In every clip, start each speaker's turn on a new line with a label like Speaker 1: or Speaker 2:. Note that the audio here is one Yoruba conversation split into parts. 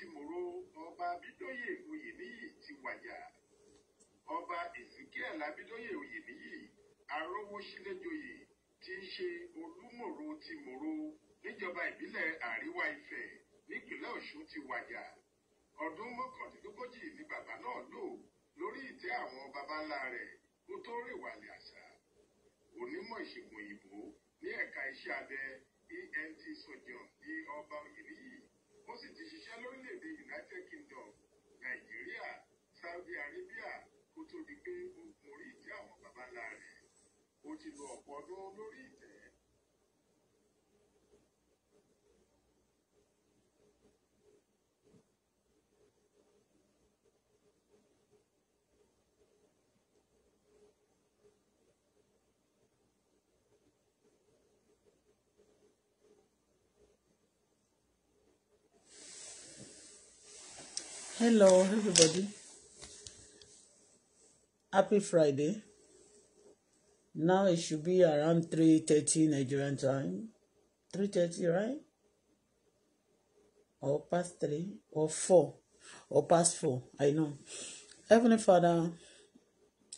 Speaker 1: tìmòrò ọba abídóyè oyèníyì ti wàjà ọba ezekiel abídóyè oyèníyì arówósílẹ̀jòyè ti ń ṣe olúmọ̀rọ̀ tìmòrò níjọba ìbílẹ̀ àríwá ifẹ̀ nípínlẹ̀ ọ̀ṣun ti wàjà ọdún mọ́kàndínlógójì ni bàbá náà lò lórí ìtẹ́ àwọn babańlá rẹ̀ kó tó rèwàlẹ̀ àṣà onímọ̀ ìṣègùn òyìnbó ní ẹ̀ka iṣẹ́ abẹ ent surgeon ní ọba oyèníyì wọ́n sì ti ṣiṣẹ́ lórílẹ̀‐èdè United Kingdom Nàìjíríà Saudi Arabia kó tó di pé ó gun orí ìtẹ́ àwọn baba ó ti lo ọ̀pọ̀ ọdún lórí ìtẹ́ Hello, everybody. Happy Friday. Now it should be around 3.30 Nigerian time. 3.30, right? Or past 3, or 4, or past 4. I know. Heavenly Father,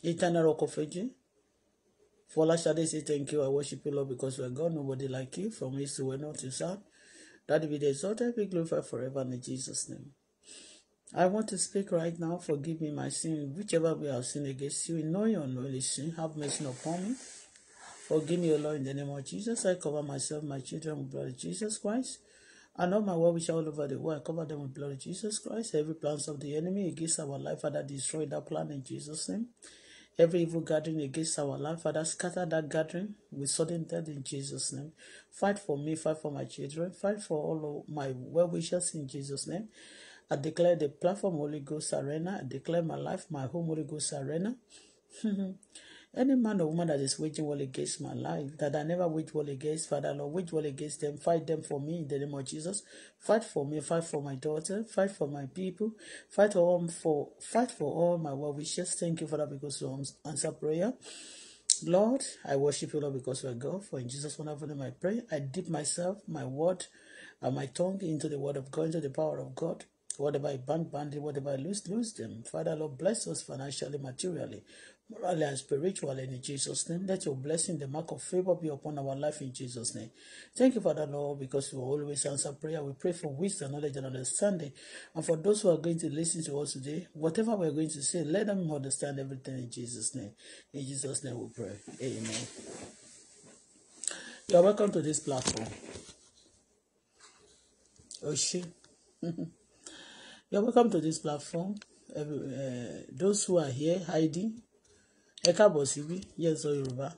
Speaker 1: eternal rock of ages, for last Saturday, say thank you. I worship you, Lord, because you are God, nobody like you, from east to west, north to south. That be the exalted, be glorified forever in Jesus' name. I want to speak right now. Forgive me my sin, whichever way I've sinned against you, in knowing or knowingly sin. Have mercy upon me. Forgive me, O Lord, in the name of Jesus. I cover myself, my children, with blood of Jesus Christ. And all my world which are all over the world, I cover them with blood of Jesus Christ. Every plans of the enemy against our life, Father, destroy that plan in Jesus' name. Every evil gathering against our life, Father, scatter that gathering with sudden death in Jesus' name. Fight for me, fight for my children, fight for all of my well wishers in Jesus' name. I declare the platform Holy Ghost Arena. I declare my life, my home Holy Ghost Arena. Any man or woman that is waging war against my life, that I never wage war against, Father Lord, wage war against them, fight them for me in the name of Jesus. Fight for me, fight for my daughter, fight for my people, fight for all, for, fight for all my well wishes. Thank you, Father, because you answer prayer. Lord, I worship you, Lord, because you are God. For in Jesus' wonderful name I pray. I dip myself, my word, and my tongue into the word of God, into the power of God. Whatever I bank, bound him. Whatever I lose, lose them. Father, Lord, bless us financially, materially, morally, and spiritually in Jesus' name. Let your blessing, the mark of favor, be upon our life in Jesus' name. Thank you, Father, Lord, because you always answer prayer. We pray for wisdom, knowledge, and understanding. And for those who are going to listen to us today, whatever we're going to say, let them understand everything in Jesus' name. In Jesus' name we pray. Amen. You're welcome to this platform. Oh, shit. You're welcome to this platform. uh, those who are here hiding, ẹ káàbọ̀ yes or Yoruba.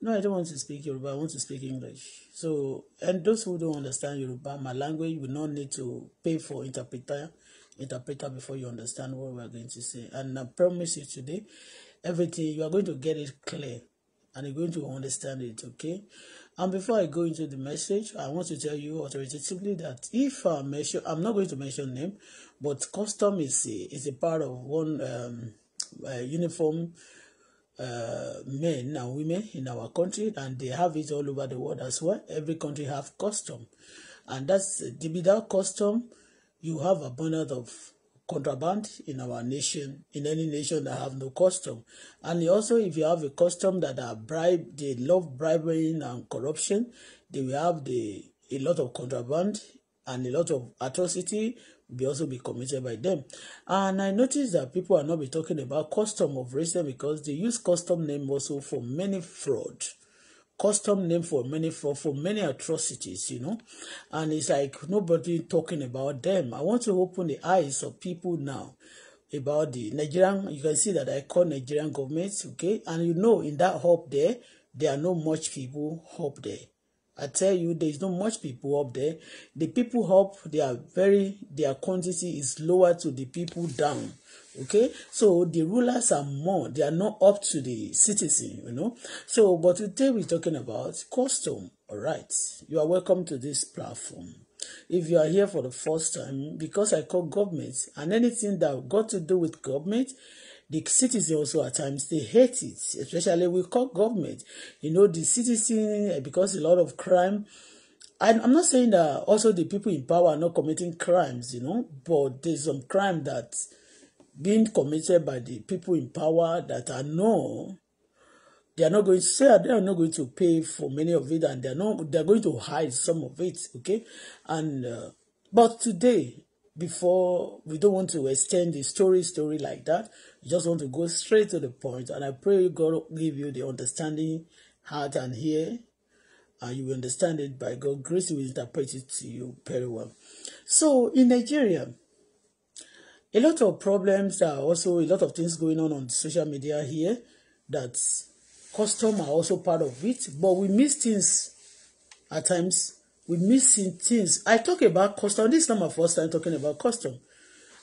Speaker 1: No, I don't want to speak Yoruba. I want to speak English. So, and those who don't understand Yoruba, my language, you will not need to pay for interpreter, interpreter before you understand what we are going to say. And I promise you today, everything you are going to get it clear, and you're going to understand it. Okay. And before I go into the message, I want to tell you authoritatively that if I mention, I'm not going to mention name, but custom is a, is a part of one um, uh, uniform uh, men and women in our country, and they have it all over the world as well. Every country have custom, and that's with that custom, you have abundance of contraband in our nation, in any nation that have no custom. And also, if you have a custom that are bribe, they love bribing and corruption, they will have the a lot of contraband and a lot of atrocity be also be committed by them. And I noticed that people are not be talking about custom of racism because they use custom name also for many fraud. custom name for many for, for many atrocities, you know. And it's like nobody talking about them. I want to open the eyes of people now about the Nigerian. You can see that I call Nigerian government, okay? And you know, in that hope there, there are no much people hope there. I tell you, there is not much people up there. The people up, they are very, their quantity is lower to the people down. Okay, so the rulers are more, they are not up to the citizen, you know. So, but today we're talking about custom. All right, you are welcome to this platform. If you are here for the first time, because I call government and anything that got to do with government, The citizens also at times they hate it, especially with government. You know, the citizen eh, because a lot of crime. I, I'm not saying that also the people in power are not committing crimes, you know, but there's some crime that being committed by the people in power that I know they are not going to say they are not going to pay for many of it and they're not they're going to hide some of it okay and uh, but today before we don't want to extend the story story like that we just want to go straight to the point and i pray god will give you the understanding heart and hear, and you will understand it by god grace will interpret it to you very well so in nigeria a lot of problems There are also a lot of things going on on social media here that custom are also part of it but we miss things at times we missing things i talk about custom this is not my first time talking about custom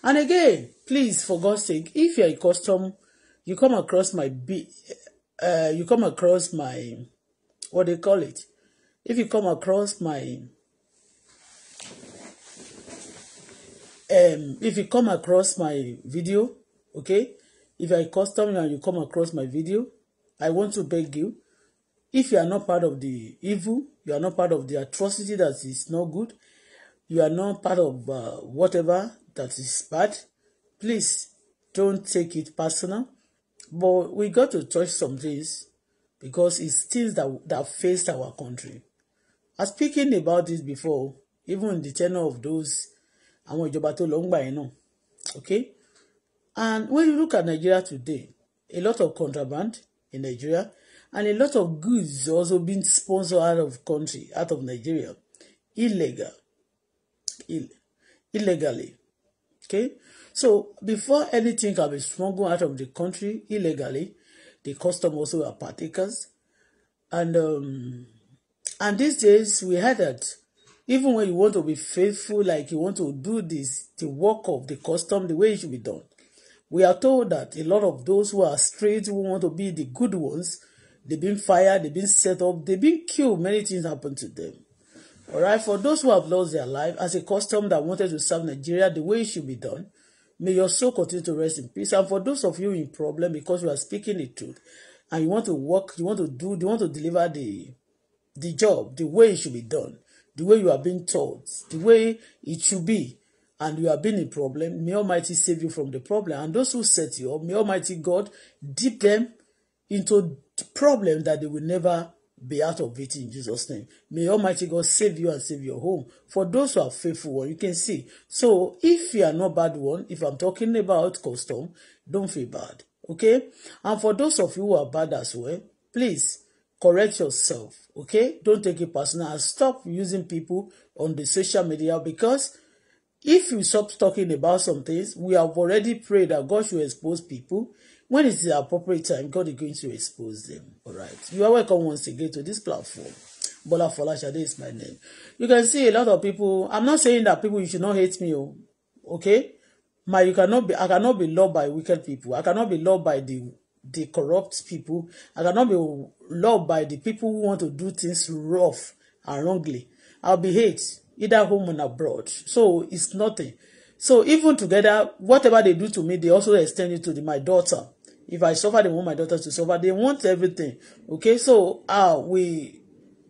Speaker 1: and again please for God's sake if you are a custom you come across my b uh, you come across my what they call it if you come across my um if you come across my video okay if you are a custom and you come across my video i want to beg you if you are not part of the evil You are not part of the atrocity that is not good. You are not part of uh, whatever that is bad. Please don't take it personal. But we got to touch some things because it's things that, that faced our country. I speaking about this before, even in the tenor of those àwọn ìjọba tó lọ ń gbà yẹn náà. Okay? And when you look at Nigeria today, a lot of contraband in Nigeria, and a lot of goods also being sponsored out of country, out of Nigeria, illegal, Ill illegally. Okay, so before anything can be smuggled out of the country illegally, the custom also are partakers, and um, and these days we heard that even when you want to be faithful, like you want to do this, the work of the custom, the way it should be done, we are told that a lot of those who are straight, who want to be the good ones, They've been fired, they've been set up, they've been killed. Many things happened to them. All right, for those who have lost their life as a custom that wanted to serve Nigeria the way it should be done, may your soul continue to rest in peace. And for those of you in problem because you are speaking the truth and you want to work, you want to do, you want to deliver the the job the way it should be done, the way you are being taught, the way it should be, and you have been in problem, may Almighty save you from the problem. And those who set you up, may Almighty God dip them into problem that they will never be out of it in Jesus' name. May Almighty God save you and save your home. For those who are faithful one, you can see. So if you are not bad one, if I'm talking about custom, don't feel bad. Okay? And for those of you who are bad as well, please correct yourself. Okay? Don't take it personal. stop using people on the social media because if you stop talking about some things, we have already prayed that God should expose people When it is the appropriate time? God is going to expose them. All right. You are welcome once again to this platform. Bola Folashade is my name. You can see a lot of people. I'm not saying that people you should not hate me, oh. okay? My you cannot be I cannot be loved by wicked people. I cannot be loved by the the corrupt people. I cannot be loved by the people who want to do things rough and wrongly. I'll be hate either home and abroad. So it's nothing. So even together, whatever they do to me, they also extend it to the, my daughter. If I suffer, they want my daughter to suffer. They want everything. Okay, so ah, uh, we,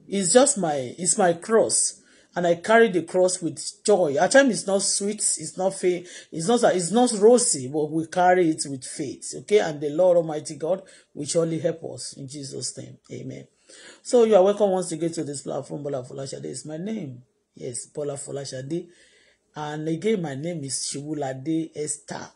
Speaker 1: it's just my, it's my cross, and I carry the cross with joy. At times, it's not sweet, it's not fair, it's not, it's not rosy, but we carry it with faith. Okay, and the Lord Almighty God will surely help us in Jesus' name. Amen. So you are welcome once again to this platform. Bola Folashade is my name. Yes, Bola Folashade. And again, my name is Shibulade Esther.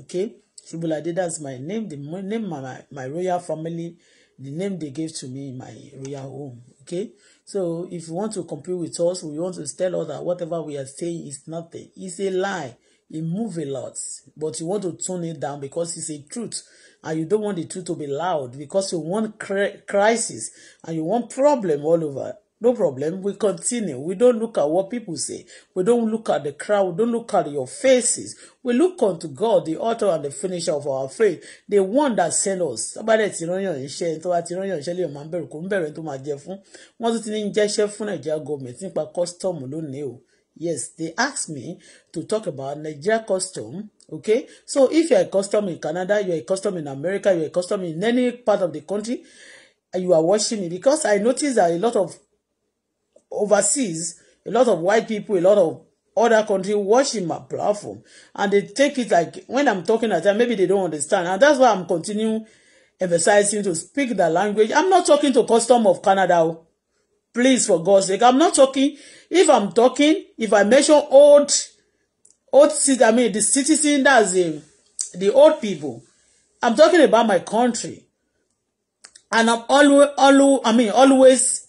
Speaker 1: Okay. Shibulade, that's my name, the name my, my royal family, the name they gave to me in my royal home. Okay? So if you want to compete with us, we want to tell us that whatever we are saying is nothing. It's a lie. It move a lot. But you want to tone it down because it's a truth. And you don't want the truth to be loud because you want crisis and you want problem all over. No problem. We continue. We don't look at what people say. We don't look at the crowd. We don't look at your faces. We look unto God, the author and the finisher of our faith, the one that sent us. Sábàdẹ̀ tí rán yàn iṣẹ́ tó bá ti rán yàn iṣẹ́ lè máa ń bẹ̀rù kó ń bẹ̀rẹ̀ tó máa jẹ fún. Wọ́n tún ti ní jẹ́ṣẹ́ fún Nigeria government nípa custom lónìí o. Yes, they asked me to talk about Nigeria custom. Okay, so if you're a custom in Canada, you're a custom in America, you're a custom in any part of the country, you are watching me because I notice that a lot of overseas, a lot of white people, a lot of other country watching my platform and they take it like when I'm talking at them, maybe they don't understand. And that's why I'm continuing emphasizing to speak the language. I'm not talking to custom of Canada. Oh. Please, for God's sake, I'm not talking. If I'm talking, if I mention old, old, I mean, the citizen, that's the, the old people. I'm talking about my country. And I'm always, always, I mean, always,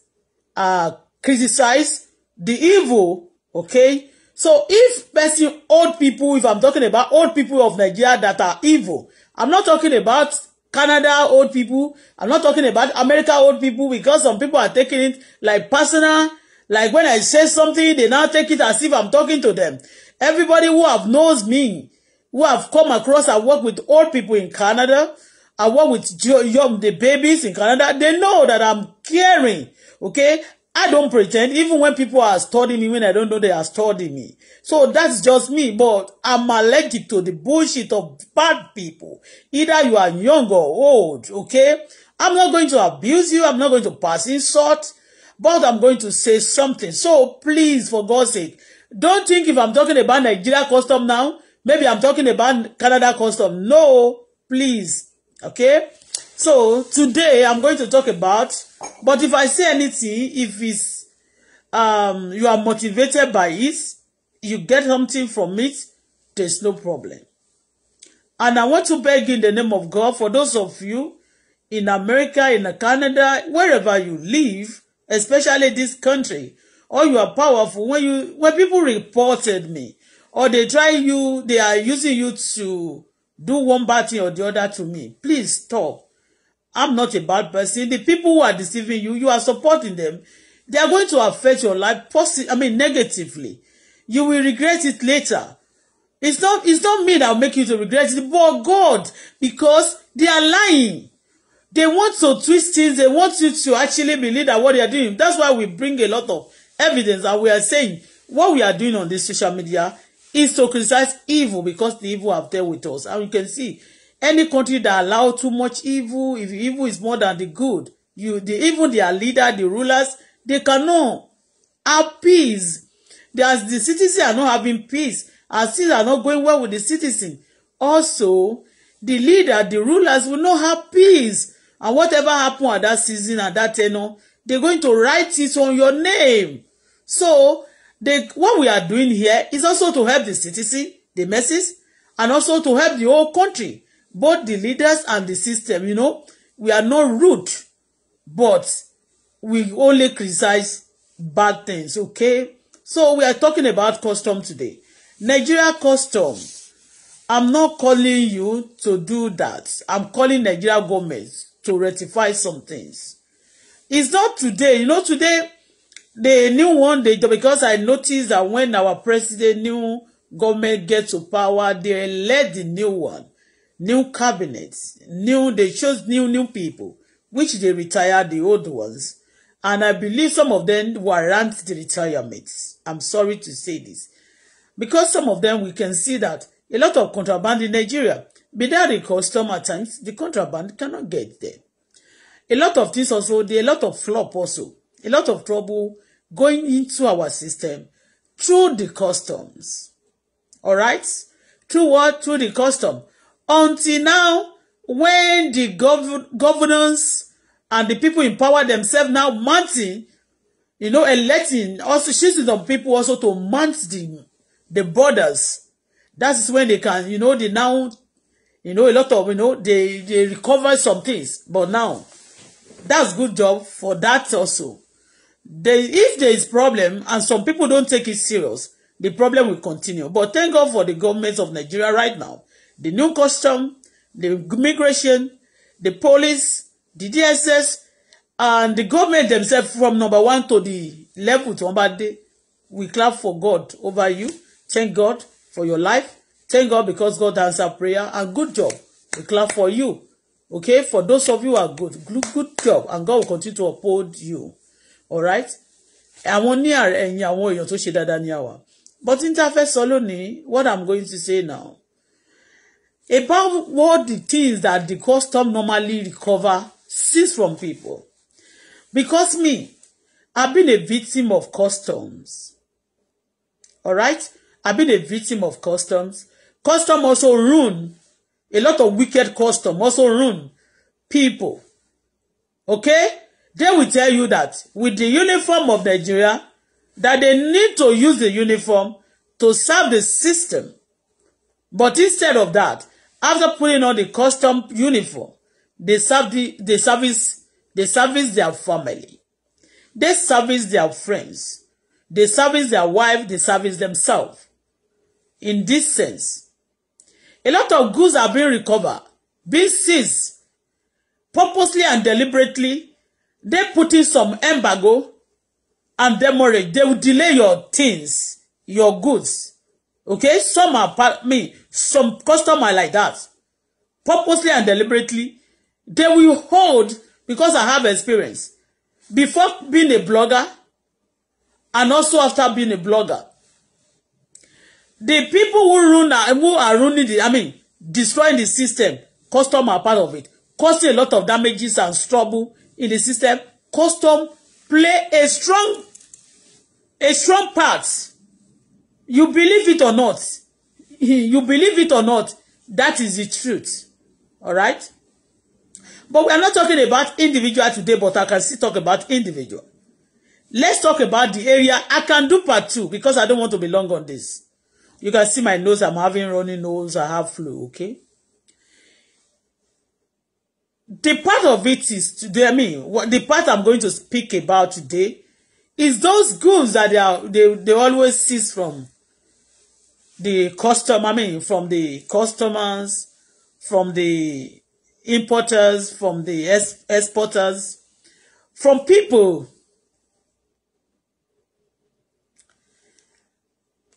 Speaker 1: uh, criticize the evil okay so if person old people if i'm talking about old people of Nigeria that are evil i'm not talking about Canada old people i'm not talking about America old people because some people are taking it like personal like when i say something they now take it as if i'm talking to them everybody who have knows me who have come across i work with old people in Canada I work with young the babies in Canada. They know that I'm caring. Okay, I don't pretend, even when people are studying me, when I don't know they are studying me. So that's just me, but I'm allergic to the bullshit of bad people. Either you are young or old, okay? I'm not going to abuse you, I'm not going to pass insult, but I'm going to say something. So please, for God's sake, don't think if I'm talking about Nigeria custom now, maybe I'm talking about Canada custom. No, please, okay? So today I'm going to talk about, but if I say anything, if it's um you are motivated by it, you get something from it, there's no problem. And I want to beg in the name of God for those of you in America, in Canada, wherever you live, especially this country, or you are powerful. When you when people reported me, or they try you, they are using you to do one bad thing or the other to me. Please stop. I'm not a bad person. The people who are deceiving you, you are supporting them. They are going to affect your life positive, I mean negatively. You will regret it later. It's not it's not me that will make you to regret it, but God, because they are lying. They want to twist things, they want you to actually believe that what they are doing. That's why we bring a lot of evidence and we are saying what we are doing on this social media is to criticize evil because the evil have dealt with us. And you can see Any country that allow too much evil, if evil is more than the good, you the even their leader, the rulers, they cannot have peace. As the citizens are not having peace, as things are not going well with the citizen. Also, the leader, the rulers will not have peace. And whatever happen at that season, at that tenor, they going to write it on your name. So, the what we are doing here is also to help the citizen, the masses, and also to help the whole country both the leaders and the system you know we are not rude but we only criticize bad things okay so we are talking about custom today Nigeria custom I'm not calling you to do that I'm calling Nigeria government to rectify some things it's not today you know today the new one they because I noticed that when our president new government get to power they elect the new one new cabinets, new they chose new new people, which they retired the old ones, and I believe some of them warrant the retirements. I'm sorry to say this, because some of them we can see that a lot of contraband in Nigeria, be that the custom at times, the contraband cannot get there. A lot of things also, there a lot of flop also, a lot of trouble going into our system through the customs. All right, through what? Through the custom Until now, when the gov governors and the people in power themselves now mounting, you know, electing also choosing some people also to mount the the borders. That is when they can, you know, they now, you know, a lot of, you know, they they recover some things. But now, that's good job for that also. They, if there is problem and some people don't take it serious, the problem will continue. But thank God for the government of Nigeria right now the new custom, the immigration, the police, the DSS, and the government themselves from number one to the level to number day. We clap for God over you. Thank God for your life. Thank God because God answered prayer and good job. We clap for you. Okay, for those of you who are good, good, good job and God will continue to uphold you. All right? Àwọn ní ẹ̀yìn àwọn èèyàn tó ṣe dáadáa ní àwa. But ní ta fẹ́ sọ lónìí, what I'm going to say now about what the things that the custom normally recover sees from people. Because me, I've been a victim of customs. All right? I've been a victim of customs. Custom also ruin a lot of wicked custom also ruin people. Okay? They will tell you that with the uniform of Nigeria, that they need to use the uniform to serve the system. But instead of that, After putting on the custom uniform, they serve the, they service they service their family. They service their friends. They service their wife. They service themselves. In this sense, a lot of goods are being recovered, being seized purposely and deliberately. They put in some embargo and demurrage. They will delay your things, your goods. Okay, some are I mean some customer like that, purposely and deliberately, they will hold because I have experience. Before being a blogger, and also after being a blogger, the people who run who are running the I mean destroying the system, Customer are part of it, causing a lot of damages and trouble in the system. Custom play a strong a strong part you believe it or not you believe it or not that is the truth all right but we are not talking about individual today but I can still talk about individual let's talk about the area I can do part two because I don't want to be long on this you can see my nose I'm having running nose I have flu okay the part of it is today I mean what the part I'm going to speak about today is those goods that they are they, they always cease from the customer, I mean, from the customers, from the importers, from the exporters, from people.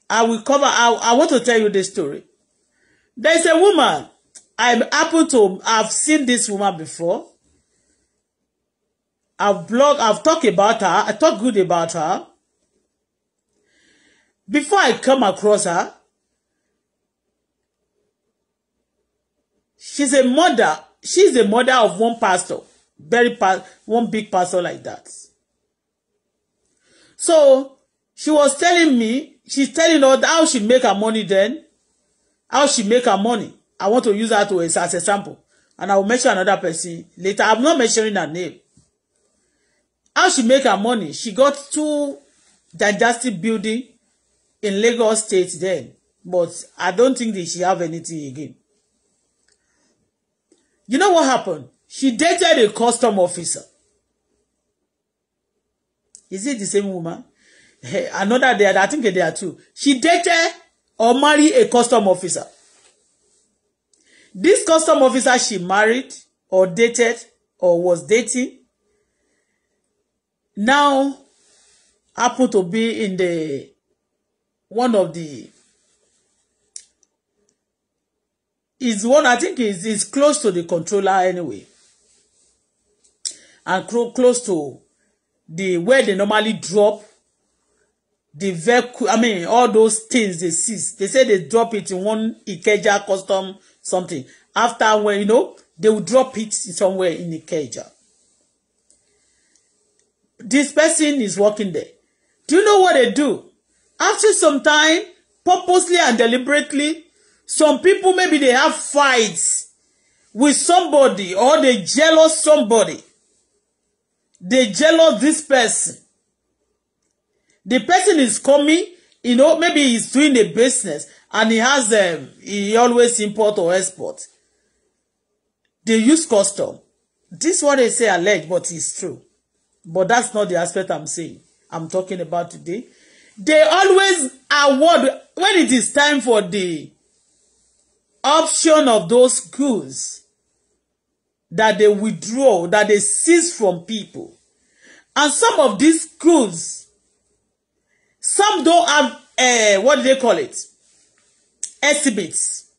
Speaker 1: I will cover, I, I want to tell you this story. There is a woman, I happen to, have seen this woman before. I've blogged, I've talked about her, I talk good about her. Before I come across her, she's a mother she's a mother of one pastor very pa one big pastor like that so she was telling me she's telling us how she make her money then how she make her money i want to use her to as, as example and i will mention another person later i'm not mentioning her name how she make her money she got two digestive building in Lagos State then but i don't think that she have anything again You know what happened? She dated a custom officer. Is it the same woman? Hey, another there, I think they are two. She dated or married a custom officer. This custom officer she married or dated or was dating now happened to be in the one of the is one I think is is close to the controller anyway, and close to the where they normally drop the vehicle. I mean, all those things they seize. They say they drop it in one Ikeja custom something. After where you know they will drop it somewhere in Ikeja. This person is working there. Do you know what they do? After some time, purposely and deliberately, Some people, maybe they have fights with somebody or they jealous somebody. They jealous this person. The person is coming, you know, maybe he's doing a business and he has a, um, he always import or export. They use custom. This is what they say alleged, but it's true. But that's not the aspect I'm saying. I'm talking about today. They always award when it is time for the option of those goods that they withdraw, that they seize from people. And some of these goods, some don't have, uh, what do they call it? exhibits.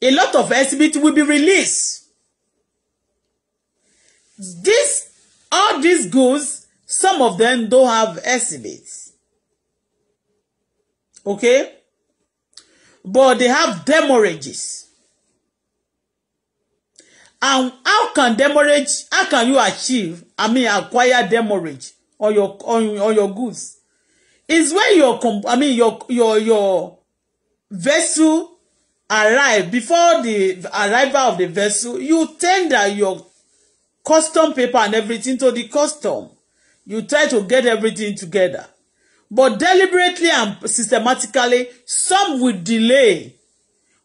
Speaker 1: A lot of exhibits will be released. This, all these goods, some of them don't have estimates. Okay? but they have demorages. And how can demurrage, how can you achieve, I mean, acquire demurrage on your on, on your goods? It's when your I mean your your your vessel arrive before the arrival of the vessel, you tender your custom paper and everything to the custom. You try to get everything together but deliberately and systematically some will delay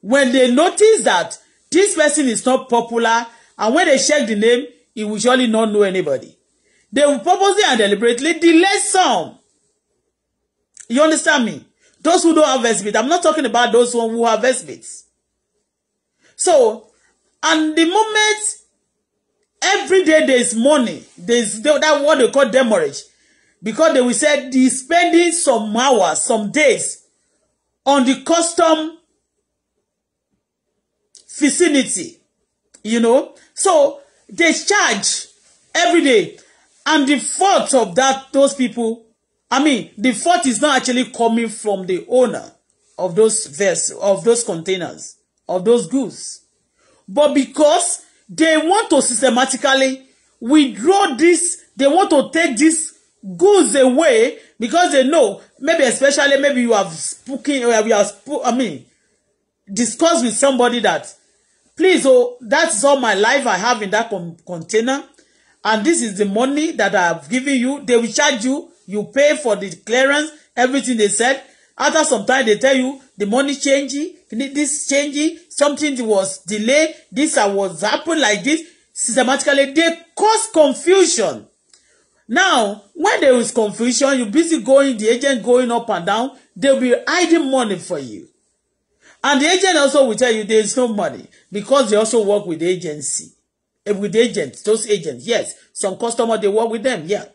Speaker 1: when they notice that this person is not popular and when they check the name he will surely not know anybody they will purposely and deliberately delay some you understand me those who don't have vestments i'm not talking about those who have vestments so and the moment every day there is money there is that what they call demurrage because they will say the spending some hours, some days on the custom vicinity, you know. So they charge every day. And the fault of that, those people, I mean, the fault is not actually coming from the owner of those vessels, of those containers, of those goods. But because they want to systematically withdraw this, they want to take this goods away because they know maybe especially maybe you have spoken or you have sp I mean discussed with somebody that please oh that's all my life I have in that con container and this is the money that I have given you they will charge you you pay for the clearance everything they said after some time they tell you the money changing this changing something was delayed this was happen like this systematically they cause confusion Now, when there is confusion, you busy going, the agent going up and down, they'll be hiding money for you. And the agent also will tell you there is no money because they also work with agency. Eh, with agents, those agents, yes. Some customer, they work with them, yeah.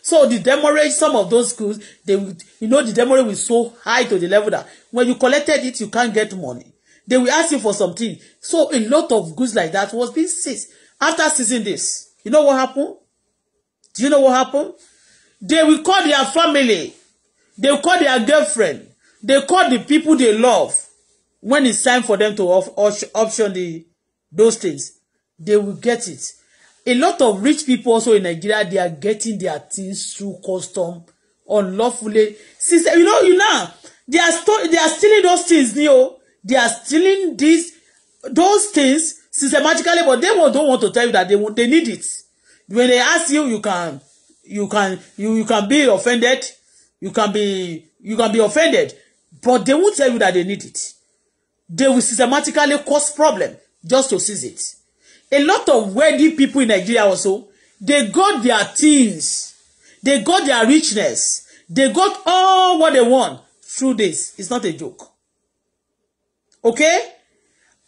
Speaker 1: So the demurrage, some of those schools, they you know, the demurrage was so high to the level that when you collected it, you can't get money. They will ask you for something. So a lot of goods like that was being seized. After seizing this, you know what happened? Do you know what happened? They will call their family. They will call their girlfriend. They call the people they love. When it's time for them to option the those things, they will get it. A lot of rich people also in Nigeria, they are getting their things through custom unlawfully. Since you know, you know, they are they are stealing those things, you know. They are stealing these those things systematically, but they don't want to tell you that they they need it when they ask you you can you can you, you can be offended you can be you can be offended but they won't tell you that they need it they will systematically cause problem just to seize it a lot of wealthy people in Nigeria also they got their things they got their richness they got all what they want through this it's not a joke okay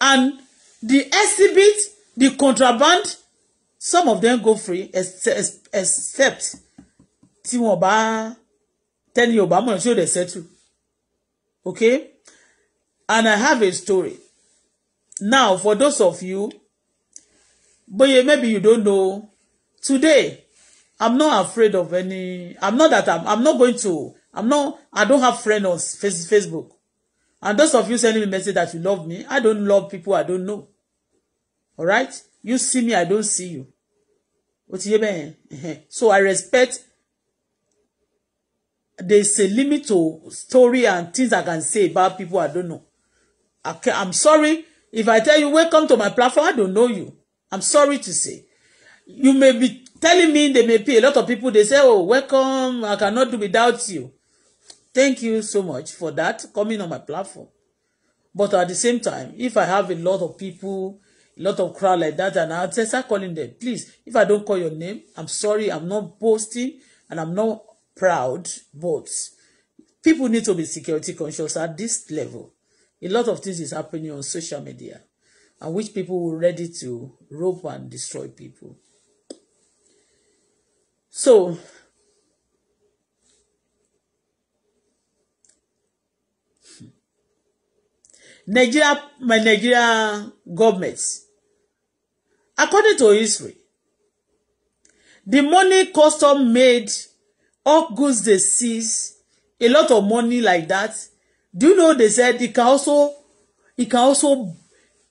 Speaker 1: and the exhibit the contraband some of them go free except tí wọ́n bá tẹ́ni ò bá mọ̀ tí ò dẹ̀ settle okay and I have a story now for those of you boye maybe you don't know today I'm not afraid of any I'm not that I'm, I'm not going to I'm not I don't have friends on Facebook and those of you sending me message that you love me I don't love people I don't know all right you see me i don't see you ó ti yé bẹ́ẹ̀ yẹn so i respect there is a limit to story and things i can say about people i don't know I can, i'm sorry if i tell you welcome to my platform i don't know you i'm sorry to say you may be telling me they may pay a lot of people they say oh welcome i cannot do without you thank you so much for that coming on my platform but at the same time if i have a lot of people a lot of crowd like that and I just start calling them please if I don't call your name I'm sorry I'm not boasting and I'm not proud but people need to be security conscious at this level a lot of things is happening on social media and which people were ready to rope and destroy people so Nigeria, my Nigeria government, according to history, the money custom made all goods they seize, a lot of money like that. Do you know they said it can also, it can also,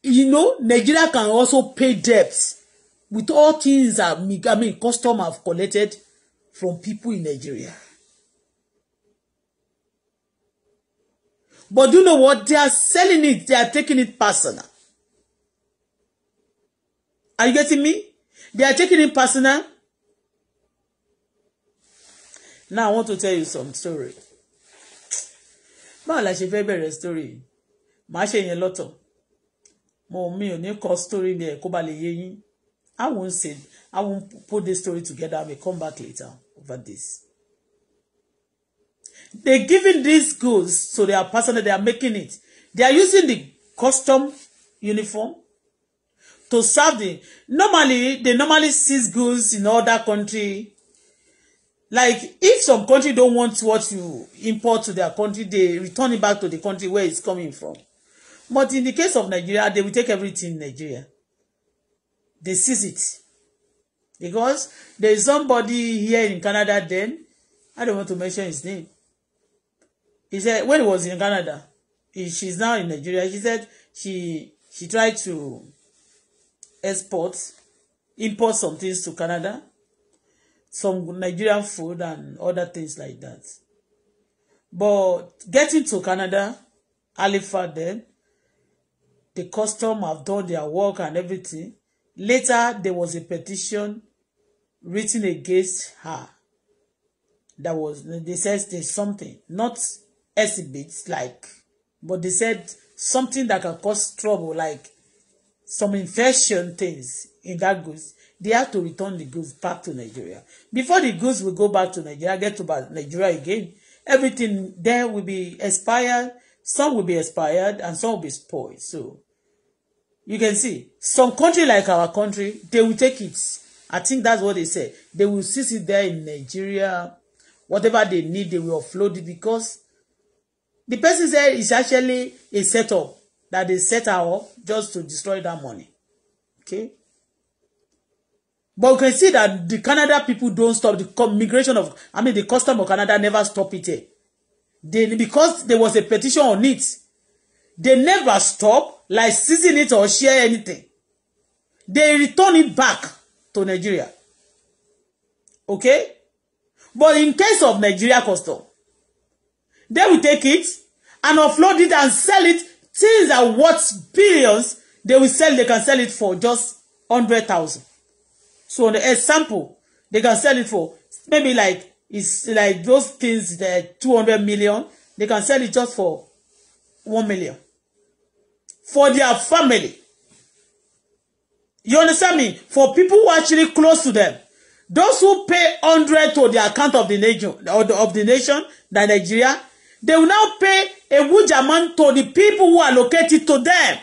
Speaker 1: you know, Nigeria can also pay debts with all things that, I mean, custom have collected from people in Nigeria. But do you know what? They are selling it. They are taking it personal. Are you getting me? They are taking it personal. Now I want to tell you some story. Báwo la ṣe fẹ́ bẹ̀rẹ̀ story yìí? Màá ṣe yẹn lọ́tọ̀. Mo mi ò ní kọ story mi ẹ̀ kó ba lè yé yín. I won't say I won't put this story together. I may come back later over this. They're giving these goods to their personnel. They are making it. They are using the custom uniform to serve the. Normally, they normally seize goods in other country. Like, if some country don't want what you import to their country, they return it back to the country where it's coming from. But in the case of Nigeria, they will take everything in Nigeria. They seize it. Because there is somebody here in Canada then, I don't want to mention his name, he said when he was in Canada he, she's now in Nigeria she said she she tried to export import some things to Canada some Nigerian food and other things like that but getting to Canada Halifax then the custom have done their work and everything later there was a petition written against her that was they said there's something not exhibits like but they said something that can cause trouble like some infection things in that goods they have to return the goods back to Nigeria before the goods will go back to Nigeria get to Nigeria again everything there will be expired some will be expired and some will be spoiled so you can see some country like our country they will take it I think that's what they say. they will see it there in Nigeria whatever they need they will offload it because The person said it's actually a setup that they set her up just to destroy that money. Okay. But you can see that the Canada people don't stop the migration of, I mean, the custom of Canada never stop it. Eh? They, because there was a petition on it, they never stop like seizing it or share anything. They return it back to Nigeria. Okay? But in case of Nigeria custom, They will take it and offload it and sell it. Things are worth billions. They will sell, they can sell it for just hundred thousand. So on the example, they can sell it for maybe like, it's like those things that 200 million, they can sell it just for one million. For their family. You understand me? For people who are actually close to them. Those who pay 100 to the account of the nation, or the, of the nation, that Nigeria, They will now pay a huge amount to the people who are located to them.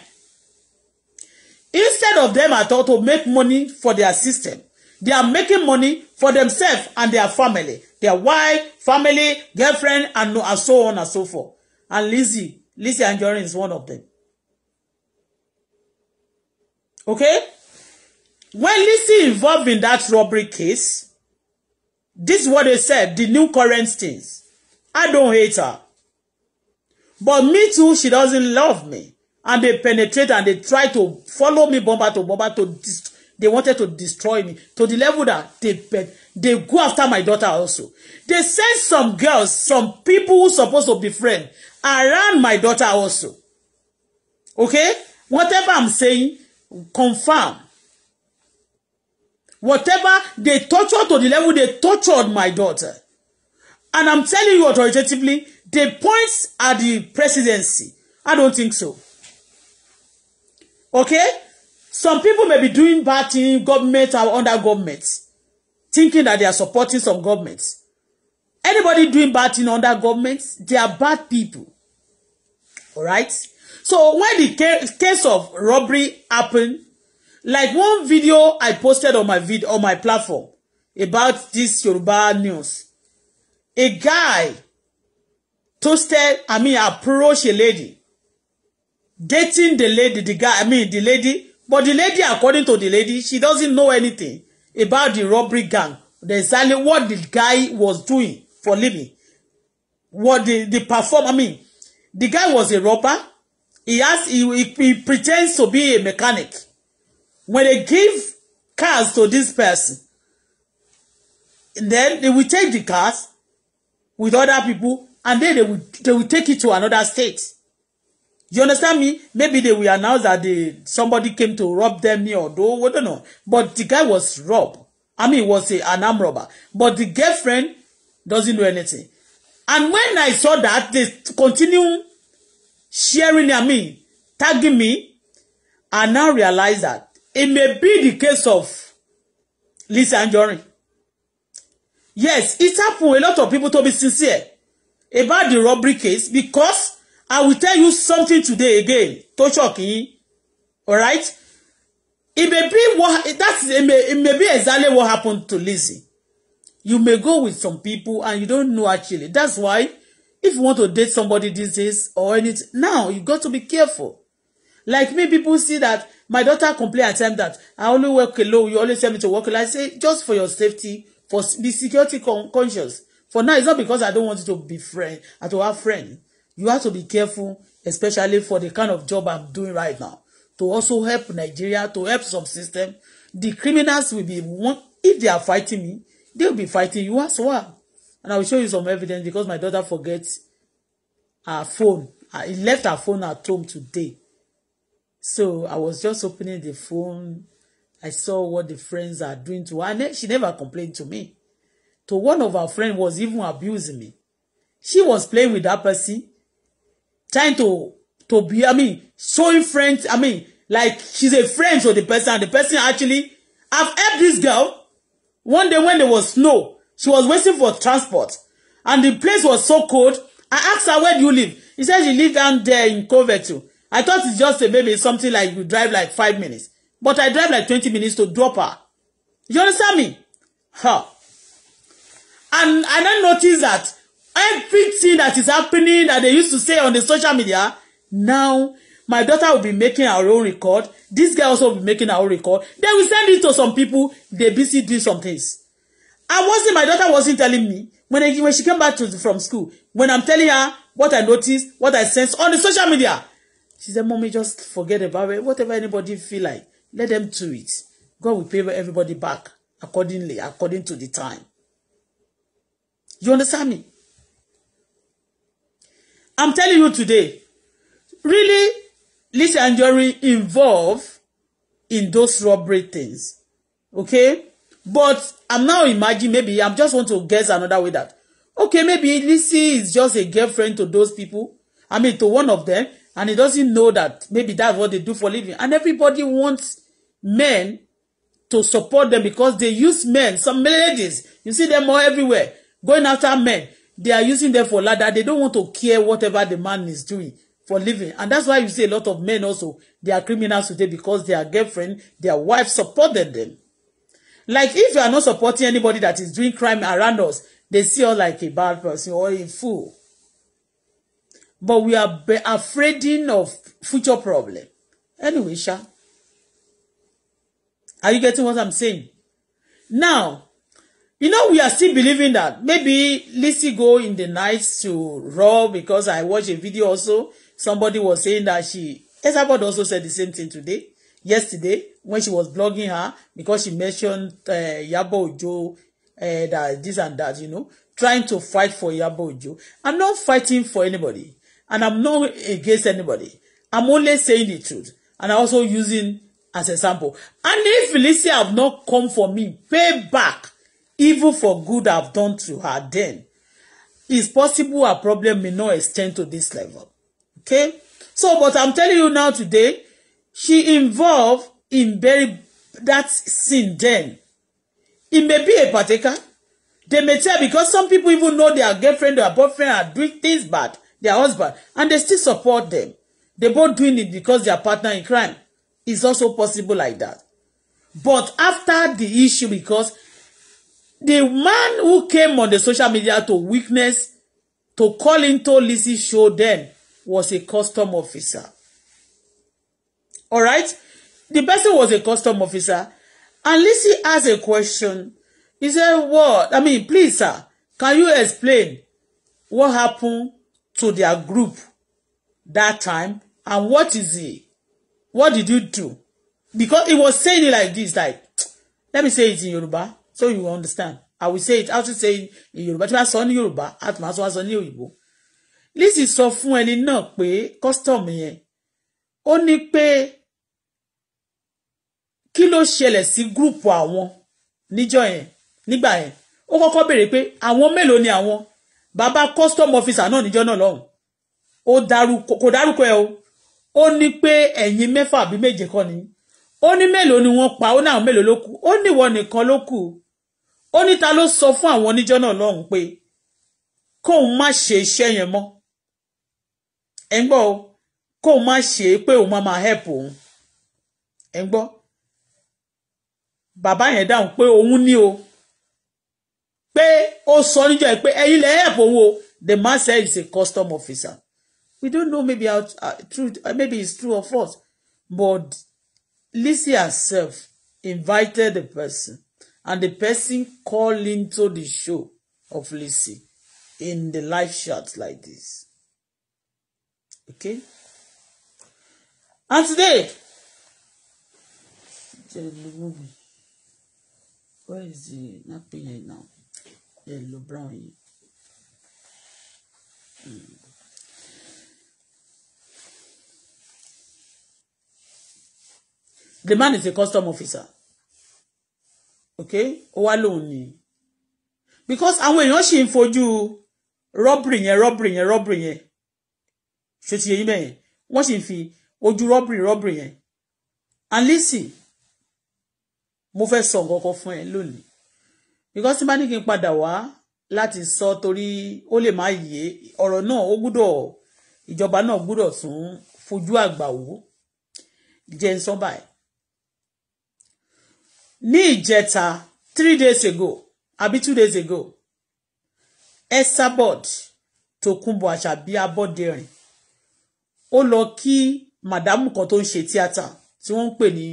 Speaker 1: Instead of them at all to make money for their system, they are making money for themselves and their family, their wife, family, girlfriend, and, and so on and so forth. And Lizzie, Lizzie and Jorin is one of them. Okay? When Lizzie involved in that robbery case, this is what they said, the new current things. I don't hate her. But me too, she doesn't love me. And they penetrate and they try to follow me bomba to bomba to destroy. They wanted to destroy me to the level that they they go after my daughter also. They send some girls, some people who supposed to be friends around my daughter also. Okay? Whatever I'm saying, confirm. Whatever they tortured to the level they tortured my daughter. And I'm telling you authoritatively, The point at the presidency. I don't think so. Okay? Some people may be doing bad in government or under government, thinking that they are supporting some governments. Anybody doing bad thing under government, they are bad people. All right? So when the case, case of robbery happened, like one video I posted on my vid on my platform about this Yoruba news, a guy toasted, I mean, approach a lady, getting the lady, the guy, I mean, the lady, but the lady, according to the lady, she doesn't know anything about the robbery gang, exactly what the guy was doing for living, what the, the perform, I mean, the guy was a robber, he has, he, he, he pretends to be a mechanic. When they give cars to this person, then they will take the cars with other people and then they will they will take it to another state you understand me maybe they will announce that they somebody came to rob them or do I don't know but the guy was rob. I mean was a, an armed robber but the girlfriend doesn't do anything and when I saw that they continue sharing I mean tagging me I now realize that it may be the case of Lisa and Jory. yes it happened a lot of people to be sincere about the robbery case because I will tell you something today again tó shock yín alright it may be what that it may, it may be exactly what happened to Lizzie you may go with some people and you don't know actually that's why if you want to date somebody these days or anything now you got to be careful like me people see that my daughter complain at times that I only work alone you always tell me to work alone I say just for your safety for be security con conscious For now, it's not because I don't want you to be friend, to have friend. You have to be careful, especially for the kind of job I'm doing right now, to also help Nigeria, to help some system. The criminals will be one. If they are fighting me, they will be fighting you as well. And I will show you some evidence because my daughter forgets her phone. He left her phone at home today. So I was just opening the phone. I saw what the friends are doing to her. And then she never complained to me to one of our friends was even abusing me. She was playing with that person, trying to to be, I mean, showing friends, I mean, like she's a friend to the person, and the person actually, I've helped this girl. One day when there was snow, she was waiting for transport, and the place was so cold. I asked her, where do you live? He said she lived down there in Coventry. I thought it's just a maybe something like you drive like five minutes. But I drive like 20 minutes to drop her. You understand me? Huh. And I then noticed that everything that is happening that they used to say on the social media, now my daughter will be making her own record. This guy also will be making her own record. Then we send it to some people. They busy doing some things. I wasn't, my daughter wasn't telling me. When, I, when she came back to, from school, when I'm telling her what I notice, what I sense on the social media, she said, Mommy, just forget about it. Whatever anybody feel like, let them do it. God will pay everybody back accordingly, according to the time. You understand me? I'm telling you today, really, and Anjorin involve in those robbery things. Okay? But I'm now imagining, maybe I'm just want to guess another way that, okay, maybe Lizzy is just a girlfriend to those people. I mean, to one of them. And he doesn't know that maybe that's what they do for living. And everybody wants men to support them because they use men, some ladies. You see them all everywhere going after men they are using them for ladder they don't want to care whatever the man is doing for living and that's why you see a lot of men also they are criminals today because their girlfriend their wife supported them like if you are not supporting anybody that is doing crime around us they see us like a bad person or a fool but we are afraid of future problem anyway sha are you getting what I'm saying now You know, we are still believing that maybe Lissy go in the night to Raw because I watched a video also. Somebody was saying that she, Esabod also said the same thing today, yesterday, when she was blogging her because she mentioned uh, Yabo Ojo, uh, that this and that, you know, trying to fight for Yabo Ojo. I'm not fighting for anybody and I'm not against anybody. I'm only saying the truth and I'm also using as a sample. And if Lizzy have not come for me, pay back. Even for good I've done to her then. It's possible her problem may not extend to this level. Okay? So, but I'm telling you now today, she involved in very that sin then. It may be a partaker. They may tell because some people even know their girlfriend or boyfriend are doing things bad, their husband, and they still support them. They both doing it because their partner in crime. It's also possible like that. But after the issue, because the man who came on the social media to witness to call into Lizzie show then was a custom officer. All right? The person was a custom officer. And Lizzie asked a question. He said, what? I mean, please, sir, can you explain what happened to their group that time? And what is it? What did you do? Because he was saying it like this, like, let me say it in Yoruba so you understand i will say it how to say it in yorùbá tí wọ́n sọ ní yorùbá a tún máa sọ wá sọ ní òyìnbó lizzy sọ fún ẹni náà pé custom yẹn ó ní pé kí ló ṣẹlẹ̀ sí gúrùpù àwọn níjọ́ yẹn nígbà yẹn ó kọ́kọ́ béèrè pé àwọn mélòó ni àwọn bàbá custom officer náà níjọ́ náà lọ́hùn ó dárúkọ kò dárúkọ ẹ o ó ní pé ẹ̀yin mẹ́fà àbí méje kọ́ ni ó ní mélòó ni wọ́n pa ó náà mélòó ló kù ó níwọ nìkan ló kù ó ní ta ló sọ fún àwọn oníjọ́ náà lọ́hùn pé kóun má ṣe iṣẹ́ yẹn mọ́ ẹ ń gbọ́ o kóun má ṣe é pé òun má máa help òun ẹ ń gbọ́ bàbá yẹn dáhùn pé òun ní o pé ó sọ níjọ́ yẹn pé ẹ̀yin lè help òun o the man said he's a custom officer we don't know maybe how uh, true uh, maybe it's true or false but Lizzy herself invited the person and the person calling to the show of Lizzy in the live chat like this. Okay? And today, where is the napping here now? Yellow brown here. Hmm. The man is a custom officer okay ó wá lóun ni because àwọn èèyàn sì ń fojú rọ́bìrì yẹn rọ́bìrì yẹn rọ́bìrì yẹn ṣe ti yẹyin bẹ́ẹ̀ wọ́n sì ń fi ojú rọ́bìrì rọ́bìrì yẹn and listen mo fẹ́ sọ nǹkan kan fún ẹ lónìí because tí bá ní kí n padà wá láti sọ torí ó lè má yé ọ̀rọ̀ náà ó gbúdọ̀ ìjọba náà gbúdọ̀ tún fojú àgbà wò jẹ́ ń sọ báyìí ní ìjẹta three days ago àbí two days ago esabod Tókunbọ̀ Àṣàbí Abọ́dẹrìn ó lọ kí màdámù kan tó ń ṣe tíátà tí wọ́n ń pè ní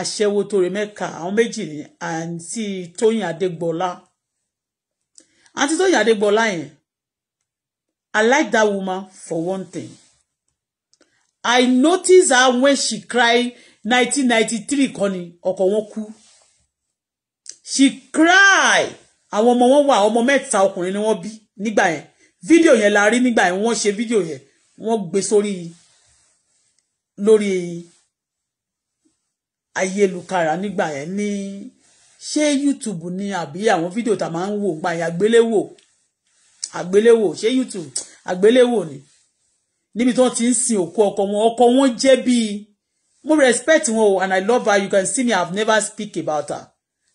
Speaker 1: aṣẹ́wó tó rẹ mẹ́ka àwọn méjì ní àǹtí Tóyìn Adégbọlá àǹtí Tóyìn Adégbọlá yẹn I like that woman for one thing I notice her when she cry nineteen ninety three kan ni ọkọ wọn kú she cry àwọn ọmọ wọn wà ọmọ mẹ́ta ọkùnrin ni wọ́n bí nígbà yẹn fídíò yẹn la rí nígbà yẹn wọ́n ṣe fídíò yẹn wọ́n gbé sórí lórí ayélukára nígbà yẹn ní ṣé YouTube ni àbí àwọn fídíò tá a máa ń wò gbà yẹn àgbéléwò àgbéléwò ṣé YouTube àgbéléwò ni níbi tí wọ́n ti ń sin òkú ọkọ wọn ọkọ wọn jẹ́ bíi mo respect wọn o and i love her you can see me i have never speak about her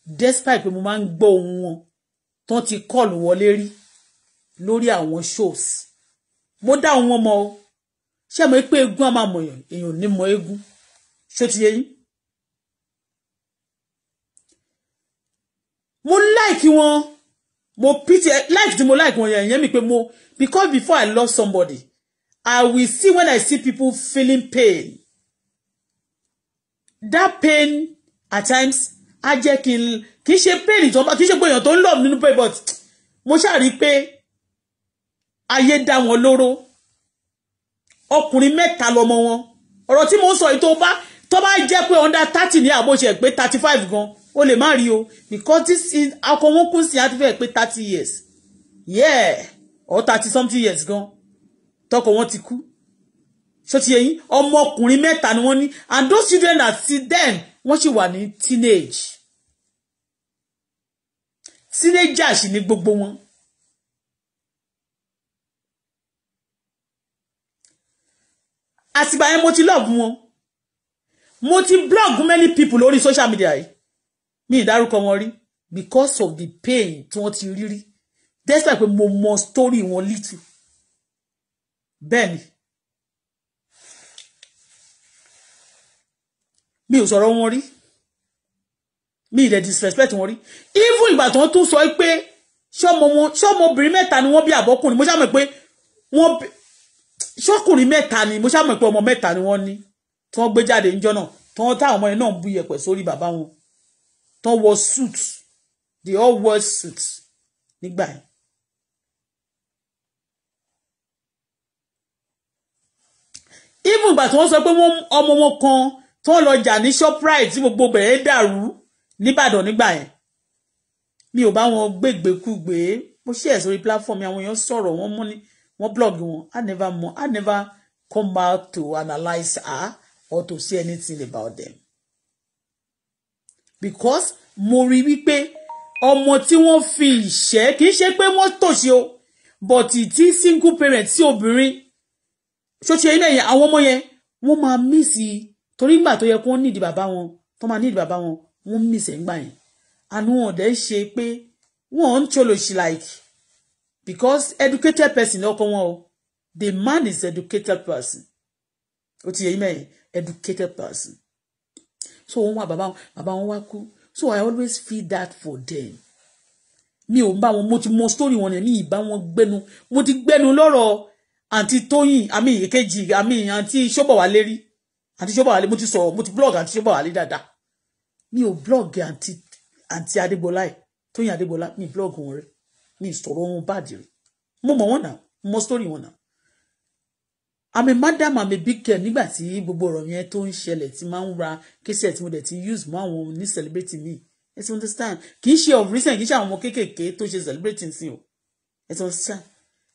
Speaker 1: despite pé mo máa ń gbọ́ ohun wọn tán ti kọ́ọ̀lù wọlé rí lórí àwọn shows mo dá ohun wọn mọ o ṣé mo pé eégún á máa mọ èèyàn èèyàn ní mọ eégún ṣé ti yé yín. mo like wọn mo pity like tí mo like wọn yẹn yẹn mi pé mo because before i love somebody i will see when i see people feeling pain that pain at times á jẹ́ kí n kì í ṣe pain ìjọba kì í ṣe pé èèyàn tó ń lọ nínú pain but mo I pé ayé dá wọn lóró ọkùnrin mẹ́ta lọmọ wọn ọ̀rọ̀ tí mo ń sọ yìí tó bá tó bá jẹ́ pé under thirty ní àbóṣe pé thirty five gan o lè má rí o because this is akọ wọn kún sí àti fẹ́ pé thirty years yeah or thirty something years gan tọkọ wọn ti kú so ti yẹyin ọmọkùnrin mẹ́ta ni wọ́n ní and those children that see them wọ́n sì wà ní teenage teenagers ni gbogbo wọn. àtìgbà yẹn mo ti lọ́ọ̀gù wọn mo ti blog many people lórí social media yìí mi ìdárúkọ wọn rí because of the pain tí wọ́n ti rí rí despite pé mo mọ story wọn little bẹ́ẹ̀ mi ò sọ̀rọ̀ wọn rí mi ì dẹ̀ disrespect wọn rí even ìgbà tó ń tún sọ pé ṣọ́mọbìnrin mẹ́ta ni wọ́n bí àbọ́kùnrin mo ṣàmọ̀ pé wọ́n ṣọ́kùnrin mẹ́ta ni mo ṣàmọ̀ pé ọmọ mẹ́ta ni wọ́n ní tí wọ́n gbé jáde níjọ́ náà tí wọ́n táwọn ọmọ yẹn náà ń bú yẹpẹ̀ sórí bàbá wọn tí wọ́n wọ suit they all wore suit nígbà yẹn. even ìgbà tí wọ́n sọ pé ọmọ wọn kan tó ń lọ jà ní shoprite tí gbogbo bẹ̀rẹ̀ dàrú nìbàdàn nígbà yẹn mi ò bá wọn gbégbékúgbé mo ṣe ẹ̀ sórí platform àwọn èèyàn sọ̀rọ̀ wọ́n mú ní wọ́n blog wọn i never mo i never come out to analyse her or to say anything about them because mo rí wípé ọmọ tí wọ́n fi ìṣẹ́ kì í ṣe pé wọ́n tòṣe o but tí single parent tí obìnrin ṣó ṣe ilé yẹn àwọn ọmọ yẹn wọ́n máa mísì torí gbà tó yẹ kó nídìí bàbá wọn tó máa nídìí bàbá wọn wọn mísẹ̀ ń gbà yẹn àánú wọn dẹ̀ ń ṣe pé wọn ń cholosi like because educated person lọkọ wọn o the man is educated person o ti yẹ yí mẹ́yìn educated person so wọn wá bàbá wọn bàbá wọn wá kú so i always feel that for them mi ò bá wọn mo ti mọ story wọn ni mi ì bá wọn gbẹnu mo ti gbẹnu lọ́rọ̀ àǹtí tóyìn àmì ìkejì àmì àǹtí ṣọ́bọ̀wálé rí àti ṣé bàálé mo ti sọ mo ti blog àti ṣé bàálé dáadáa mi ò blog àti àti adégbọlá ẹ tóyìn adégbọlá mi blog wọn rẹ mi sọ̀rọ̀ wọn báàdì rẹ mo mọ̀ wọn náà mo mọ̀ story wọn náà àmì madam àmì big girl nígbà tí gbogbo ọ̀rọ̀ yẹn tó ń ṣẹlẹ̀ tí máa ń ra kéṣẹ̀ tí mo dẹ̀ ti use mọ́ àwọn ní celebrity mi ẹ ti understand kì í ṣe of recent kì í ṣe àwọn ọmọ kéékèèké tó ṣe celebrity sí o ẹ ti understand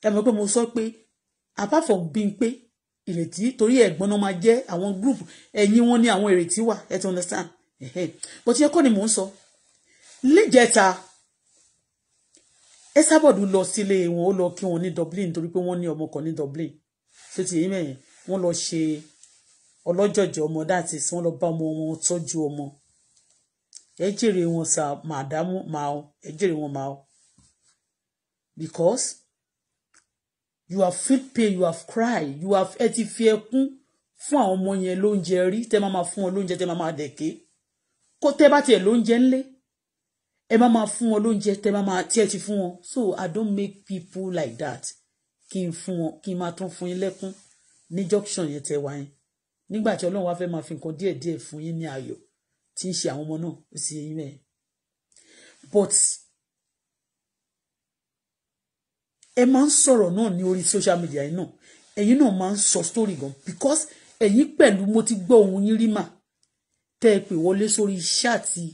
Speaker 1: ẹ mọ̀ pé mo sọ pé apart from being pé ìrètí torí ẹ̀gbọ́n náà máa jẹ́ àwọn group ẹ̀yìn wọn ni àwọn ìrètí wà ẹ ti understand But ti yẹ kọ́ ni mò ń sọ níjẹta ẹ sábọ̀dù lọ sílé wọn ó lọ kí wọn ní Dublin torí pé wọ́n ní ọmọ kan ní Dublin ṣé ti yín mẹ́yìn wọ́n lọ ṣe ọlọ́jọ̀jọ̀ ọmọ dáàtì sí wọ́n lọ bá ọmọ wọn tọ́jú ọmọ ẹ jèrè wọn sà màdámù màá ẹ jèrè wọn màá because you have feel pain you have cry you have ẹ ti fi ẹkún fún àwọn ọmọ yẹn lóúnjẹ rí tẹ máa máa fún wọn lóúnjẹ tẹ máa máa dẹ̀ké kó tẹ bá tiẹ̀ lóúnjẹ ńlé ẹ máa máa fún wọn lóúnjẹ tẹ máa máa tiẹ̀ ti fún wọn so i don't make people like that kí n fún wọn kí n máa tún fún yín lẹ́kún ní junction yẹn tẹ wá yẹn nígbà tí ọlọ́run wá fẹ́ máa fi nǹkan díẹ̀díẹ̀ fún yín ní ayọ̀ tí ń ṣe àwọn ọmọ náà ó sì yín mẹ́ẹ̀ but ẹ máa ń sọ̀rọ̀ náà ní orí social media yìí náà ẹ̀yin náà máa ń sọ story gan because ẹ̀yin pẹ̀lú mo ti gbọ́ ohun yín rí mà tẹ́ ẹ pè wọlé sórí iṣẹ́ àti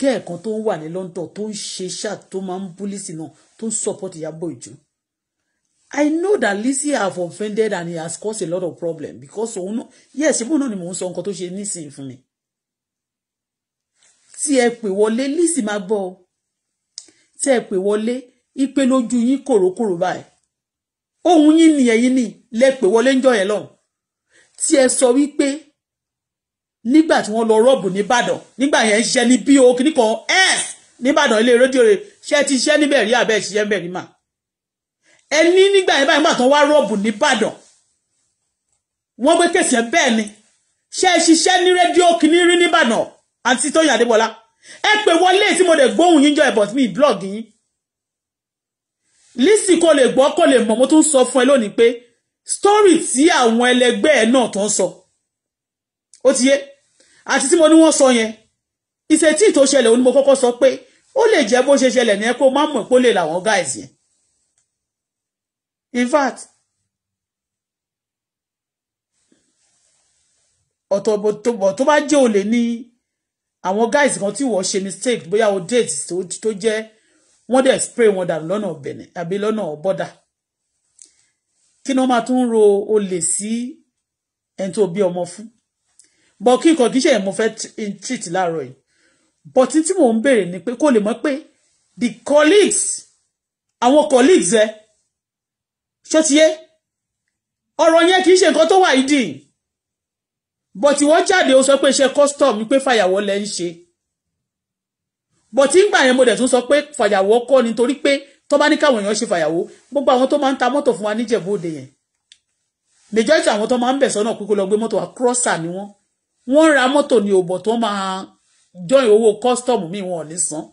Speaker 1: gẹ́ẹ̀ kan tó ń wà ní London tó ń ṣe ṣáà tó máa ń búlísì náà tó ń support Ìyábọ̀ Òjó I know that Lizzy have offended and he has caused a lot of problem because òun náà yẹ ṣe bóun náà ni mò ń sọ nǹkan tó ṣe nísìnyí fún mi tí ẹ pè wọlé Lizzy máa gbọ́ ọ tí ẹ pè wọlé ipe lójú yín kòrókòrò báyìí ohun yín ni ẹ̀yin ni lẹ́pẹ̀ wọlé ń jọ yẹn lọ́hùn tí ẹ sọ wípé nígbà tí wọ́n lọ rọ́ọ̀bù nìbàdàn nígbà yẹn ṣe ní bí o kìíní kan s nìbàdàn ilé rédíò rẹ̀ ṣe ti ṣe níbẹ̀ rí àbẹ́ ṣiṣẹ́ níbẹ̀ rí mà ẹ ní nígbà yẹn báyìí màtán wá rọ́ọ̀bù nìbàdàn wọ́n gbé kẹsì ẹ bẹ́ẹ̀ ni ṣe ṣiṣẹ́ ní rédíò kìíní rí nìbàdàn àti Tóyìn Adébọlá ẹ pè wọlé tí mo dẹ̀ gbóhùn yín jọ ẹ̀bọ̀ mi blog yín Lizzy kò lè gbọ́ kò lè mọ̀ mo tún sọ fún ẹ lónìí pé story tí àwọn ẹlẹgbẹ́ ẹ náà tó ń sọ ó ti yé àti tí mo ní wọ́n sọ yẹn ìṣètì tó ṣẹlẹ̀ òun ni mo kọ́kọ́ sọ pé ó lè jẹ́ bó ṣe ṣẹlẹ̀ ní ẹ kó má mọ̀ pé ó lè làwọn guys yẹn in fact ọ̀tọ̀ tó bá jẹ́ olè ní àwọn guys kan tí wọ́n ṣe mistake bóyá o date tó jẹ́ wọ́n dẹ̀ spray wọn dànù lọ́nà Benin àbí lọ́nà bọ́dà kí ni wọ́n máa tún ro olè sí ẹni tó bí ọmọ fún bọ́ kí nǹkan kì í ṣe mo fẹ́ treat láàárọ̀ yìí but tí mò ń béèrè ni pé kó lè mọ̀ pé the colleagues àwọn colleagues ẹ ṣó ti yé ọ̀rọ̀ yẹn kì í ṣe nǹkan tó wà yìí dì but ìwọ́n jáde ó sọ pé iṣẹ́ custom pé fàyàwọ́ lẹ́ ń ṣe but ńgbà yẹn mo dẹ̀ tún sọ pé fàyàwọ́ kọ́ ni torí pé tó bá ní káwọn èèyàn ṣe fàyàwọ́ gbogbo àwọn tó máa ń ta mọ́tò fún wa níjẹ̀bú òde yẹn majority àwọn tó máa ń bẹ̀ sọ́nà kúkú lọ gbé mọ́tò wa ni wọ́n wọ́n ra mọ́tò ní òbọ̀ tó máa join owó custom mi wọn ò ní san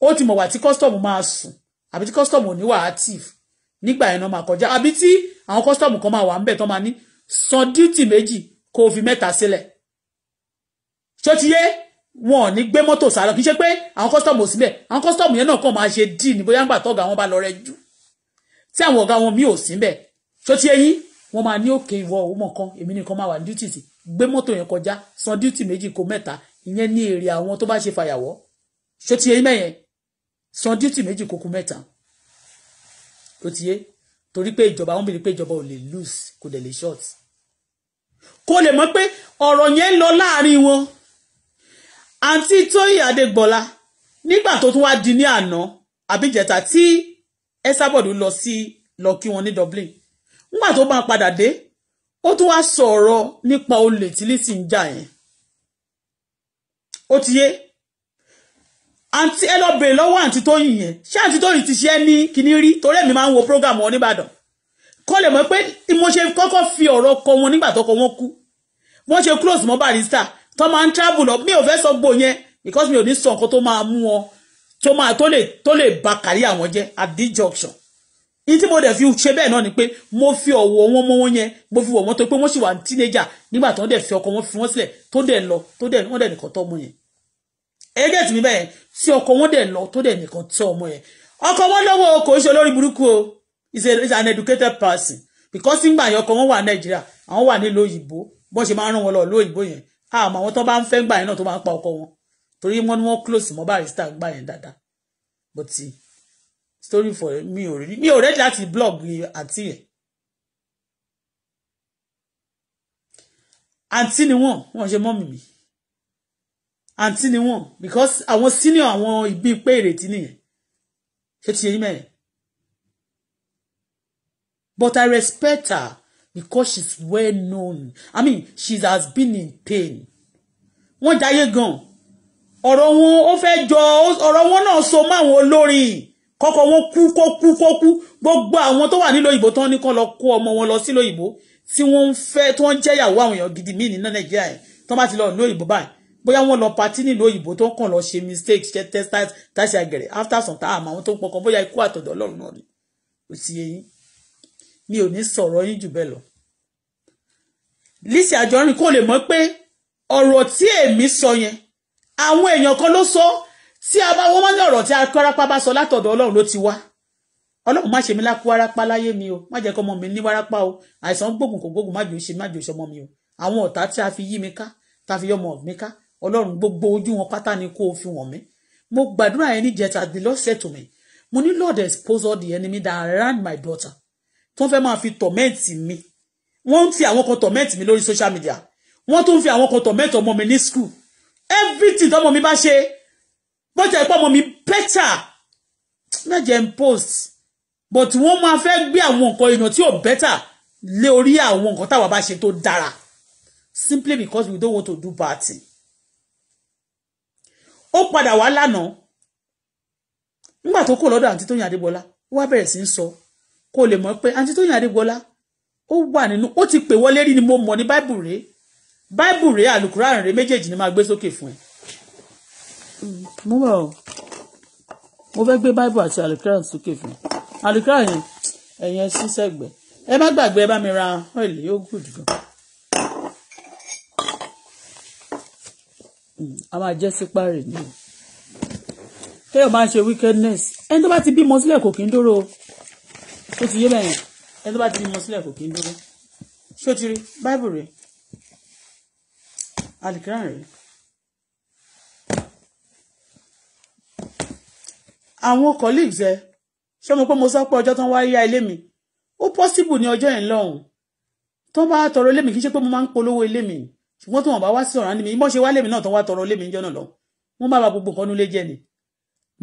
Speaker 1: ó ti mọ̀ wà tí custom máa sùn àbí tí custom ò ní wà active nígbà yẹn náà máa kọjá àbí tí àwọn custom kan máa wà ń bẹ̀ tó máa ní san duty méjì kó o fi mẹ́ta sílẹ̀ ṣó ti yé wọn ò ní gbé mọ́tò sálọ kì í ṣe pé àwọn kọ́sítọ́ọ̀mù ò síbẹ̀ àwọn kọ́sítọ́ọ̀mù yẹn náà kàn máa ṣe díì ní bóyá ńgbà tọ́gà wọn bá lọ rẹ jù tí àwọn ọ̀gá wọn mi ò síbẹ̀ tó ti ẹyin wọn máa ní òkè ìwọ òmò kan èmi nìkan máa wà ní duty sí gbé mọ́tò yẹn kọjá san duty méjì kó mẹ́ta ìyẹn ní èrè àwọn tó bá ṣe fàyàwọ́ tó ti ẹyin mẹ́yẹn san duty méjì kó kú mẹ́ta tó ti yé torí pé ìjọba wọn bìrì pé ìjọba ò lè loose kò dẹ̀ lè short kó lè mọ̀ pé ọ̀rọ̀ yẹn ń lọ láàrin wọn àǹtí tóyìn adégbọlá nígbà tó tún wá di ní àná àbíjẹta tí ẹsàbọdù lọ sí lọ kí wọn ní dublin nígbà tó bá padà dé ó tún wá sọ̀rọ̀ nípa olè tí lè sì ń jà yẹn ó ti yé àǹtí ẹ lọ bèrè lọ́wọ́ àǹtí tóyìn yẹn ṣé àǹtí tóyìn ti ṣe é ní kíní rí torí èmi máa ń wo program wọn nìbàdàn kọ́ lè mọ̀ pé mo ṣe kọ́kọ́ fi ọ̀rọ̀ kọ wọn nígbà tó kọ wọn kú wọ́n ṣe close mọ́ barista tó máa ń travel lọ mi ò fẹ́ sọ gbò yẹn because mi ò ní sọ nǹkan tó máa mú wọn tó máa tó lè tó lè ba kárí àwọn jẹ́ at this junction ní tí mo dẹ̀ fi ṣe bẹ́ẹ̀ náà ni pé mo fi ọ̀wọ̀ wọn mọ́ wọn yẹn mo fi wọ̀ wọ́n tó pé wọ́n sì wà ní tínéjà nígbà tó ń dẹ̀ fi ọkọ wọn fi wọ́n sílẹ̀ tó dẹ̀ lọ tó dẹ̀ wọ́n dẹ̀ nìkan tọ́ ọmọ yẹn ẹgẹ́ tì mí bẹ́ẹ̀ tí ọkọ wọn dẹ̀ lọ tó dẹ̀ nìkan tọ́ ọmọ yẹn ọkọ wọn lọ́wọ́ kò ṣe olórí burúkú o is an educated person because nígbà yẹn ọkọ wọn wà Nàìjíríà àwọn wà nílùú òyìnbó bọ́n ṣe máa ń rán wọn lọ lóyìnbó yẹn àmọ́ àwọn tó bá ń fẹ́ gbà yẹn náà tó máa ń pa ọkọ wọn torí wọn ni wọn close mọ́ barista gbà yẹn dáadáa bó ti eh, story for mi ò rí mi ò rẹ́dí láti blog àǹtí yẹn àǹtí ni wọn wọn ṣe mọ́mì mi àǹtí ni wọn because àwọn senior àwọn ìbí pé ìrètí nìyẹn ṣé ti yẹ yín mẹ́rin but I respect her because she's well known i mean she has been in pain wọ́n jayé gan ọ̀rọ̀ wọn ó fẹ́ jọ ọ̀rọ̀ wọn náà so mọ́ àwọn olórin kọ́kọ́ wọn kú kó kú kó kú gbogbo àwọn tó wà nílò ìbò tán ní kán lọ kó ọmọ wọn lọ sílò ìbò tí wọ́n ń fẹ́ tí wọ́n ń jẹ́yàwó àwọn èèyàn gidi míì ní nàìjíríà yẹn tó bá ti lọ nílò ìbò báyìí bóyá wọ́n lọ patí nílò ìbò tó kàn lọ ṣe mistake ṣe testers táṣà gẹ̀rẹ̀ after some time àwọn tó ń pọkàn bóyá ikú àtọ̀dọ̀ ọlọ́run náà ni kò sí eyín mi ò ní sọ̀rọ̀ yín jù bẹ́ẹ̀ lọ Lizzy Anjorin kò lè mọ̀ pé ọ̀rọ̀ tí èmi sọ yẹn àwọn èèyàn kan ló sọ tí a bá wọ́n mọ́ ní ọ̀rọ̀ tí akọ́rápá bá sọ látọ̀dọ̀ ọlọ́run ló ti wá ọlọ́run má ṣe mi lákú wárápá láyé mi o má jẹ́ kọ́ ọmọ mi ní wárápá o àìsàn gbógun kò gbógun má jò ṣe má jò ṣe ọmọ mi o àwọn ọ̀tá tí a fi yí mi ká tá a fi yọmọ mi ká ọlọ́run gbogbo ojú wọn pátá ni kó o fi wọ̀n mí mo gbàdúrà yẹn níjẹta the Lord said to me mo ní Lord expose all the enemy that around my daughter tó ń fẹ́ máa fi tọ̀mẹ́ǹtì mi wọ́n ń fi àwọn kan tọ̀mẹ́ǹtì mi lórí social media wọ́n tún ń fi àwọn kan tọ̀mẹ́ǹtì ọmọ mi ní school everything tọmọ mi bá ṣe bó ti ẹ̀ pọ̀ ọmọ mi better mẹ́jẹ̀ ń post but wọ́n máa fẹ́ gbé àwọn nǹkan èèyàn tí ò better lé orí àwọn nǹkan táwa bá ṣe tó dára simply because we don't want to do bad thing ó padà wá lánàá nígbà tó kò lọ́dọ̀ àǹtí Tóyìn Adébọlá ó wá bẹ̀rẹ̀ sí í sọ kó lè mọ̀ pé àǹtí Tóyìn Adégbọlá ó wà nínú ó ti pè wọlé rí ni mo mọ̀ ní báìbù rèé báìbù rèé àlùkùránì rèé méjèèjì ni máa gbé sókè fún ẹ. mo mọ̀ mo fẹ́ gbé báìbù àti àlùkùránì sókè fún ẹ àlùkùránì ẹ̀yìn ẹ̀ sí sẹ́gbẹ̀ẹ́ ẹ má gbàgbé ẹ bá mi ra ọ̀ẹ́lì ó gùdù gan. Hmm, a máa jẹ́ sípàrè ni o kéèyàn máa ń ṣe wickedness ẹni tó bá ti bímọ sílẹ̀ kò kí ń dúró o ṣó ti yé bẹ́ẹ̀ yẹn ẹni tó bá ti bímọ sílẹ̀ kò kí ń dúró ṣó ti rí báìbù rẹ̀ alikiran rẹ̀ àwọn colleagues ẹ ṣé mo pé mo sọ pé ọjọ́ tán wá yá ilé mi ó possible ní ọjọ́ yẹn lọ́hùn tó bá tọrọ ilé mi kì í ṣe pé mo máa ń polówó ilé mi ṣùgbọ́n tó wọn bá wá sí ọ̀ràn mi ìmọ̀ ṣe wá lèmi náà tó wá tọrọ ilé mi níjọ́ náà lọ wọ́n bá ba gbogbo nǹkan nulẹ̀ jẹ́ ni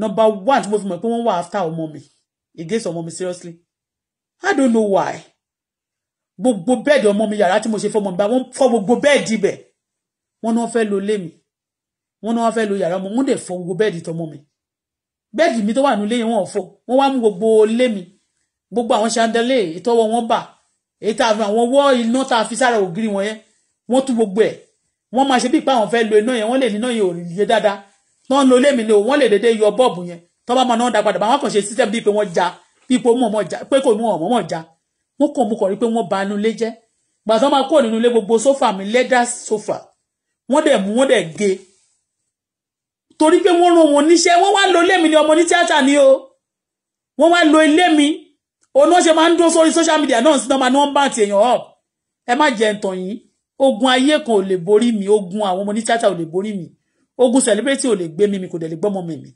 Speaker 1: number one tí mo fi mọ̀ pé wọ́n wà after ọmọ mi against ọmọ mi seriously I don't know why gbogbo bẹ́ẹ̀dì ọmọ mi yàrá tí mo ṣe fọmọ mi bá wọ́n fọ́ gbogbo bẹ́ẹ̀dì bẹ̀ wọ́n náà fẹ́ lo ilé mi wọ́n náà fẹ́ lo yàrá ọmọ wọ́n dẹ̀ fọ́ gbogbo bẹ́ẹ̀dì tọmọ mi bẹ́ẹ̀dì mi tó wà nílé yẹn wọ́n fọ́ wọ́n wá mú gbogbo ilé mi gbogbo àwọn ṣandalẹ ìtọ́wọ́ wọn bà èyí tá a fi àwọn wọ́ iná tá a fi sára ògiri wọn yẹn wọ́n tú gbogbo ẹ̀ wọ́n máa ṣe bí ipa àwọn fẹ́ lo iná yẹn wọ́n lè níná yẹn ò yẹ dáadáa tán lo ilé mi lò wọ́n lè dédé yọ bọ́ọ̀bù yẹn tọ́ bá máa náà dá padà bá wọn kàn ṣe sísẹ́m bíi pé wọ́n ja ipò mọ̀mọ́ ja pé kò mú ọ̀mọ́mọ́ ja wọ́n kàn mú kọ̀ rí pé wọ́n ba inú ilé jẹ́ gbàtọ́ máa kúrò nínú ilé gbogbo sófà mi lẹ́dà sófà wọ́n dẹ̀ mú wọ́n dẹ̀ gé torí pé wọ́n rán wọn níṣẹ́ wọ́n wá lo ilé mi ní ọmọ ní tíátà ni o wọ́n wá lo ilé mi òun ṣe máa ń dúró sórí social media náà sí nọ́mbà ní wọ́n bá ti èèyàn up ẹ má jẹ ǹtàn yìí ogun ayé kan ò lè borí mi ogun àwọn ọmọ ní tíátà ò lè borí mi ogun celebrity ò lè gbé mi mi kò dẹ̀ lè gbọ́mọ mi mi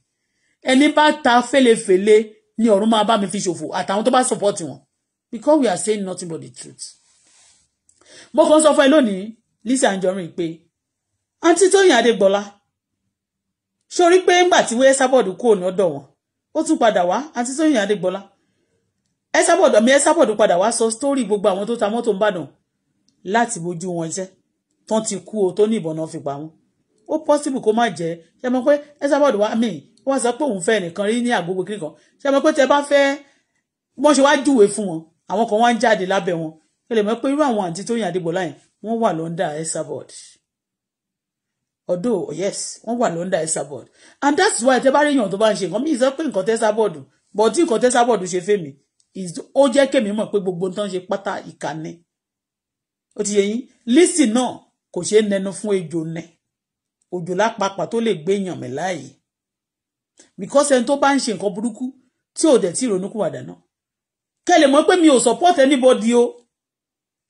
Speaker 1: ẹni bá ta fẹ́lẹ́fẹ́lẹ́ ni ọ̀run máa bá mi fi ṣòfò àtàwọn tó bá support wọn because we are saying nothing but the truth. mo kàn sọ fún ẹ lónìí Lizzy Anjorin pé àǹtí Tóyìn Adégbọlá sórí pé ńgbà tí wọ́n ẹ́sàbọ̀dù kúrò lọ́dọ̀ wọn ó tún padà wá àǹtí Tóyìn Adégbọlá ẹ́sàbọ̀dù àmì ẹ́sàbọ̀dù padà wá sọ sítórì gbogbo àwọn tó ta mọ́tò ń bàdàn láti bójú wọn jẹ́ tán ti kú o tó ní ìbọn náà fi pa wọn ó possible kó má jẹ́ ṣe mọ̀ pé ẹ́sàbọ̀dù wá mí wọ́n sọ pé òun fẹ́ nìkan rí ní àgbogbo kiri kan ṣe mọ̀ pé tẹ bá fẹ́ wọ́n ṣe wá júwe fún wọn àwọn kan wá ń jáde lábẹ́ wọn ẹ lè mọ̀ pé irú àwọn àǹtí Tóyìn Adébọ̀lá yẹn wọ́n wà lọ́ndà esabod although yes wọ́n wà lọ́ndà esabod and that's why tẹ bá rí èèyàn tó bá ń ṣe nǹkan mi sọ pé nǹkan tẹ esabod but tí nǹkan tẹ esabod ṣe fẹ́mi ó jẹ́ kémi mọ̀ pé gbogbo nǹkan ṣe pátá ìkànnì ó ti yẹ yín lísì náà kò ṣeé nẹnu fún ejò nẹ òjò lápapà tó lè gbé èèyàn mi láàyè because ẹni tó bá ń ṣe nǹkan burúkú tí ò dẹ̀ tí ìrònúkúwàdà náà kẹ́ lè mọ̀ pé mi ò support anybody o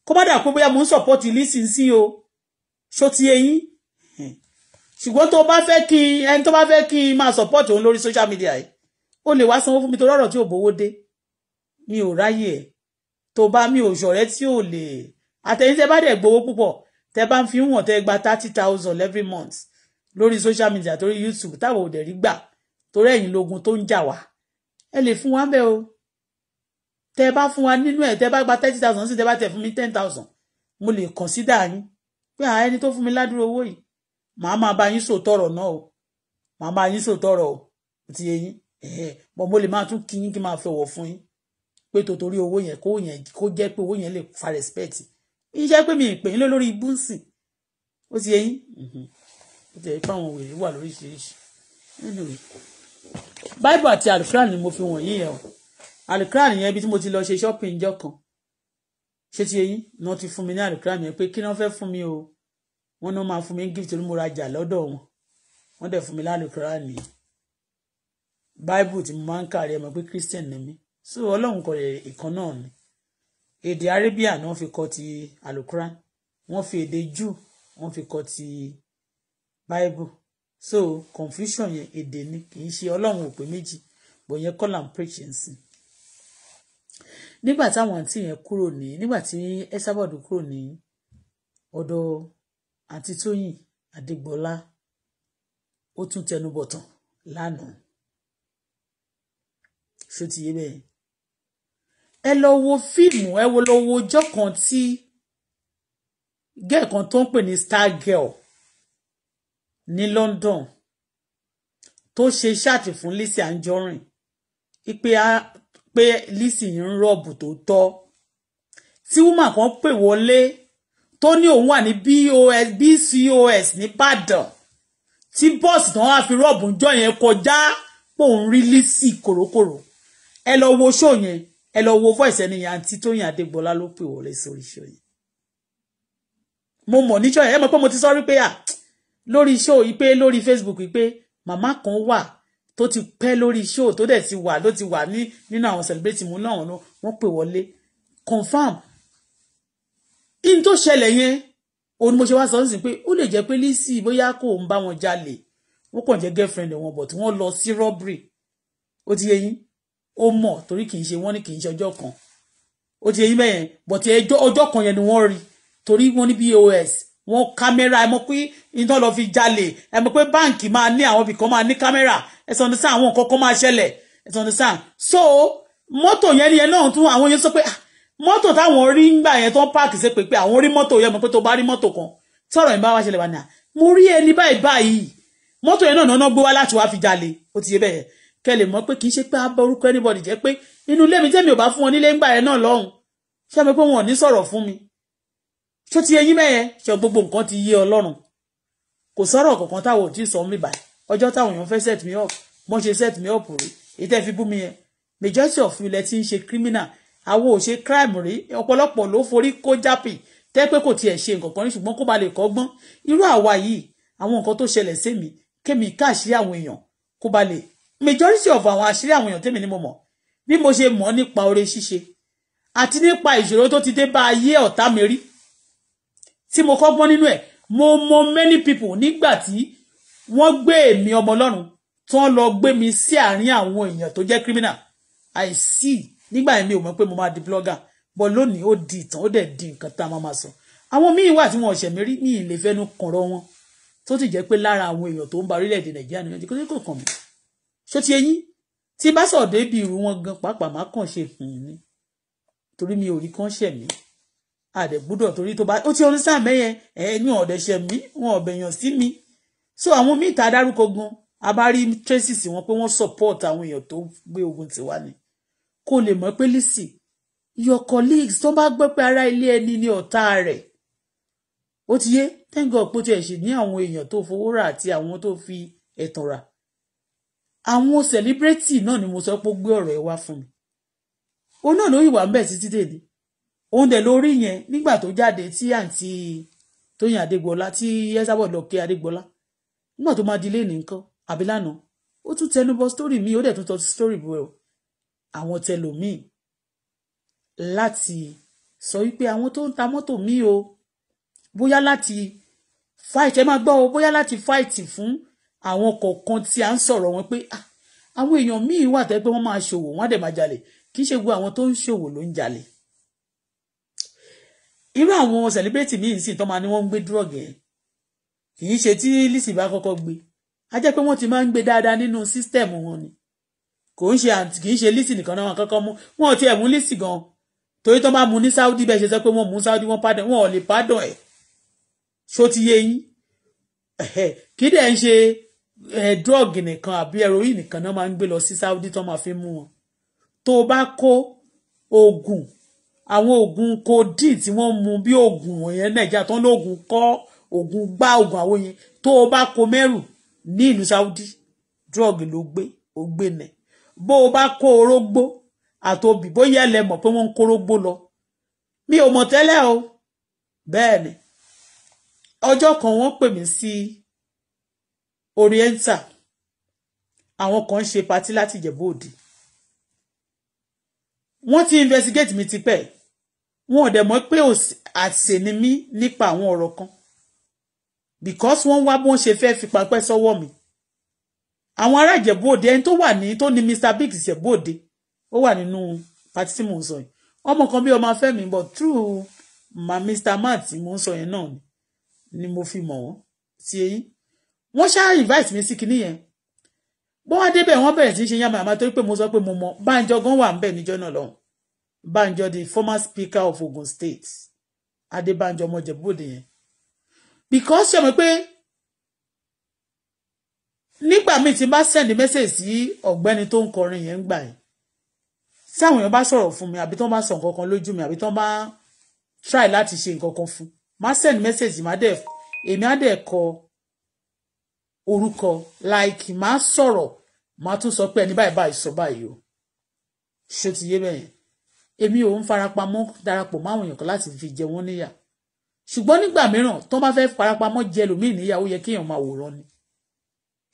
Speaker 1: kó bá dà pé bóyá mo ń support lísìnsí o ṣó ti eyín ṣùgbọ́n tó bá fẹ́ kí ẹni tó bá fẹ́ kí n máa support òun lórí social media yìí ó lè wá sanwó fún mi torí ọ̀rọ̀ tí ò bówó dé mi ò ráyè ẹ̀ tó bá mi ò ṣọ̀rẹ́ tí ò lè àtẹ̀yìn bá dẹ̀ gbowó púpọ̀ tẹ́ bá ń fi ń wọ̀n gba thirty thousand every month lórí social media torí YouTube táwọn ò dẹ̀ rí gbà torí ẹ̀yin lógun tó ń jà wá ẹ lè fún wa bẹ́ẹ̀ o tẹ bá fún wa nínú ẹ̀ tẹ bá gba thirty thousand sí tẹ bá tẹ̀ fún mi ten thousand mo lè consider yín pé à ẹni tó fún mi ládùúró owó yìí màá máa bá yín sòótọ́ ọ̀rọ̀ náà o màá máa yín sòótọ́ ọ̀rọ̀ o ti yé yín ẹ̀ẹ́ bọ̀ mo lè máa tún kí yín kí n máa fẹ́ fún yín pé tòtórí owó yẹn kó yẹn kó jẹ́ pé owó yẹn lè fa respect iṣẹ́ pé mi ìpè yín lórí ibú ń ó ti yé yín ó ti yẹ pé àwọn wèrè wà lóríṣiríṣi nínú rẹ̀ bible àti alukuran ni mo fi wọ̀nyí yẹn o alukuran yẹn ibi tí mo ti lọ ṣe shopping jọ kan ṣé ti eyín náà ti fún mi ní alukuran yẹn pé kí ni wọ́n fẹ́ fún mi o wọ́n náà máa fún mi ní gift ló mo rajà lọ́dọ̀ wọn wọ́n dẹ̀ fún mi lálukuran yẹn bible tí mo máa ń kàrí ẹ mọ̀ pé christian ni mí so ọlọ́run kọ ìkan náà ni èdè arabia náà fi kọ ti alukuran wọ́n fi èdè jew wọ́n fi kọ ti bible so confusion yẹn èdè ni kì í ṣe ọlọ́run ò pé méjì bọ̀ call am preach n sí. nígbà táwọn àǹtí yẹn kúrò ní nígbà tí Esabod kúrò ní ọ̀dọ̀ àǹtí Tóyìn Adégbọlá ó tún tẹnubọ̀tàn lánàá ṣó ti yé bẹ́ẹ̀ ẹ lọ wo fíìmù ẹ wo lọ wo ọjọ́ kan tí gẹ́ẹ̀ kan tó ń pè ní star girl ní London tó ṣe ṣáàtì fún Lizzy Anjorin pé pé Lizzy ń rọ̀bù tó tọ́ tí woman kan pè wọlé tó ní òun wà ní BOS BCOS nìbàdàn tí bọ́ọ̀sì tán wá fi rọ́ọ̀bù jọ yẹn kọjá pòun rí Lizzy kòrókòrò ẹ lọ wo ṣó yẹn ẹ lọ wo voice ẹni yẹn àǹtí Tóyìn Adégbọlá ló pè wọlé sórí ṣó yẹn mo mọ̀ níjọ́ yẹn ẹ mọ̀ pé mo ti sọ rí pé à ah, lórí show yìí pé lórí Facebook yìí pé màmá kan wà tó ti pẹ́ lórí show tó dẹ̀ ti wà ló ti wà ní nínú àwọn celebrate mu náà wọ́n pè wọlé confam in tó ṣẹlẹ̀ yẹn òun mo ṣe wá sọ nísìnyí pé ó lè jẹ́ pé Lizzy bóyá kò ń bá wọn jalè wọ́n kàn jẹ́ girlfriend wọn but wọ́n lọ sí robbery ó ti yẹ yín ó mọ̀ torí kì í ṣe wọ́n ní kì í ṣe ọjọ́ kan ó ti yẹ yín bẹ́yẹn but ọjọ́ kan yẹn ni wọ́n rí torí wọ́n ní pos wọ́n kámẹ́rà ẹ mọ̀ pé iná lọ fi jalè ẹ mọ̀ pé báǹkì máa ní àwọn ibìkan máa ní kámẹ́rà ẹ sọ ní sáà àwọn nǹkan kan máa ṣẹlẹ̀ ẹ sọ ní sáà so mọ́tò yẹn ni ẹ náà tún àwọn yẹn sọ pé ah, mọ́tò táwọn rí ńgbà yẹn tó ń páàkì sí pépé àwọn rí mọ́tò yẹn mọ̀ pé tó bá rí mọ́tò kan tọ̀rọ̀ yẹn bá wá ṣẹlẹ̀ wá ní à ah, mo rí ẹni báyìí báyìí mọ́tò yẹn náà náà gbé wá láti wá fi jalè ó ti yé bẹ́ẹ̀ kẹ́ lè mọ̀ pé kì í ṣe pé abọ́ orúkọ anybody jẹ́ pé inú ilé mi tẹ́mi ò bá fún wọn nílé ńgbà yẹn náà lọ́hùn ṣé mi pé wọn ò ní sọ̀rọ̀ fún mi tó ti eyín mẹ́yẹn ṣe gbogbo nǹkan ti yé Ọlọ́run kò sọ̀rọ̀ kankan táwọn ò tí ì sọ mí báyìí ọjọ́ táwọn èèyàn fẹ́ set me up wọ́n ṣe set me up rí èyí tẹ́ fi bú mi yẹn majority of ilẹ̀ tí ń ṣe criminal àwọn ò ṣe crime rí ọ̀pọ̀lọpọ̀ ló forí kó jápì tẹ́ pé kò tiẹ̀ ṣe nǹkan kan ní ṣùgbọ́n kó ba lè kọ́gbọ́n irú àwa yìí àwọn nǹkan tó ṣẹlẹ̀ sí mi kémi káàṣírí àwọn èèyàn kó ba lè majority of àwọn àṣírí àwọn èèyàn tèmi ni mo mọ̀ bí mo ṣe mọ̀ nípa oore ṣíṣe àti nípa ìṣòro tó ti dé bá ayé ọ̀tá mi rí tí mo kọ́gbọ́n nínú ẹ̀ mo mọ many people nígbà tí wọ́n gbé èmi ọmọ ọlọ́run tí wọ́n lọ gbé mi sí àárín àwọn èèyàn tó jẹ́ criminal i see nígbà yẹn mi ò mọ̀ pé mo máa di blogger but lónìí ó di ìtàn ó dẹ̀ di nǹkan tá a máa máa sọ àwọn míì wà tí wọn ọ̀sẹ̀ mi rí mi ì lè fẹ́nu kànrọ̀ wọn tó ti jẹ́ pé lára àwọn èèyàn tó ń ba orílẹ̀-èdè nàìjíríà nìyẹn kó kò kàn mí ṣó ti eyín tí bá sọ̀dọ̀ ibi ìrù wọn gan pàápàá má kàn ṣe hùn hmm, ni torí mi ò rí kàn ṣẹ̀ mí àdẹ̀ gbúdọ̀ torí tó bá ó ti ọdún sáà mẹ́yẹn ẹ̀yìn ọ̀dẹ̀ṣẹ̀ mi wọn ọ̀bẹ̀yàn sí mi so àwọn míì tá a dárúkọ gan a bá traces wọn pé wọ́n support àwọn èèyàn tó gbé ogun tiwa ni kó lè mọ̀ pé lisi your colleagues tó bá gbọ́ pé ará ilé ẹni ni ọ̀tá rẹ̀ ó ti yé thank God pé ó ti ẹ̀ ṣe ní àwọn èèyàn tó fowó rà àti àwọn tó fi ẹ̀tàn rà àwọn celebrity náà ni mo sọ pé ó gbé ọ̀rọ̀ ẹ wá fún mi òun náà ló yìí wà ń bẹ̀ títí dèdè òun dẹ̀ lórí yẹn nígbà tó jáde tí àǹtí tóyìn adégbọlá tí ẹsàbọ̀ lọ kí adégbọlá nígbà tó máa di ilé nìkan àbí lánàá ó tún tẹnubọ sítórì mi ó dẹ̀ tún tọ sítórì bu ẹ o àwọn tẹlòmíì láti sọ wípé àwọn tó ń ta mọ́tò mi o bóyá láti fight ẹ máa gbọ́ o bóyá láti fight fún àwọn kọ̀ọ̀kan tí a ń sọ̀rọ̀ wọn pé ah, àwọn èèyàn míì wà tẹ́ pé wọ́n máa ṣòwò wọ́n á dẹ̀ máa jalè kì í ṣe gbogbo àwọn tó ń ṣòwò ló ń jalè irú àwọn celebrity míì sì tán máa ní wọ́n ń gbé drug ẹ̀ kì í ṣe tí Lizzy bá kọ́kọ́ gbé a jẹ́ pé wọ́n ti máa ń gbé dáadáa nínú system wọn ni kò ń ṣe àǹtí kì í ṣe Lizzy nìkan náà kọ́kọ́ mú wọn ò tiẹ̀ mú Lizzy gan torí tán bá ní Saudi bẹ́ẹ̀ ṣe sọ pé wọ́n mú Saudi wọ́n pardon wọn ò lè pardon ẹ̀ ṣó ti yé yín kí dẹ̀ ń ṣe drug nìkan àbí heroin nìkan náà máa ń gbé lọ sí Saudi tán fi mú wọn tó bá kó oògùn àwọn oògùn kodi tí wọ́n mu bí oògùn yẹn nàìjíríà tó ń lo oògùn kọ́ oògùn gbá oògùn àwọn yẹn tó o bá kó mẹ́rù ní ìlú Saudi drug ló gbé ó gbé nẹ bó o bá kó orógbó àtòbí bóyá ẹ lè mọ̀ pé wọ́n ń kórógbó lọ mi ò mọ̀ tẹ́lẹ̀ o bẹ́ẹ̀ ni ọjọ́ kan wọ́n pè mí sí Oriental àwọn kan ṣe patí láti Ìjẹ̀bú Òde wọ́n ti investigate mi tipẹ́ wọn ò dẹ̀ mọ̀ pé àṣẹ ni mí nípa àwọn ọ̀rọ̀ kan because wọ́n wá bó ń ṣe fẹ́ fi pápẹ́ sọ́wọ́ mi àwọn ará Ìjẹ̀bú Òde ẹni tó wà ní tó ní Mr Big Ìjẹ̀bú Òde ó wà nínú pati tí mò ń sọ yìí ọmọ kan bí ọmọ afẹ́mi but through ma Mr Matt tí mò ń sọ yẹn náà ni mo fi mọ̀ wọ́n sí eyín wọ́n ṣáà invite mi sí kinní yẹn bó wá débẹ̀ wọ́n bẹ̀rẹ̀ sí í ṣe yàmàyàmà torí pé mo sọ pé mo mọ Bánjọ gan wà ń bẹ̀ níjọ́ náà lọ́hùn Banjo, the former speaker of Ogun State, Adébánjọ ọmọ Ìjẹ̀bú-Òde Because you mọ̀ pé nígbà míì tí n send message sí ọ̀gbẹ́ni tó ń kọrin yẹn ń gbà yẹn. Tí àwọn èèyàn bá sọ̀rọ̀ fún mi àbí tí wọ́n bá sọ nǹkan mi àbí tí wọ́n try láti ṣe nǹkan kan fún. send message má dẹ̀ èmi á dẹ̀ kọ orúkọ like má sọ̀rọ̀ má tún sọ pé ẹni báyìí báyìí sọ báyìí o. Ṣé ti yé bẹ́yẹn? èmi ò ń farapamọ́ darapọ̀ máwọn èèyàn kan láti fi jẹ wọ́n níyà ṣùgbọ́n nígbà mìíràn tó bá fẹ́ farapamọ́ jẹ lòmíì níyà ó yẹ kéèyàn máa wòran ni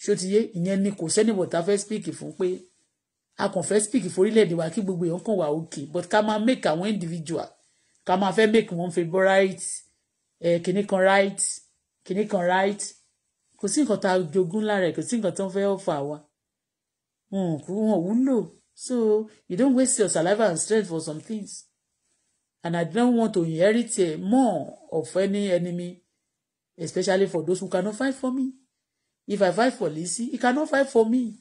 Speaker 1: ṣòtìyé ìyẹn ni kò sẹ́nìbọ̀ tá a fẹ́ speak fún pé a kàn fẹ́ speak forílẹ̀-èdè wa kí gbogbo èèyàn kàn wá òkè but ká máa make àwọn individual ká máa fẹ́ make wọn favour right eh, kìnnì kan right kìnnì kan right kò sí nǹkan tá a jogún lára ẹ̀ kò sí nǹkan tó ń fẹ́ ọ̀fà wa wọn So you don't waste your saliva and strength for some things. And I don't want to inherit more of any enemy, especially for those who cannot fight for me. If I fight for Lizzie, he cannot fight for me.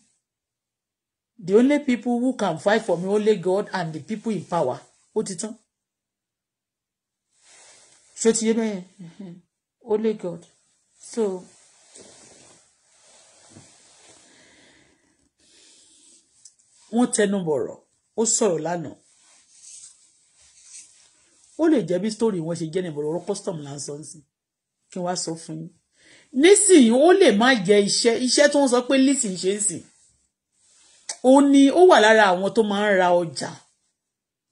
Speaker 1: The only people who can fight for me, only God and the people in power. Ó ti tán. Ṣé ti yé bẹ́yẹn? Mm-hmm. Only God. So wọ́n tẹnu bọ̀rọ̀ ó sọ̀rọ̀ lánàá ó lè jẹ́ bí story wọn ṣe jẹ́ ní bọ̀rọ̀ custom là ń sọ sí kí wọ́n á sọ fún yín nísìnyí ó lè má jẹ iṣẹ́ iṣẹ́ tó ń sọ pé lísìn ṣe ń sìn ó ní ó wà lára àwọn tó máa ń ra ọjà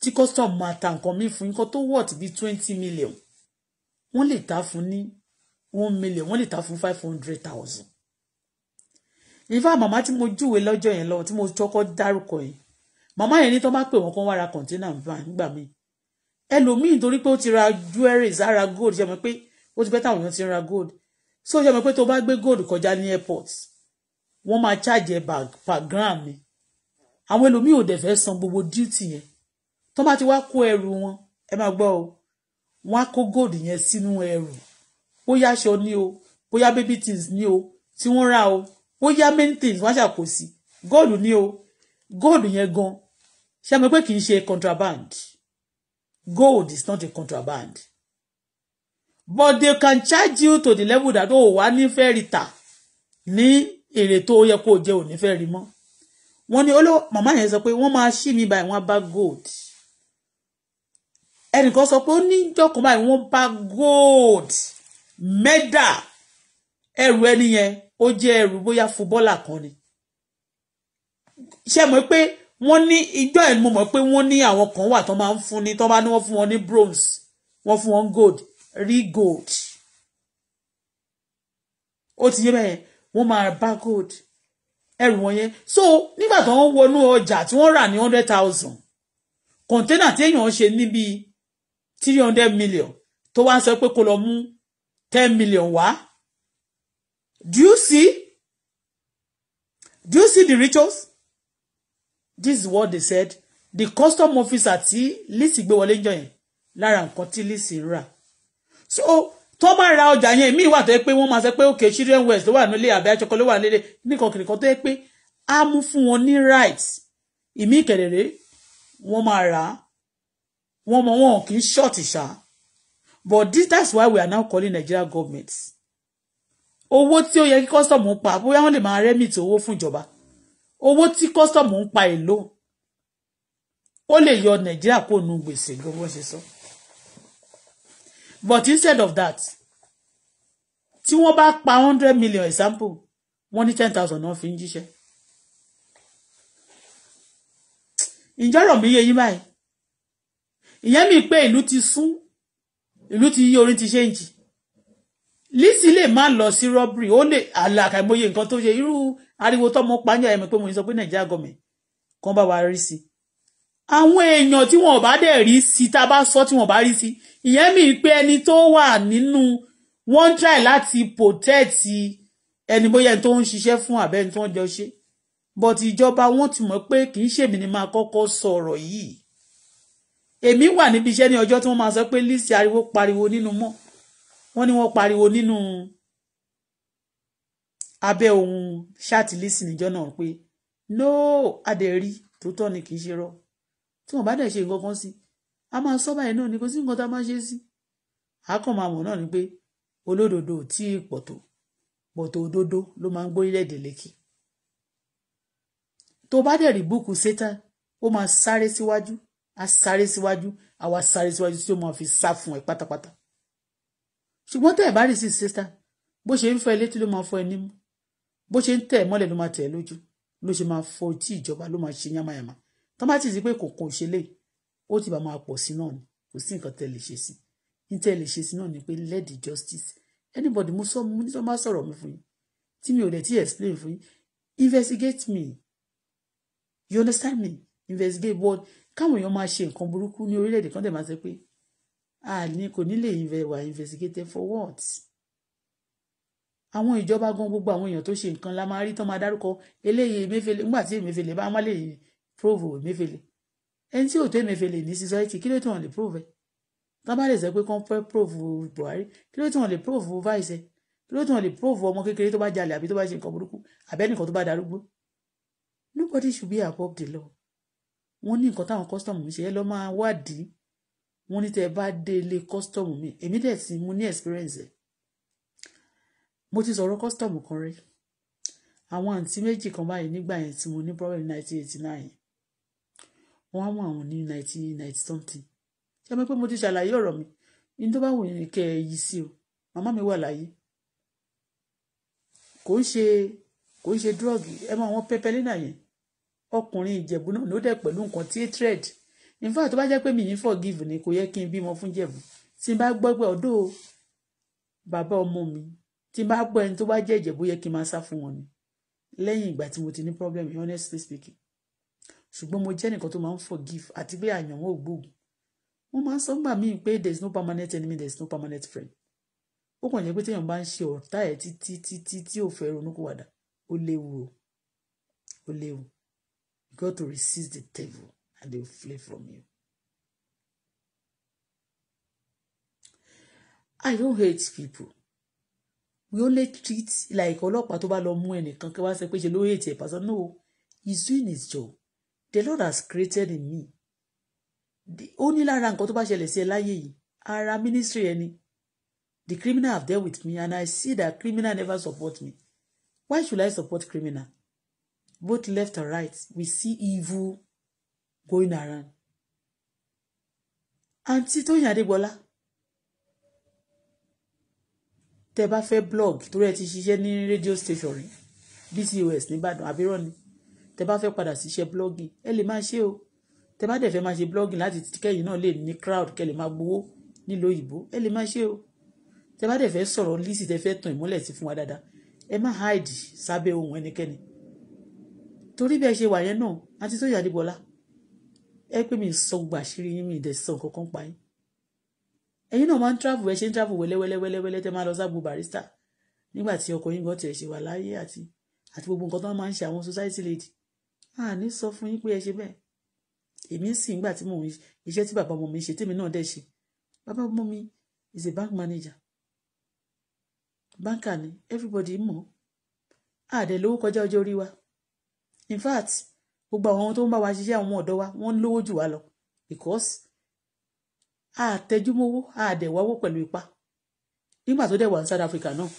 Speaker 1: tí custom máa ta nǹkan míì fún nǹkan tó worth bíi twenty million wọ́n lè ta fún ní one million wọ́n lè ta fún five hundred thousand ìfá màmá tí mo júwe lọ́jọ́ yẹn lọ tí mo kọ́kọ́ dárúkọ yẹn màmá yẹn ní tó má pè wọ́n kó wá ra kọ̀ǹtínà nfa nígbà míì ẹlòmíì nítorí pé ó ti ra jewelries ara gold ṣe mọ̀ pé ó ti bẹ́ táwọn èèyàn ti ra gold so ṣe mọ̀ pé tó bá gbé gold kọjá ní airport wọ́n máa charge ẹ̀ per gram ni àwọn ẹlòmíì ò dẹ̀ fẹ́ san gbogbo duty yẹn tó bá ti wá kó ẹrù wọn ẹ máa gbọ́ o wọ́n á kó gold yẹn sínú ẹrù bóyá aṣọ ni o bóyá baby things ni o tí wọ́n rà o wọ́n yá many things wọ́n ṣàkó sí góòlù ní o góòlù yẹn gan ṣe mọ̀ pé kì í ṣe contraband gold is not a contraband but they can charge you to the level that ó oh, wà nífẹ̀ẹ́ rí ta ní èrè tó yẹ kó jẹ́ ò nífẹ̀ẹ́ rí mọ́ wọ́n ní olówó màmá yẹn sọ pé wọ́n máa ṣí mi báyìí wọ́n bá gold ẹnìkan sọ pé ó ní jọkùn báyìí wọ́n bá gold mẹ́dà ẹrù ẹni yẹn ó jẹ́ ẹrù bóyá fúbọ́là kan ni ṣe mọ̀ pé wọ́n ní ìjọ ẹ̀ mo mọ̀ pé wọ́n ní àwọn kan wà tó máa ń fún ni tó bá ní wọ́n fún wọn ní bronze wọ́n fún wọn gold rí gold ó ti yé bẹ́ẹ̀ wọ́n máa bá gold ẹrù wọn yẹn so nígbà tó ń wọnú ọjà tí wọ́n rà ní hundred thousand kọ̀ńténà tí èèyàn ṣe níbi three hundred million tó wá ń sọ pé kó lọ mú ten million wá Do you see? Do you see the rituals? This is what they said. The custom officer tí Lizzy gbé wọlé jọ yẹn lára nǹkan tí Lizzy rà. So tó bá ra ọjà yẹn míì wà to yẹ pé wọ́n máa sọ okay children west ló wà nílé àbí àjọkọ ló wà nílé nìkan kìnìkan tó yẹ pé á mú fún wọn ní right ìmí ìkẹ̀rẹ̀rẹ̀ wọ́n máa rà á wọ́n mọ wọn kì í ṣọ́ọ̀tì but this that's why we are now calling Nigeria governments owó tí ó yẹ kí custom ń pa bóyá wọ́n lè máa remit owó fún ìjọba owó tí custom ń pa èlò ó lè yọ nàìjíríà kó nu gbèsè gbogbo ṣe sọ but instead of that tí wọ́n bá pa hundred million example wọ́n ní ten thousand náà fi ń jíṣẹ́ ìjọ́rọ̀ mi yé yín báyìí ìyẹn mi pé ìlú ti sún ìlú ti yí orin ti ṣéǹjì Lizzy lè má lọ sí robbery ó lè àlàkàìmọye nǹkan tó ṣe irú ariwo tọmọ pàǹjà ẹ̀mí pé mo sọ pé nàìjíríà gọ̀mẹ̀ kan bá wa rí sí i àwọn èèyàn tí wọn bá dẹ̀ rí sí tá a bá sọ tí wọn bá rí sí ìyẹn mi pé ẹni tó wà nínú wọn ń try láti protect ẹni bóyá ẹni tó ń ṣiṣẹ́ fún àbẹ́ ẹni tó ń jọ ṣe but ìjọba wọn ti mọ̀ pé kì í ṣèmi ni máa kọ́kọ́ sọ̀rọ̀ yìí èmi wà níbi iṣẹ́ ní ọjọ́ tí wọ́n máa sọ pé Lizzy ariwo pariwo nínú mọ́ wọ́n ní wọ́n pariwo nínú abẹ́ ohun ṣáàtì lísì níjọ́ náà pé no adẹ̀rí tó tọ́ ni kì í ṣe rọ tí wọ́n bá dẹ̀ ṣe nǹkan kan sí a máa sọ báyìí náà ni kò sí nǹkan tá a máa ṣe sí àákàn máa mọ̀ náà ni pé olódodo tí pọ̀tò pọ̀tò òdodo ló máa ń gbórílẹ̀-èdè lékè tó bá dẹ̀ rí búùkù sétan ó máa sáré síwájú á sáré síwájú àwa sáré síwájú tí ó máa fi sá fún ẹ pátápátá ṣùgbọ́n tẹ́ ẹ̀ bá rí sí sísá bó ṣe ń fẹ́ létí ló máa fọ ẹ nímú bó ṣe ń tẹ̀ mọ́lẹ̀ ló máa tẹ̀ lójú ló ṣe máa fọ tí ìjọba ló máa ṣe yánmayàmá tó bá ti di pé kòkò òṣèlè ó ti bá máa pọ̀ sí náà ni kò sí nǹkan tẹ́ lè ṣe sí ní tẹ́ lè ṣe sí náà ni pé let the justice anybody mo sọ mo ní sọ má sọ̀rọ̀ mi fún yín tí mi ò dẹ̀ tí explain fún yín investigate me you understand me investigate but káwọn èèyàn máa ṣe nǹkan burúkú ní orílẹ̀ àní kò ní lè wà investigated for what àwọn ìjọba gan gbogbo àwọn èèyàn tó ṣe nǹkan la máa rí tán máa dárúkọ eléyìí emefele nígbà tí emefele bá má lè prove emefele ẹni tí ò tó emefele ní society kí ló tí wọn lè prove ẹ tán bá lè sọ pé kán fẹ́ prove Buhari kí ló tí wọn lè prove vice ẹ kí ló tí wọn lè prove ọmọ kékeré tó bá jalè àbí tó bá ṣe nǹkan burúkú àbẹ́nìkan tó bá darúgbó nobody should be above the law wọ́n ní nǹkan táwọn custom ṣe ẹ lọ máa wádìí wọ́n ní tẹ́ bá dé ilé custom mi èmi dẹ̀ sí mo ní experience ẹ̀ mo ti sọ̀rọ̀ custom kan rí àwọn àǹtí méjì kan báyìí nígbà yẹn tí mo ní problem nineteen eighty nine wọ́n á mú àwọn ní nineteen ninety something ṣé mo pé mo ti ṣàlàyé ọ̀rọ̀ mi ní tó bá wù yín kẹ́ ẹ yí sí o màmá mi wà láyé kò ń ṣe kò ń ṣe drug ẹ mọ àwọn pẹpẹlínà yẹn ọkùnrin ìjẹ̀bú náà ló dẹ̀ pẹ̀lú nǹkan tí trade in fact tó bá jẹ́ pé mi ní forgive ni kò yẹ kí n bímọ fún jẹ̀bù tí n bá gbọ́ pé ọ̀dọ́ bàbá ọmọ mi tí n bá gbọ́ ẹni tó bá jẹ́ ìjẹ̀bù yẹ kí n máa sá fún wọn ni lẹ́yìn ìgbà tí mo ti ní problem honestly speaking ṣùgbọ́n mo jẹ́ nìkan tó máa ń forgive àti pé àyàn ò gbóògùn wọ́n máa ń sọ gbà míì pé there is no permanent enemy there is no permanent friend ó kàn jẹ́ pé téèyàn bá ń ṣe ọ̀tá ẹ̀ títí títí tí ò fẹ́ ronúkúwàdà ó léwu o ó léwu you got to resist the devil and they will flee from you. I don't hate people. We only treat like ọlọ́pàá tó bá lọ mú ẹnìkan kí wá sọ pé ṣe hate a person. No, he's doing his job. The Lord has created in me. The only lára nǹkan tó bá ṣẹlẹ̀ sí ẹ láyé yìí, ara ministry ẹni. The criminal have dealt with me and I see that criminal never support me. Why should I support criminal? Both left and right, we see evil going around àǹtí Tóyìn Adégbọlá tẹ bá fẹ́ blog torí ẹ ti ṣiṣẹ́ ní radio station rí bcos nìbàdàn àbírọ̀ ni tẹ bá fẹ́ padà ṣiṣẹ́ blogging ẹ lè máa ṣe o tẹ bá dẹ̀ fẹ́ máa ṣe blogging láti kẹ́yìn náà lè ní crowd kẹ́ lè máa gbowó nílùú òyìnbó ẹ lè máa ṣe o tẹ bá dẹ̀ fẹ́ sọ̀rọ̀ lísì tẹ fẹ́ tàn ìmọ́lẹ̀ sí fún wa dáadáa ẹ má hide sábẹ́ ohun ẹnikẹ́ni torí bẹ́ẹ̀ ṣe wà yẹn náà àti Tóyìn Adébọlá ẹ pé mi sọ gbogbo àṣírí yín mi ìdẹ̀ sọ nǹkan kan pa yín ẹ̀yin náà máa ń travel ẹ ṣe ń travel wẹ́lẹ́wẹ́lẹ́wẹ́lẹ́ tẹ́ máa lọ sábò barista nígbà tí ọkọ yín gan tiẹ̀ ṣe wà láyé àti àti gbogbo nǹkan tó máa ń ṣe àwọn society lady a ní sọ fún yín pé ẹ ṣe bẹ́ẹ̀ èmi ń sìn nígbà tí mò ń iṣẹ́ tí bàbá ọmọ mi ṣe tèmi náà dẹ̀ ṣe bàbá ọmọ mi is a bank manager báńkà ni everybody mọ̀ á dẹ̀ lówó kọjá ọjọ́ orí wa in fact gbogbo àwọn tó ń bá wa ṣiṣẹ́ àwọn ọ̀dọ́ wa wọ́n lówó jù wá lọ because àtẹjúmówó àdẹ̀wáwó pẹ̀lú ipa nígbà tó dẹ̀ wà ní South Africa náà.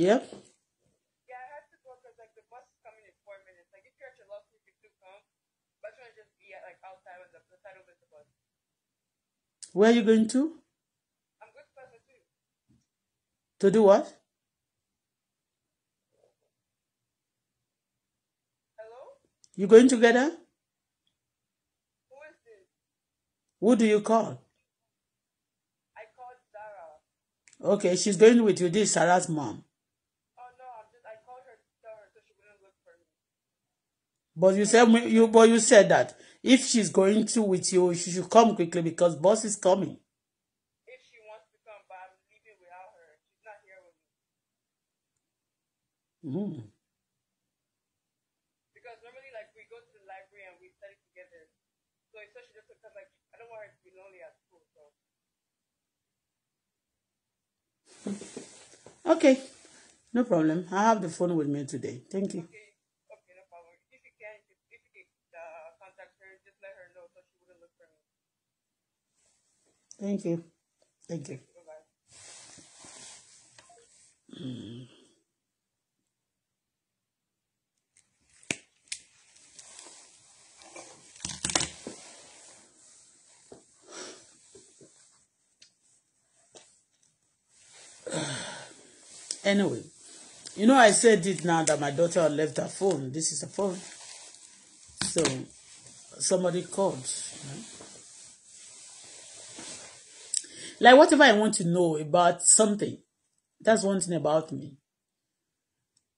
Speaker 1: Yep. Yeah, I had to go because like the bus is coming in four minutes. Like if you're at your loss, you could come. But I just be at like outside with the, the of the bus. Where are you going to? I'm going to Pastor To do what? Hello? You going together? Who is this? Who do you call? I called Sarah. Okay, she's going with you. This is Sarah's mom. But you said you but you said that If she's going to with you, she should come quickly because boss is coming. If she wants to come, but I'm leaving without her. She's not here with me. Mm. Because normally, like, we go to the library and we study together. So it's such a because, like, I don't want her to be lonely at school, so. Okay. No problem. I have the phone with me today. Thank you. Okay. Thank you. Thank you. anyway, you know, I said it now that my daughter left her phone. This is a phone. So somebody called. Like whatever I want to know about something, that's one thing about me.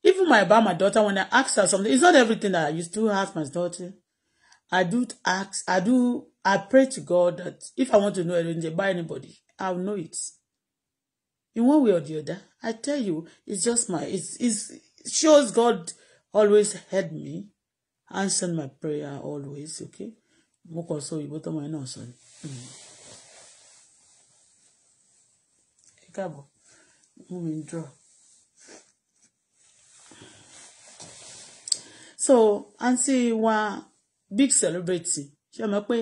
Speaker 1: Even my about my daughter, when I ask her something, it's not everything that I used to ask my daughter. I do ask, I do, I pray to God that if I want to know anything by anybody, I'll know it. In one way or the other, I tell you, it's just my, it's, it's it shows God always heard me, answered my prayer always, okay? Mo kàn sọ ìbò tọmọ káàbọ̀ mú mi draw. so àǹtí wa big celebrity ṣe mọ̀ pé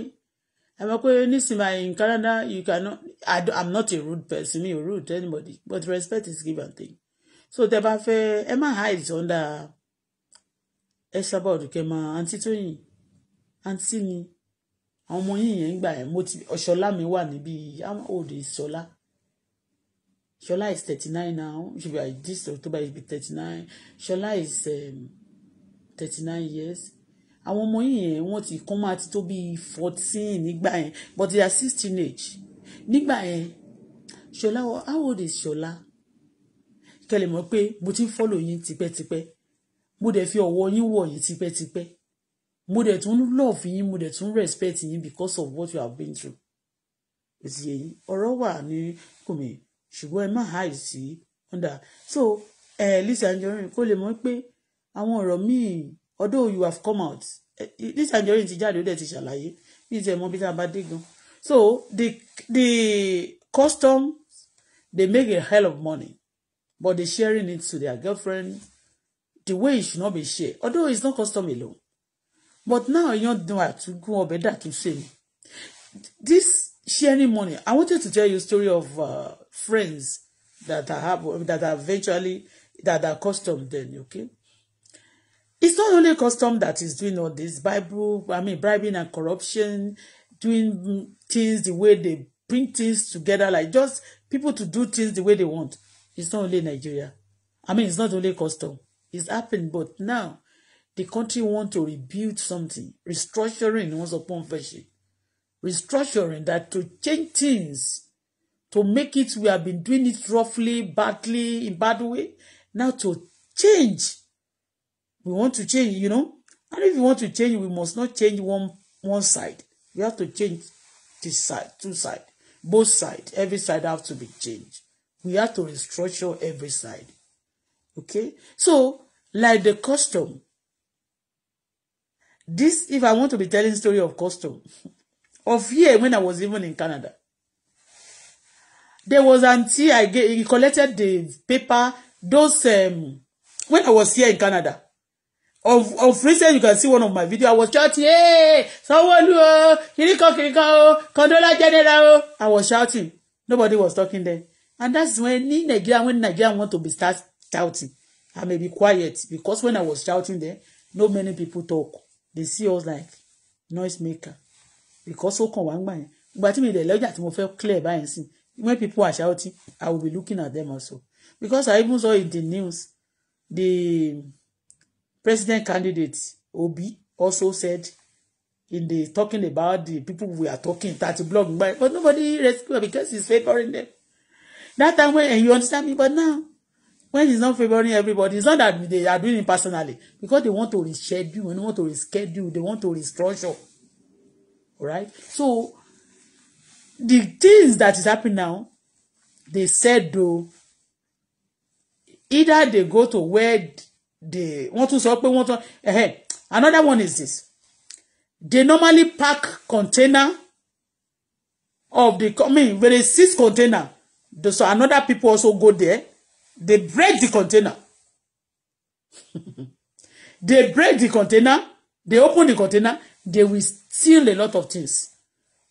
Speaker 1: ẹ mọ̀ pé nísìnyí in Canada you cannot I don't, I'm not a rude person mi ò rude anybody but respect is given thing. so tẹ bá fẹ́ ẹ má hide under ẹ sábà òdùkẹ́ máa àǹtí Tóyìn aunty ni àwọn ọmọ yìnyín ń gbà ẹ mo ti ọ̀ṣọ́lá mi wà níbí àwọn òde ìṣọ́lá. Shola is 39 now. She be this October she be 39. Shola is um, 39 years. Àwọn ọmọ yìí yẹn wọ́n ti kọ́ máa ti tó bíi fourteen nígbà yẹn but they are sixteen age. Nígbà yẹn Shola how old is Shola? Kẹlẹ̀ mọ̀ pé mo ti ń follow yín tipẹ́tipẹ́. Mo dẹ̀ fi ọ̀wọ̀ yín wọ̀ yín tipẹ́tipẹ́. Mo dẹ̀ tún love yín mo dẹ̀ tún respect yín because of what you have been through. Èsì yẹn ọ̀rọ̀ wà ní kùmí ṣùgbọ́n ẹ má hide sí under so uh, Lizzy Anjorin kó lè mọ̀ pé àwọn ọ̀rọ̀ míì although you have come out uh, Lizzy Anjorin ti jáde ó dẹ̀ ti ṣàlàyé bí ti ẹ̀ mọ̀ bí tá a bá dé gan so the the custom they make a hell of money but they sharing it to their girlfriend the way it should not be shared although it's not custom alone but now èèyàn dùn àtúgún ọbẹ̀ dàtúnṣe ni this sharing money. I wanted to tell you a story of uh, friends that I have that are eventually that are custom then, okay? It's not only custom that is doing all this Bible, I mean bribing and corruption, doing things the way they bring things together, like just people to do things the way they want. It's not only Nigeria. I mean, it's not only custom. It's happened, but now the country want to rebuild something, restructuring once upon fashion restructuring that to change things to make it we have been doing it roughly badly in bad way now to change we want to change you know and if you want to change we must not change one one side we have to change this side two side both side every side have to be changed we have to restructure every side okay so like the custom this if i want to be telling story of custom of here when I was even in Canada. There was until I get, he collected the paper, those, um, when I was here in Canada. Of, of recent, you can see one of my videos. I was shouting, hey, someone, oh, kiriko, kiriko, oh, controller general, oh. I was shouting. Nobody was talking then. And that's when in Nigeria, when Nigeria want to be start shouting, I may be quiet because when I was shouting there, not many people talk. They see us like noise maker because ó kàn wá ń gbà yẹn ìgbà tí mi dẹ̀ lọ́jà tí mo fẹ́ clear báyìí sí when people are shouting i will be looking at them also because i even saw in the news the president candidate Obi also said in the talking about the people we are talking thirty blog by but nobody rescue her because he's favoring them that time when and you understand me but now when he's not favoring everybody it's not that they are doing it personally because they want to reschedule they want to reschedule they want to restructure right? So the things that is happening now, they said though, either they go to where they want to sọ want to. tán another one is this they normally pack container of the I mean when they container the, so another people also go there they break the container they break the container they open the container they will steal a lot of things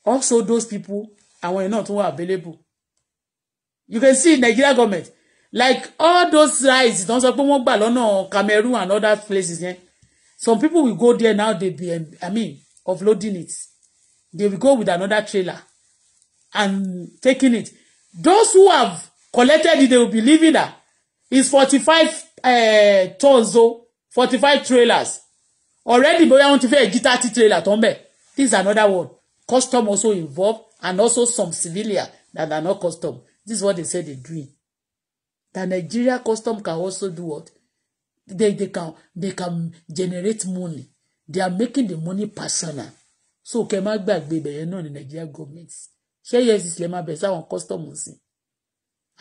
Speaker 1: also those people àwọn yẹn náà tún wà available you can see Nigeria government like all those rides, don sọ pé wọ́n gbà lọ́nà Cameroon and other places yẹn some people will go there now they be um, I mean offloading it they will go with another trailer and taking it those who have collected it they will be leaving that is forty-five uh, tons o forty-five trailers already bóyá wọ́n ti fẹ́ jí thirty trailer tó ń bẹ̀ This another one. Custom also involved and also some civilian that are not custom. This is what they say they're doing. The Nigeria custom can also do what? They, they can they can generate money. They are making the money personal. So kẹ má gbàgbé bẹ̀yẹn náà Nigeria government. Ṣé yẹn ti tilẹ̀ máa bẹ̀ sáwọn custom sí?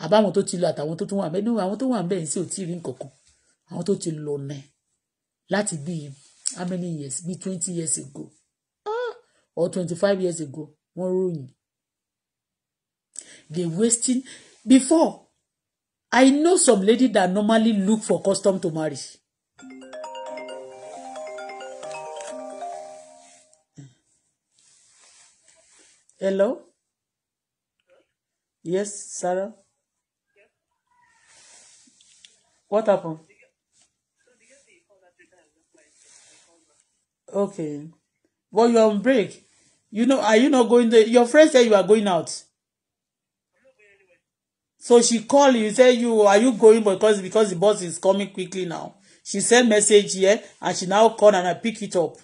Speaker 1: Àbáwọn tó ti lọ àtàwọn tó tún wà bẹ́ẹ̀ níwọ̀n àwọn tó wà bẹ́ẹ̀ sí ò tí ì rí nǹkan kan. Àwọn tó ti lọ nẹ̀ láti bíi how many years bíi twenty years ago or twenty five years ago wọ́n ròyìn they wasting before I know some lady that normally look for custom to marry. Hello? Yes, Sarah? What happened? Okay. Well, you're on break. You know, are you not going there? Your friend said you are going out. So she called you, said you are you going because because the bus is coming quickly now. She sent message here and she now called and I pick it up.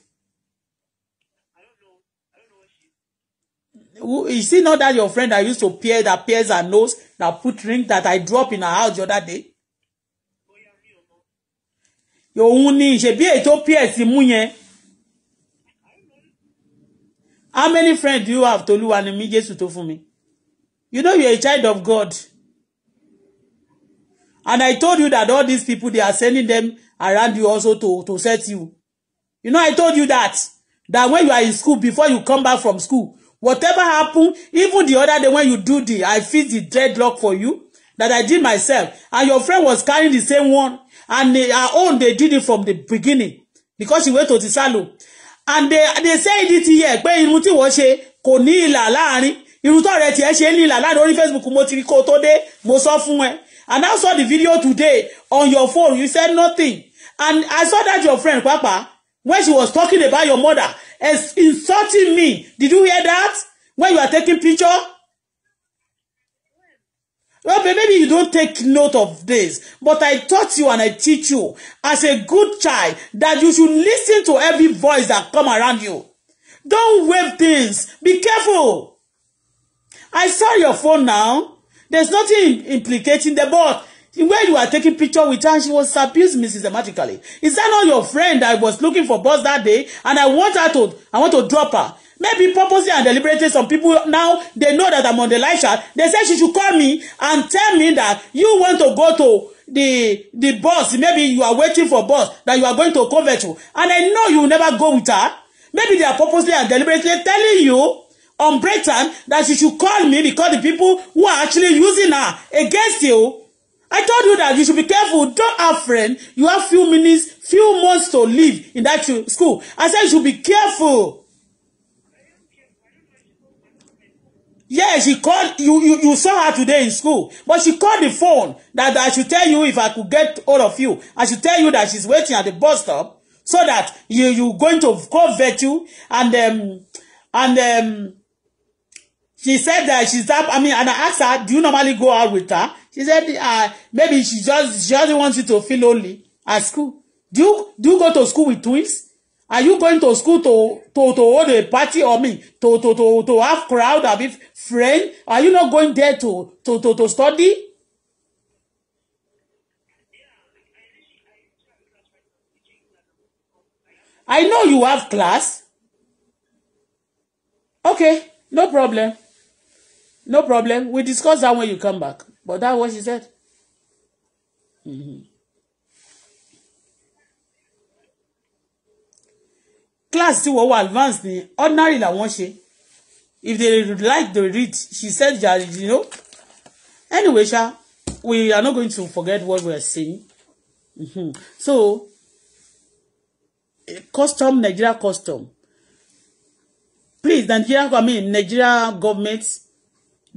Speaker 1: Who, is it not that your friend I used to peer that peers her nose that put ring that I drop in her house the other day? Your Òun ni ìṣèbí èyí tó peer sí mú yẹn how many friends do you have toluwa ni mi jésù tó fún me? you know you're a child of God and I told you that all these people they are sending them around you also to to set you you know I told you that that when you are in school before you come back from school whatever happened, even the other day when you do the I fix the dreadlock for you that I did myself and your friend was carrying the same one and they, her own they did it from the beginning because she went to the salon and they they say it here, yẹ pé irun tí wọ́n ṣe kò ní ìlà láàrin irun tó rẹ̀ tiẹ̀ ṣe ní ìlà láàrin orí Facebook mo ti rí kó tó dé mo sọ fún ẹ and I saw the video today on your phone you said nothing and I saw that your friend papa when she was talking about your mother is insulting me did you hear that when you are taking picture Well, maybe you don't take note of this, but I taught you and I teach you as a good child that you should listen to every voice that come around you. Don't wave things. Be careful. I saw your phone now. There's nothing implicating the boss where you are taking picture with her and she was abused me systematically is that not your friend I was looking for bus that day and I want her to I want to drop her maybe purposely and deliberately some people now they know that I'm on the live chat they say she should call me and tell me that you want to go to the the bus maybe you are waiting for bus that you are going to convert to and I know you will never go with her maybe they are purposely and deliberately telling you on break time that you should call me because the people who are actually using her against you I told you that you should be careful. Don't have friends. You have few minutes, few months to live in that school. I said you should be careful. Yeah, she called you, you. You saw her today in school, but she called the phone that I should tell you if I could get all of you. I should tell you that she's waiting at the bus stop so that you you going to call Virtue and um and um she said that she's that I mean and I asked her do you normally go out with her she said uh, maybe she just she just wants you to feel lonely at school do you do you go to school with twins are you going to school to to to hold a party or me to to to to have crowd abi friend are you not going there to to to to study. I know you have class. Okay, no problem no problem we discuss that when you come back but that's what she said. Mm-hmm. class two, wọ́n advanced ni ordinary làwọn ṣe if they like to read she said ja you know anyway sha we are not going to forget what we are saying mm-hmm. so eh, custom Nigeria custom please Nigeria I mean Nigeria government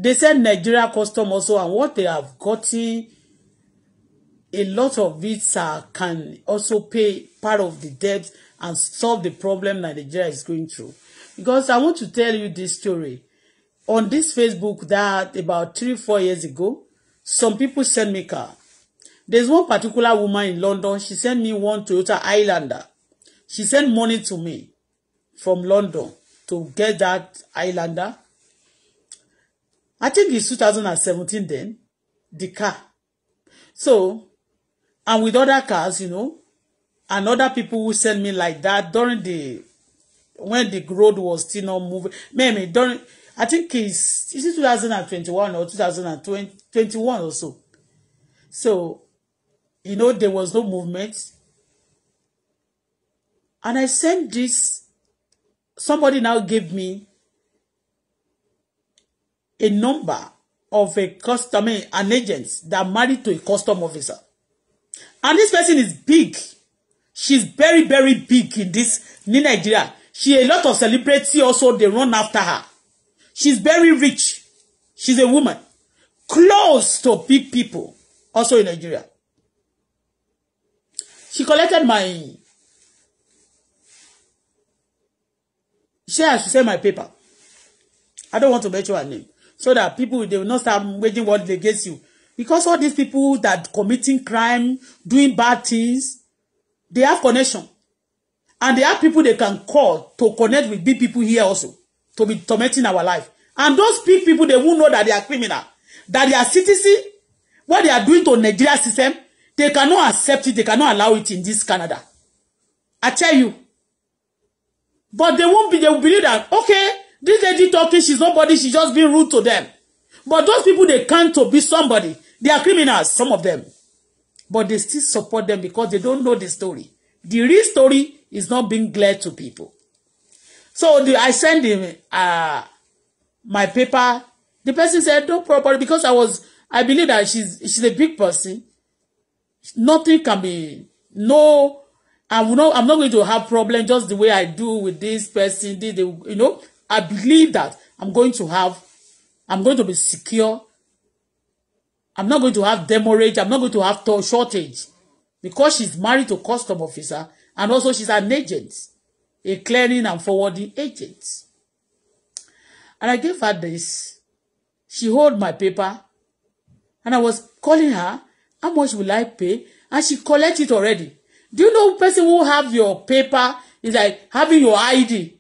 Speaker 1: They said Nigeria custom also and what they have gotten, a lot of it can also pay part of the debt and solve the problem Nigeria is going through. Because I want to tell you this story. On this Facebook that about three, four years ago, some people sent me car. There's one particular woman in London, she sent me one Toyota Highlander. She sent money to me from London to get that Highlander. I think it's 2017 then, the car. So, and with other cars, you know, and other people who send me like that during the, when the road was still not moving. Maybe during, I think it's, is it 2021 or 2021 or so. So, you know, there was no movement. And I sent this, somebody now gave me a number of a customer, an agent that married to a custom officer. And this person is big. She's very, very big in this in Nigeria. She a lot of celebrity also they run after her. She's very rich. She's a woman close to big people also in Nigeria. She collected my share, I should say my paper. I don't want to mention her name so that people they will not start waging war against you because all these people that committing crime doing bad things they have connection and they have people they can call to connect with big people here also to be tormenting our life and those big people they won't know that they are criminal that they are citizen what they are doing to Nigeria system they cannot accept it they cannot allow it in this Canada I tell you but they won't be they will believe that okay This lady talking, she's nobody, she's just being rude to them. But those people, they can't to be somebody. They are criminals, some of them. But they still support them because they don't know the story. The real story is not being glad to people. So the, I sent him uh, my paper. The person said, no problem, because I was, I believe that she's, she's a big person. Nothing can be, no, I'm not, I'm not going to have problem just the way I do with this person, this, the, you know, I believe that I'm going to have, I'm going to be secure. I'm not going to have demurrage. I'm not going to have to shortage because she's married to a custom officer and also she's an agent, a clearing and forwarding agent. And I gave her this. She hold my paper and I was calling her, how much will I pay? And she collect it already. Do you know person who have your paper is like having your ID?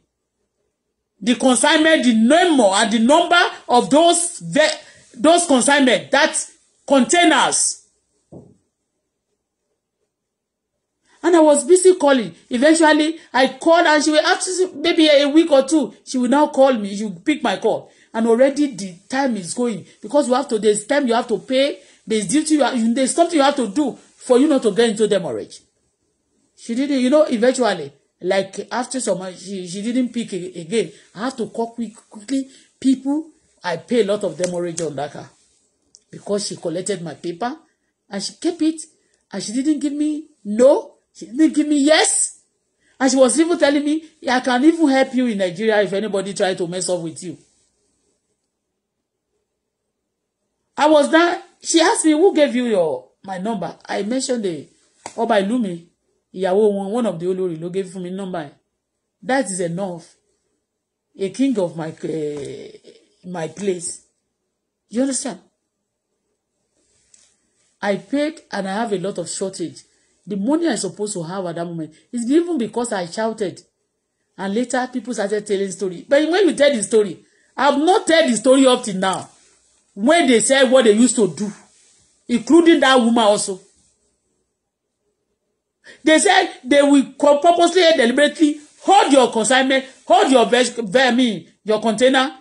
Speaker 1: the consignment the name and the number of those those consignment that containers and I was busy calling eventually I called and she will after maybe a week or two she will now call me you pick my call and already the time is going because you have to there's time you have to pay there's duty you have, there's something you have to do for you not to get into the marriage she didn't you know eventually Like after some, she, she didn't pick again. I had to call quick, quickly people. I pay a lot of them already on that car because she collected my paper and she kept it and she didn't give me no. She didn't give me yes. And she was even telling me, yeah, I can even help you in Nigeria if anybody try to mess up with you. I was there. She asked me, who gave you your my number? I mentioned the Oba Ilumi ìyàwó wọn one of the olórí ló gé fún mi nọ́mbà yẹn that is enough a king of my uh, my place you understand I paid and I have a lot of shortage the money I supposed to have at that moment is even because I shouted and later people started telling story but when you tell the story I have not tell the story up till now when they said what they used to do including that woman also They said they will purposely and deliberately hold your consignment, hold your I mean, your container,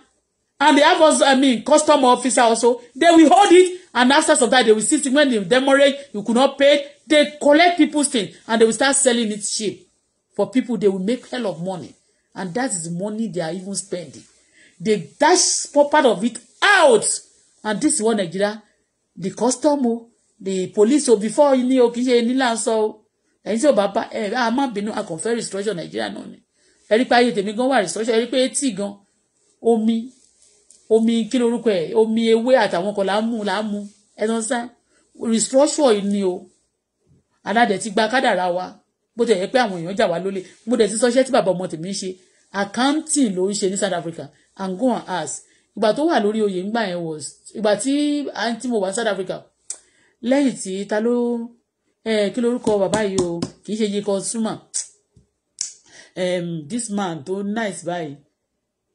Speaker 1: and they have also, I mean, custom officer also. They will hold it, and after of that, they will see it when they demorate, you could not pay. They collect people's things, and they will start selling it cheap for people. They will make hell of money, and that is the money they are even spending. They dash part of it out, and this one what Nigeria, the custom, oh, the police. So oh, before you know, okay, you need so ẹ̀yin tí ò bá bá ẹ̀ á má bínú a kàn fẹ́ restructure nàìjíríà náà ni ẹ rí pé ayé tèmi gan wà restructure ẹ rí pé etí gan omi omi kí lorúkọ ẹ omi ewé àtàwọn kan là ń mú là ń mú ẹ tán sá restructure ni o aládẹ ti gba kádàrá wa bó tẹ̀ yẹ pé àwọn èèyàn jà wá lólè mo dẹ̀ ti sọ́ṣẹ́ tí bàbá ọmọ tèmi ń ṣe accounting ló ń ṣe ní South Africa and go and ask ìgbà tó wà lórí oyè ńgbà yẹn was ìgbà tí àǹtí mo wà South Africa lẹ́yìn tí ta ló. Lo kí lorúkọ bàbá yìí o kì í ṣe yìí consumer this man tó nice báyìí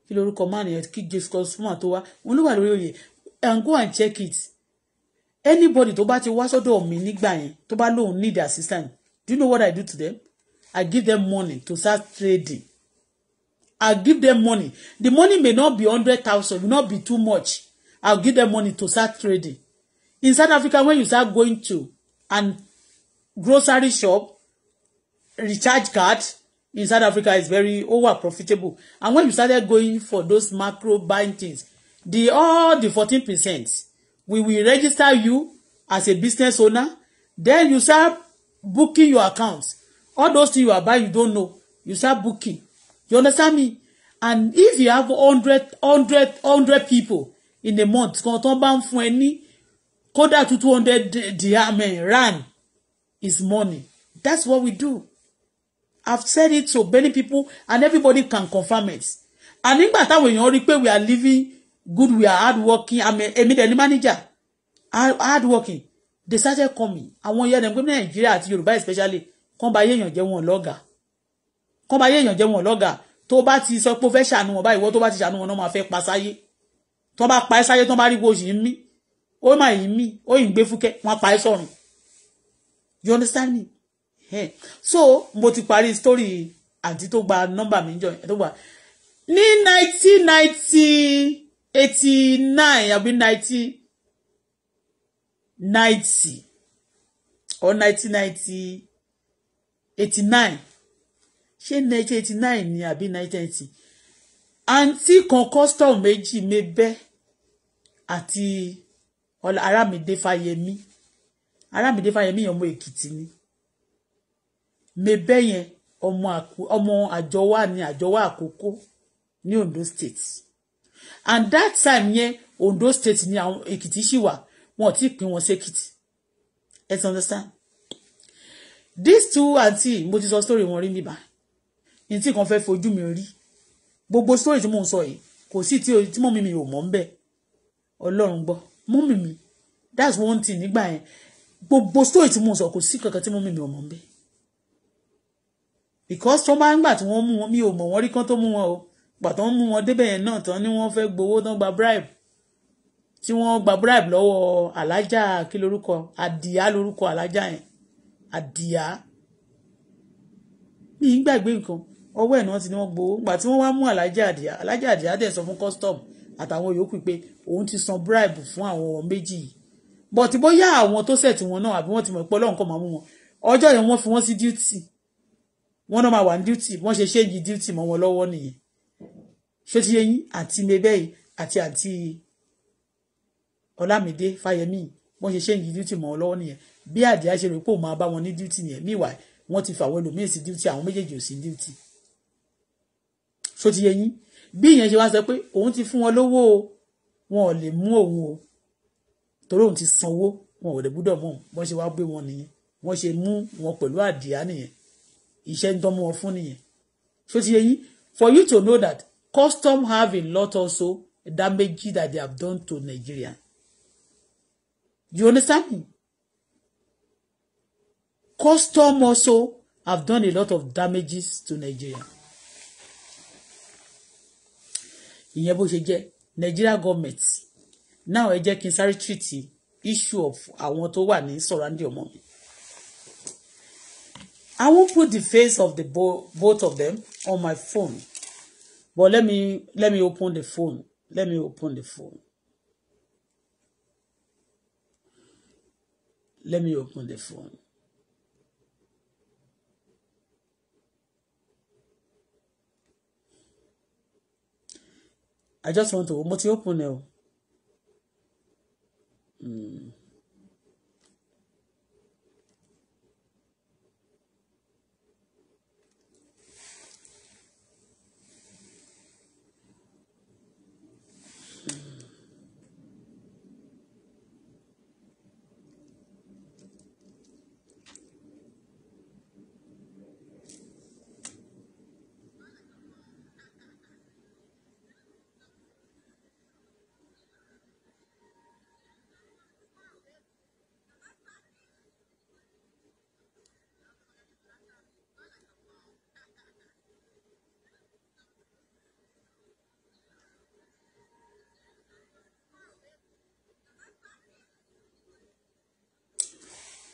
Speaker 1: kí lorúkọ man yẹn kí jésù consumer tó wá wọn ló wà lórí oyè and go and check it anybody tó bá ti wá sọ́dọ̀ mi nígbà yẹn tó bá lóun need assistance do you know what I do to them I give them money to start trading I give them money the money may not be hundred thousand may not be too much I give them money to start trading in South Africa when you start going to and grocery shop recharge card in South Africa is very over profitable and when you started going for those macro buying things the all the fourteen percent we will register you as a business owner then you start booking your accounts all those things you are buying you don't know you start booking you understand me and if you have hundred hundred hundred people in a month kan tó ń bá ń fún ẹ ní kódà two hundred dirham rand is money. That's what we do. I've said it to many people and everybody can confirm it. And nígbà táwọn èèyàn rí pé we are living good, we are hardworking, èmi a ni manager, hardworking, they started coming. I want ẹ̀dẹ̀gbẹ́ Nàìjíríà àti Yorùbá Nigeria at bá especially. Come wọn your Kàn bá yéèyàn jẹ́ wọn lọ́gàá. Tó bá ti sọ pé ó fẹ́ ṣàánú wọn báyìí, ìwọ tó bá ti ṣàánú wọn náà máa fẹ́ pa sáyé. Tó bá pa ẹ́ To tó bá rí bó ṣì ń mí, ó máa yìí mí, ó yìí ń gbé pa ẹ́ you understand me yeah. so mo ti parí story àti tó gba nọ́mbà mi jọ tó gba ní nineteen ninety eighty nine àbí ninety ninety or nineteen ninety eighty nine ṣé nineteen eighty nine ni àbí nineteen eighty àǹtí kan custom méjì mi bẹ́ àti Ọlá Arámidé Fáyẹmí Alámìdé Fáyẹmí ọmọ Èkìtì ni mebẹ́ yẹn ọmọ àjọwà ni àjọwà àkókò ní Ondo state and that time yẹn Ondo state ni àwọn Èkìtì ṣì wà wọn ò tí ì pín wọn sékìtì ẹ ti understand these two aunty mo ti sọ story wọn rí mi bá ní tí kan fẹ́ fojú mi rí gbogbo story tí mò ń sọ yìí kò sí tí mọ́mí mi ò mọ̀ ń bẹ̀ ọlọ́run gbọ́ mọ́mí mi that's one thing nígbà yẹn gbogbo story tí mo sọ kò sí kankan tí mo mímì ọmọ nbẹ because tó bá ń gbà tí wọ́n mú wọn mi ò mọ̀ wọ́n rí kán tó mú wọn o gbà tó ń mú wọn débẹ̀ yẹn náà tán ni wọ́n fẹ́ gbowó tán gba bribe tí wọ́n gba bribe lọ́wọ́ alájà kí lorúkọ àdìyá lorúkọ alájà yẹn àdìyá mi ń gbàgbé nǹkan ọwọ́ ẹ̀ náà ti ní wọ́n gbowó gbà tí wọ́n wá mú alájà àdìyá alájà àdìyá dẹ̀ sọ fún custom àtàwọn yòókù pé òun ti san bribe fún àwọn méjì yìí but bóyá àwọn tó sẹ̀ tí wọn náà àbí wọ́n ti mọ̀ pé ọlọ́run kọ́ máa mú wọn ọjọ́ yẹn wọ́n fi wọ́n sí duty wọ́n náà máa wà ní duty wọ́n ṣe ṣéǹjì duty mọ́ wọn lọ́wọ́ nìyẹn ṣé ti yẹn àti mebẹ́yì àti àti ọlámídé fáyemí wọ́n ṣe ṣéǹjì duty mọ́ wọn lọ́wọ́ nìyẹn bí àdìá ṣe rò pé òun máa bá wọn ní duty nìyẹn míwà wọ́n ti fàwọn ẹlòmíín sí duty àwọn méjèèjì ò sí duty ṣó ti yẹn bí ìyẹn ṣe wá sọ pé òun ti fún wọn lówó wọn ò torí òun ti sanwó wọn ò lè gbúdọ̀ mọ̀ wọ́n ṣe wá gbé wọn nìyẹn wọ́n ṣe mú wọn pẹ̀lú àdìyá nìyẹn iṣẹ́ ń tọ́mú wọn fún nìyẹn ṣó ti yẹ yín for you to know that custom have a lot also damage that they have done to Nigeria you understand me custom also have done a lot of damages to Nigeria ìyẹn bó ṣe jẹ́ Nigeria government now ẹ jẹ́ kí n sáré treat issue of àwọn tó wà ní surrounding ọmọ mi I won't put the face of the bo both of them on my phone but let me let me open the phone let me open the phone let me open the phone. I just want to mo ti open now. 嗯。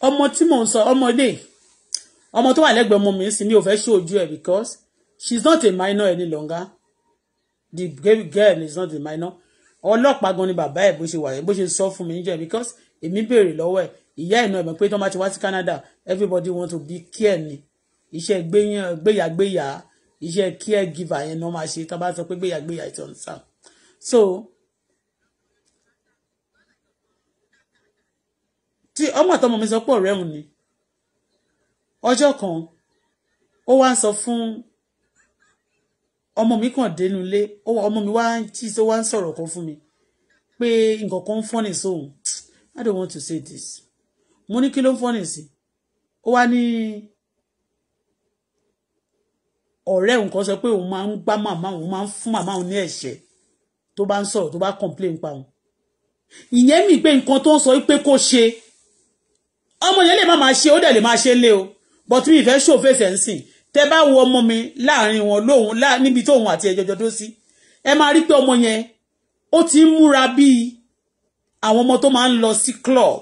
Speaker 1: ọmọ tí mò ń sọ ọmọdé ọmọ tó wà lẹ́gbẹ̀ẹ́ ọmọ mi sì mi ò fẹ́ ṣe ojú ẹ̀ because she is not a minor any longer the girl is not a minor ọlọ́pàá gan ni bàbá ẹ̀ bó ṣe wà bó ṣe sọ fún mi níjẹ́ because èmi béèrè lọ́wọ́ ẹ̀ ìyá ẹ̀ náà ẹ̀ mọ̀ pé tó máa ti wá sí Canada everybody want to be care ni iṣẹ́ gbéyàgbéyà iṣẹ́ caregiver yẹn náà máa ṣe tó bá sọ pé gbéyàgbéyà ìtọ̀ ń sàn so tí ọmọ àtọmọ mi sọ pé ọ̀rẹ́ òun ni ọjọ́ kan ó wá ń sọ fún ọmọ mi kàn dénú ilé ọmọ mi wá ń jí tó wá ń sọ̀rọ̀ kan fún mi pé nǹkan kan ń fọ́nì sóhun I don't want to say this mo ní kí ló ń fọ́nì sí ó wá ní ọ̀rẹ́ òun kan sọ pé òun máa ń gbá màmá òun máa ń fún màmá òun ní ẹ̀ṣẹ̀ tó bá ń sọ̀rọ̀ tó bá complain pa òun ìyẹn mi pé nǹkan tó ń sọ pé kó ṣe ọmọ yẹn lè má máa ṣe ó dẹ̀ lè máa ṣe lé o but mi ìfẹ́ ṣò fèsì ẹ̀ ń sìn tẹ bá wo ọmọ mi láàrin wọn lóhun níbi tóhun àti ẹjọjọ tó sí ẹ máa rí pé ọmọ yẹn ó ti ń múra bíi àwọn ọmọ tó máa ń lọ sí club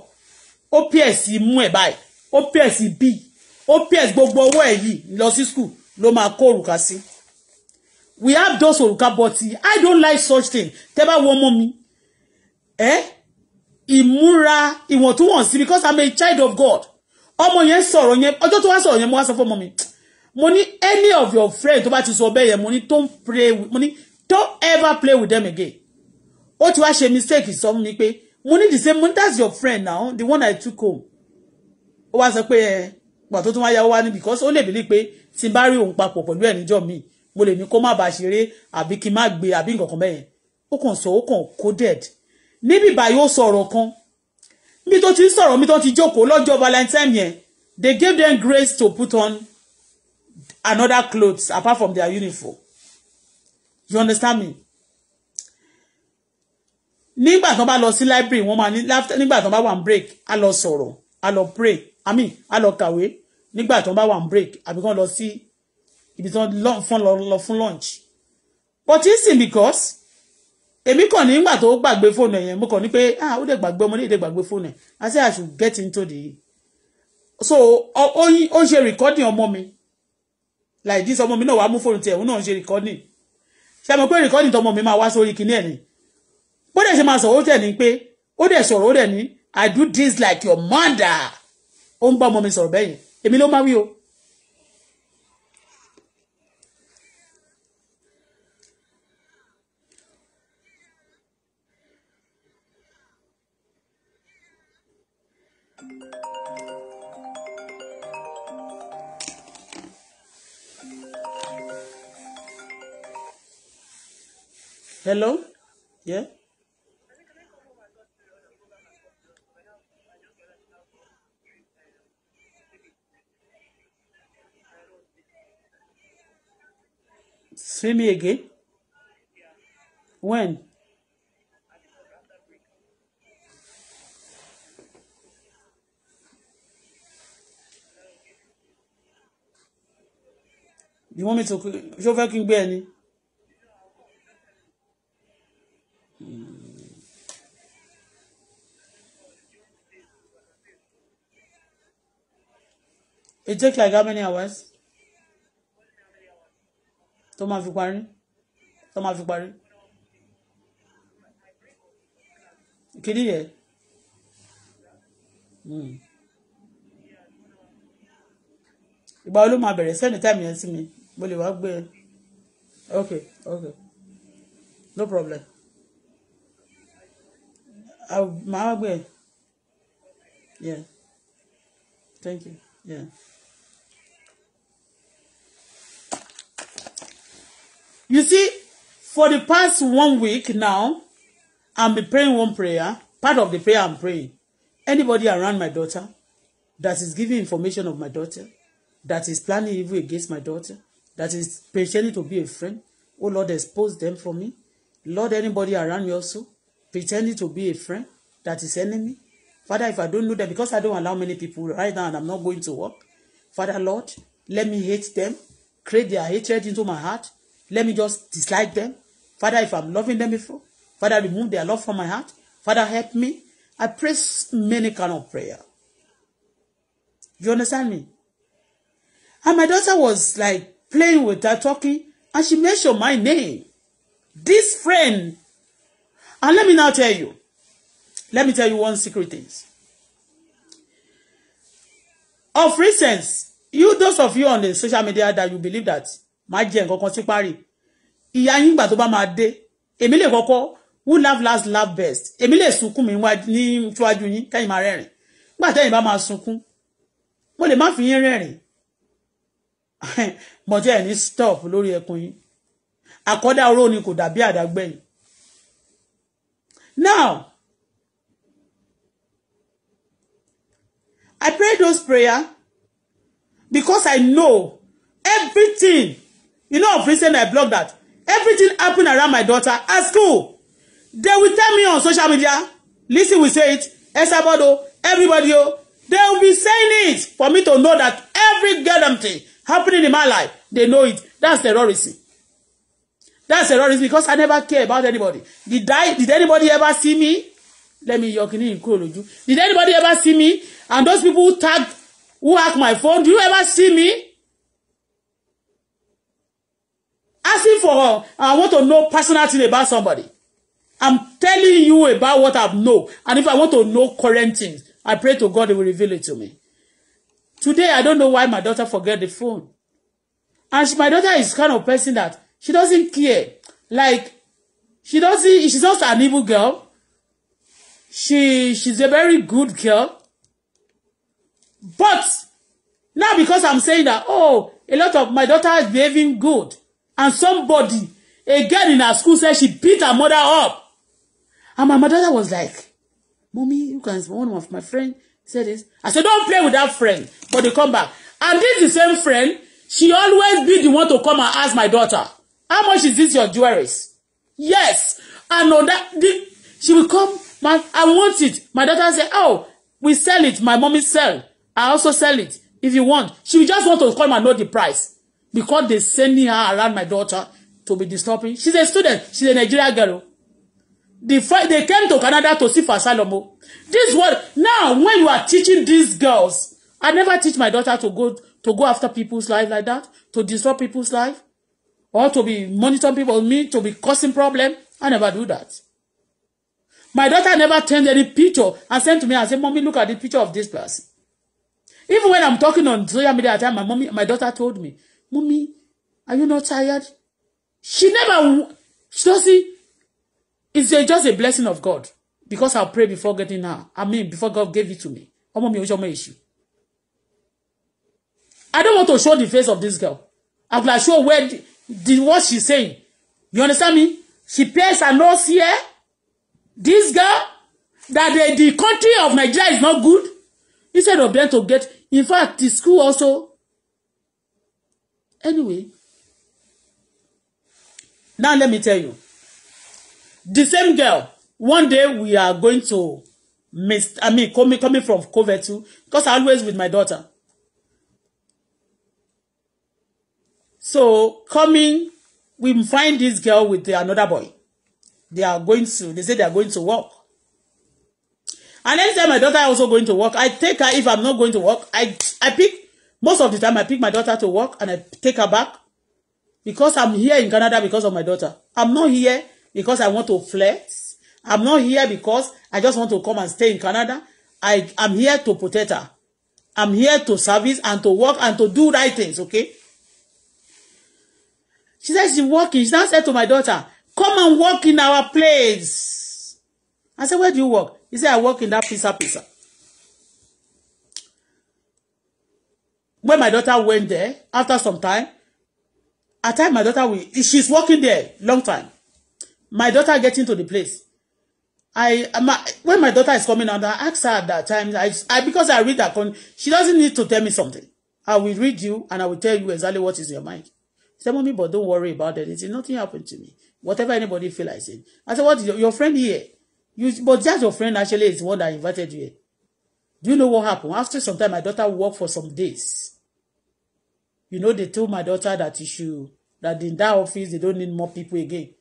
Speaker 1: ó pẹ̀sì mú ẹ̀ báyìí ó pẹ̀sì bíi ó pẹ̀sì gbogbo owó ẹ̀ yìí lọ sí school ló máa kó òrùka sí we have those òrùka but i don't like such thing tẹ bá wo ọmọ mi ẹ. Eh? ìmúra ìwọ̀ntúnwọ̀nsí because i'm a child of God ọmọ yẹn sọ̀rọ̀ yẹn ọjọ́ tó wá sọ̀rọ̀ yẹn mo wá sọ fún ọmọ mi mo ní any of your friend tó bá ti sọ bẹ́ẹ̀ yẹn mo ní don't play with mo ní don't ever play with them again ó ti wá ṣe mistake sọ fún mi pé mo ní the same that's your friend now the one i took home ó wá sọ pé ẹ gbà tó tún wá yáwó wá ní because ó lè bí ní pé tí n bá rí òun papọ̀ pẹ̀lú ẹ̀ níjọ́ mi mo lè ní kó má bàa ṣeré àbí kí n má gbé àbí nǹkan kan bẹ́ẹ̀ yẹn ó kàn sọ ó kàn coded níbi ìbàyò sọ̀rọ̀ kan mi tó ti ń sọ̀rọ̀ mi tó ti jókòó lọ́jọ́ valentine yẹn they gave them grace to put on another clothes apart from their uniform you understand me nígbà tó bá lọ sí library wọ́n máa ní nígbà tó bá wà ń break a lọ sọ̀rọ̀ a lọ pray i mean a lọ kàwé nígbà tó bá wà ń break àbí kàn lọ sí ibi tó fún lọ fún lunch but it's in because èmi kàn ní ìgbà tó gbàgbé fóònù ẹ̀ mo kàn ní pé ah ó dẹ̀ gbàgbé ọmọdé dẹ̀ gbàgbé fóònù ẹ̀ I say I should get into the so ó ṣe recording ọmọ mi like this ọmọ mi náà wàá mú fóònù tiẹ̀ òun náà ṣe recording ṣe mo pé recording tọmọ mi máa wá sórí kinní ẹ̀ ni bó dẹ̀ ṣe máa sọ̀rọ̀ ó dẹ̀ ní pé ó dẹ̀ sọ̀rọ̀ ó dẹ̀ ní I do this like your mother ó ń bá ọmọ mi sọ̀rọ̀ bẹ́yìn èmi ló máa wí o Hello? Yeah? See me again? When? You want me to? Ṣé o fẹ́ kí n It take like how many hours? Tó máa fi parí. Tó máa fi parí. Kìdí yẹ. Hmm. Ìgbà wo ló máa bẹ̀rẹ̀ sẹ́ni táìmù yẹn sí mi? Mo lè wá gbé e. Okay, okay. No problem. Màá gbé e. Yeah. Thank you. Yeah. You see, for the past one week now, I'm be praying one prayer. Part of the prayer I'm praying. Anybody around my daughter that is giving information of my daughter, that is planning evil against my daughter, that is pretending to be a friend, oh Lord, expose them for me. Lord, anybody around me also pretending to be a friend that is enemy. Father, if I don't know them, because I don't allow many people right now and I'm not going to work, Father, Lord, let me hate them, create their hatred into my heart, Let me just dislike them. Father, if I'm loving them before, Father, remove their love from my heart. Father, help me. I pray many kind of prayer. You understand me? And my daughter was like playing with her, talking, and she mentioned my name. This friend. And let me now tell you. Let me tell you one secret things. Of recent, you, those of you on the social media that you believe that máa jẹ nǹkan kan sí parí ìyá yín ìgbà tó bá máa dé èmi lè kọ́kọ́ who love last love best èmi lè sunkún mi ní tíwájú yín kẹ́yìn máa rẹ́rìn nígbà tẹ́yìn bá máa sunkún mo lè má fi yín rẹ́rìn mọ̀jọ́ ẹ̀ ní stop lórí ẹkùn yín àkọ́dá oró ni kò dàbí àdágbẹ̀yìn now I pray those prayer because I know everything You know, of recent I blocked that. Everything happen around my daughter at school. They will tell me on social media. Listen, we say it. Esabado, oh, everybody, oh, they will be saying it for me to know that every goddamn thing happening in my life, they know it. That's terrorism. That's terrorism because I never care about anybody. Did I, did anybody ever see me? Let me yọkini in Koloju. Did anybody ever see me? And those people who tag, who hack my phone, do you ever see me? asking for I want to know personal thing about somebody. I'm telling you about what I know. And if I want to know current things, I pray to God he will reveal it to me. Today, I don't know why my daughter forget the phone. And she, my daughter is kind of person that she doesn't care. Like, she doesn't, she's not an evil girl. She, she's a very good girl. But, now because I'm saying that, oh, a lot of my daughter is behaving good and somebody a girl in her school said she beat her mother up and my mother was like "Mummy, you can see one of my friend said this I said don't play with that friend but they come back and this the same friend she always be the one to come and ask my daughter how much is this your jewelry yes I know that the, she will come my I want it my daughter say oh we sell it my mommy sell I also sell it if you want she will just want to come and know the price because they sending her around my daughter to be disturbing she's a student she's a Nigerian girl the first they came to Canada to see for asylum o this one now when you are teaching these girls I never teach my daughter to go to go after people's life like that to disturb people's life or to be monitoring people me to be causing problem I never do that my daughter never turned any picture and sent to me and say mommy look at the picture of this person even when I'm talking on social media at the time my mommy my daughter told me Mummy, are you not tired? She never, she doesn't. It's a, just a blessing of God because I pray before getting her. I mean, before God gave it to me. Ọmọ mi ò ṣọmọ èṣù. I don't want to show the face of this girl. I will like show where the, the what she saying. You understand me? She pays her nose here. This girl, that the, the country of Nigeria is not good. Instead of them to get, in fact, the school also Anyway, now let me tell you. The same girl, one day we are going to miss, I mean, coming, coming from COVID too, because I always with my daughter. So coming, we find this girl with the, another boy. They are going to, they say they are going to work. And anytime my daughter also going to work, I take her if I'm not going to work. I I pick Most of the time, I pick my daughter to work and I take her back because I'm here in Canada because of my daughter. I'm not here because I want to flex. I'm not here because I just want to come and stay in Canada. I am here to protect her. I'm here to service and to work and to do right things, okay? She said she's working. She now said to my daughter, come and work in our place. I said, where do you work? He said, I work in that pizza pizza. when my daughter went there after some time at time my daughter will she's working there long time my daughter get into the place I my, when my daughter is coming out I ask her at that time I, I because I read her con she doesn't need to tell me something I will read you and I will tell you exactly what is in your mind she said mommy but don't worry about anything nothing happened to me whatever anybody feel I said I said what your, your friend here you but just your friend actually is the one that invited you here do you know what happened after some time my daughter worked for some days You know, they told my daughter that issue, that in that office, they don't need more people again.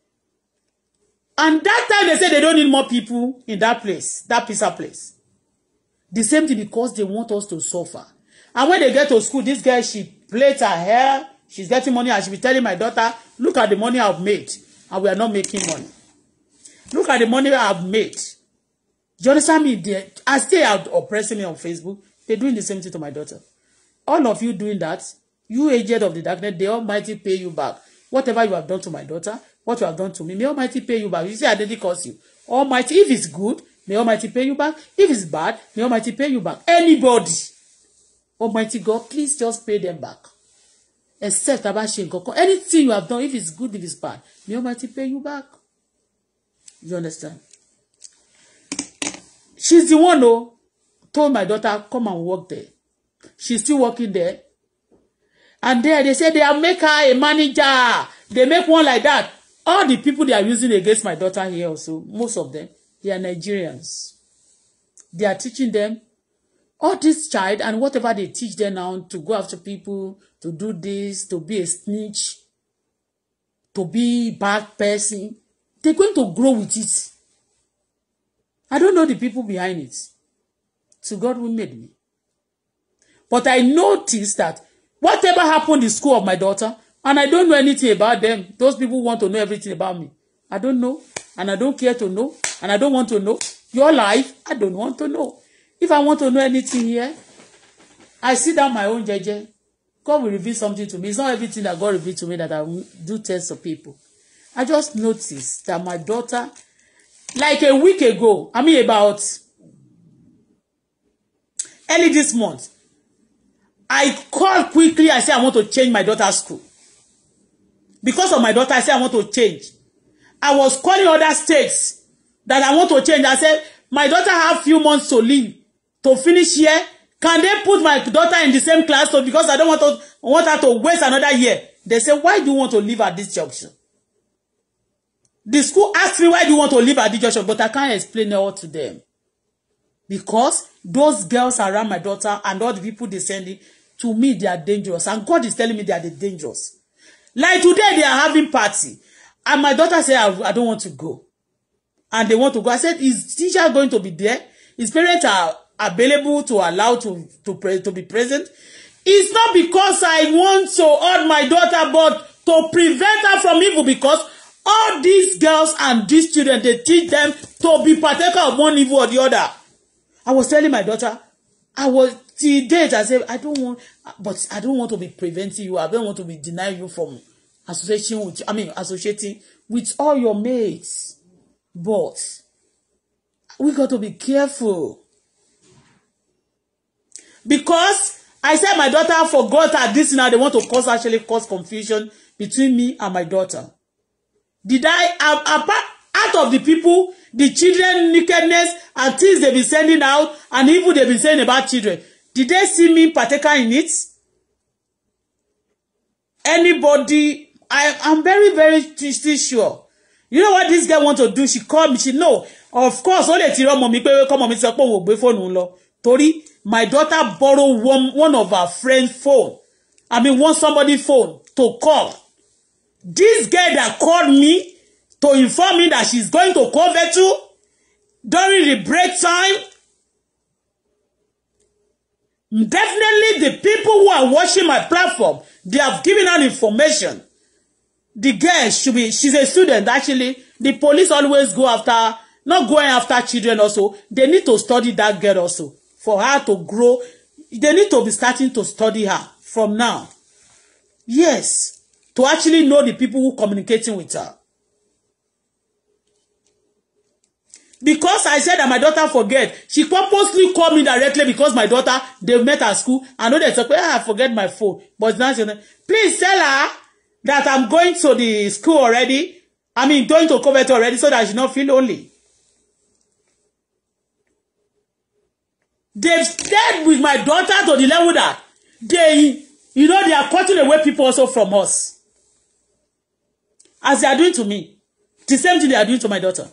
Speaker 1: And that time, they said they don't need more people in that place, that pizza place. The same thing because they want us to suffer. And when they get to school, this girl, she plaits her hair, she's getting money, and she be telling my daughter, look at the money I've made, and we are not making money. Look at the money I've made. Do you understand me? They, as they out oppressing me on Facebook, they're doing the same thing to my daughter. All of you doing that, You agent of the darkness, the Almighty pay you back. Whatever you have done to my daughter, what you have done to me, may Almighty pay you back. You see, I didn't curse you. Almighty, if it's good, may Almighty pay you back. If it's bad, may Almighty pay you back. Anybody, Almighty God, please just pay them back. Except Abashi Nkoko. Anything you have done, if it's good, if it's bad, may Almighty pay you back. You understand? She's the one oh, told my daughter, come and work there. She's still working there and there they say they are make her a manager they make one like that all the people they are using against my daughter here also most of them they are Nigerians they are teaching them all this child and whatever they teach them now to go after people to do this to be a snitch to be bad person they're going to grow with it I don't know the people behind it to so God who made me but I noticed that whatever happened in school of my daughter and I don't know anything about them those people want to know everything about me I don't know and I don't care to know and I don't want to know your life I don't want to know if I want to know anything here I sit down my own jeje God will reveal something to me it's not everything that God reveal to me that I do test of people I just noticed that my daughter like a week ago I mean about early this month I call quickly. I say I want to change my daughter's school. Because of my daughter, I say I want to change. I was calling other states that I want to change. I said, my daughter have few months to live, to finish here. Can they put my daughter in the same class? So because I don't want, to, want her to waste another year. They say, why do you want to leave at this junction? The school asked me, why do you want to leave at this junction? But I can't explain it all to them. Because those girls around my daughter and all the people descending, to me they are dangerous and God is telling me they are the dangerous like today they are having party and my daughter say I, I don't want to go and they want to go I said is teacher going to be there his parents are available to allow to to pre to be present it's not because I want to hurt my daughter but to prevent her from evil because all these girls and these children they teach them to be partaker of one evil or the other I was telling my daughter I was till date I say I don't want but I don't want to be preventing you I don't want to be denying you from association with I mean associating with all your mates but we got to be careful because I said my daughter forgot at this now they want to cause actually cause confusion between me and my daughter did I apart out of the people the children nakedness and things they be sending out and even they been saying about children Did they see me partaker in it? Anybody? I am very, very still sure. You know what this girl want to do? She called me. She know. Of course, All the ti mommy, mi pé kọ́mọ mi sọ pé òun ò gbé my daughter borrow one, one of her friend's phone. I mean, one somebody phone to call. This girl that called me to inform me that she's going to cover to during the break time Definitely the people who are watching my platform, they have given out information. The girl should be, she's a student actually. The police always go after, not going after children also. They need to study that girl also for her to grow. They need to be starting to study her from now. Yes, to actually know the people who communicating with her. because I said that my daughter forget she purposely call me directly because my daughter they met at school I know they talk ah I forget my phone but now she please tell her that I'm going to the school already I mean going to Coventry already so that she not feel lonely. They've stayed with my daughter to the level that they you know they are cutting away people also from us as they are doing to me the same thing they are doing to my daughter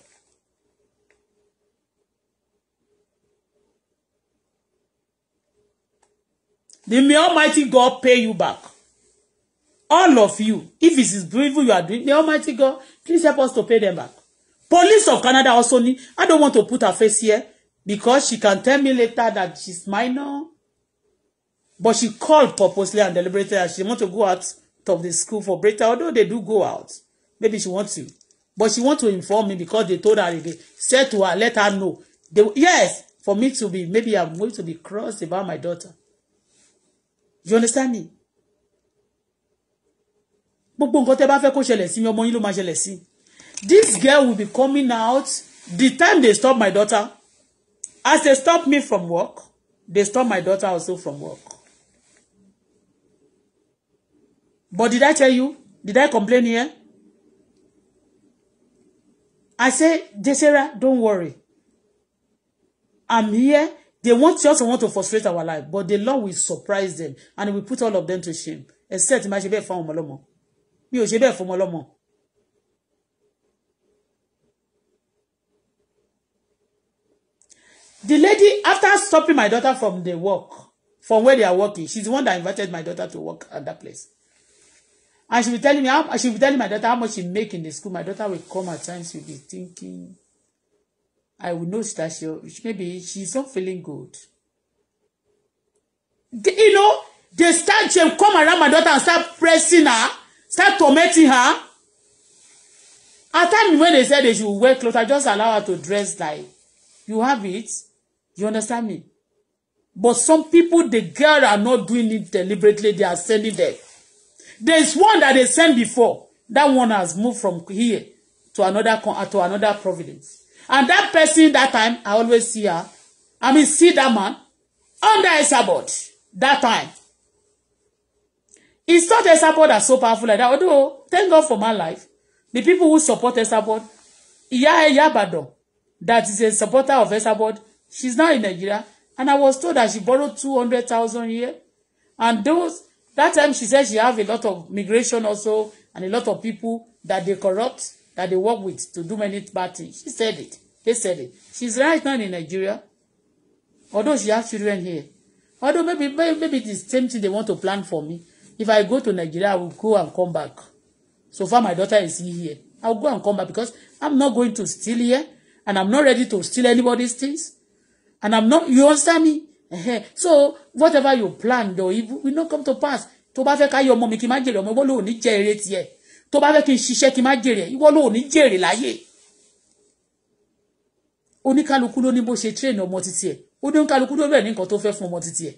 Speaker 1: The may Almighty God pay you back. All of you, if it is evil you are doing, may Almighty God, please help us to pay them back. Police of Canada also need, I don't want to put her face here because she can tell me later that she's minor. But she called purposely and deliberately that she want to go out of the school for break time, although they do go out. Maybe she wants to. But she want to inform me because they told her, they said to her, let her know. They, yes, for me to be, maybe I'm going to be crossed about my daughter you understand me gbogbo nǹkan tẹ́ bá fẹ́ kó ṣẹlẹ̀ sí mi ọmọ yín ló máa ṣẹlẹ̀ sí this girl will be coming out the time they stop my daughter as they stop me from work they stop my daughter also from work but did I tell you did I complain here I say Desera don't worry I'm here They want just want to frustrate our life, but the Lord will surprise them and he will put all of them to shame. Except my ṣe bẹ́ẹ̀ fún ọmọ ọlọ́mọ. Mi ò ṣe The lady, after stopping my daughter from the work, from where they are working, she's the one that invited my daughter to work at that place. And she'll be telling me how she'll be telling my daughter how much she make in the school. My daughter will come at times, she'll be thinking, I will notice that she maybe she's not feeling good. They, you know, they start to come around my daughter and start pressing her, start tormenting her. At times when they said they should wear clothes, I just allow her to dress like you have it. You understand me? But some people, the girl are not doing it deliberately. They are sending them. There's one that they sent before. That one has moved from here to another to another providence. And that person that time, I always see her. I mean, see that man under Esabod that time. It's not Esabod that's so powerful like that. Although, thank God for my life. The people who support Esabod, Iya Eyabado, that is a supporter of Esabod, she's now in Nigeria. And I was told that she borrowed 200,000 here. And those, that time she said she have a lot of migration also and a lot of people that they corrupt that they work with to do many bad things. She said it. They said it. She's right now in Nigeria. Although she has children here. Although maybe maybe, maybe the same thing they want to plan for me. If I go to Nigeria, I will go and come back. So far, my daughter is here. I'll go and come back because I'm not going to steal here, and I'm not ready to steal anybody's things, and I'm not. You understand me? so whatever you plan, though, it will not come to pass. Tó bá fẹ́ ká yọ ọmọ mi kí n má jèrè ọmọ ìwọ tó bá fẹ́ kí n ṣiṣẹ́ kí n má jèrè ìwọ ló ní jèrè láyè oníkálukú ló ní bó ṣe train ọmọ títí ẹ̀ oníkálukú ló bẹ̀rẹ̀ ní nǹkan tó fẹ́ fún ọmọ títí ẹ̀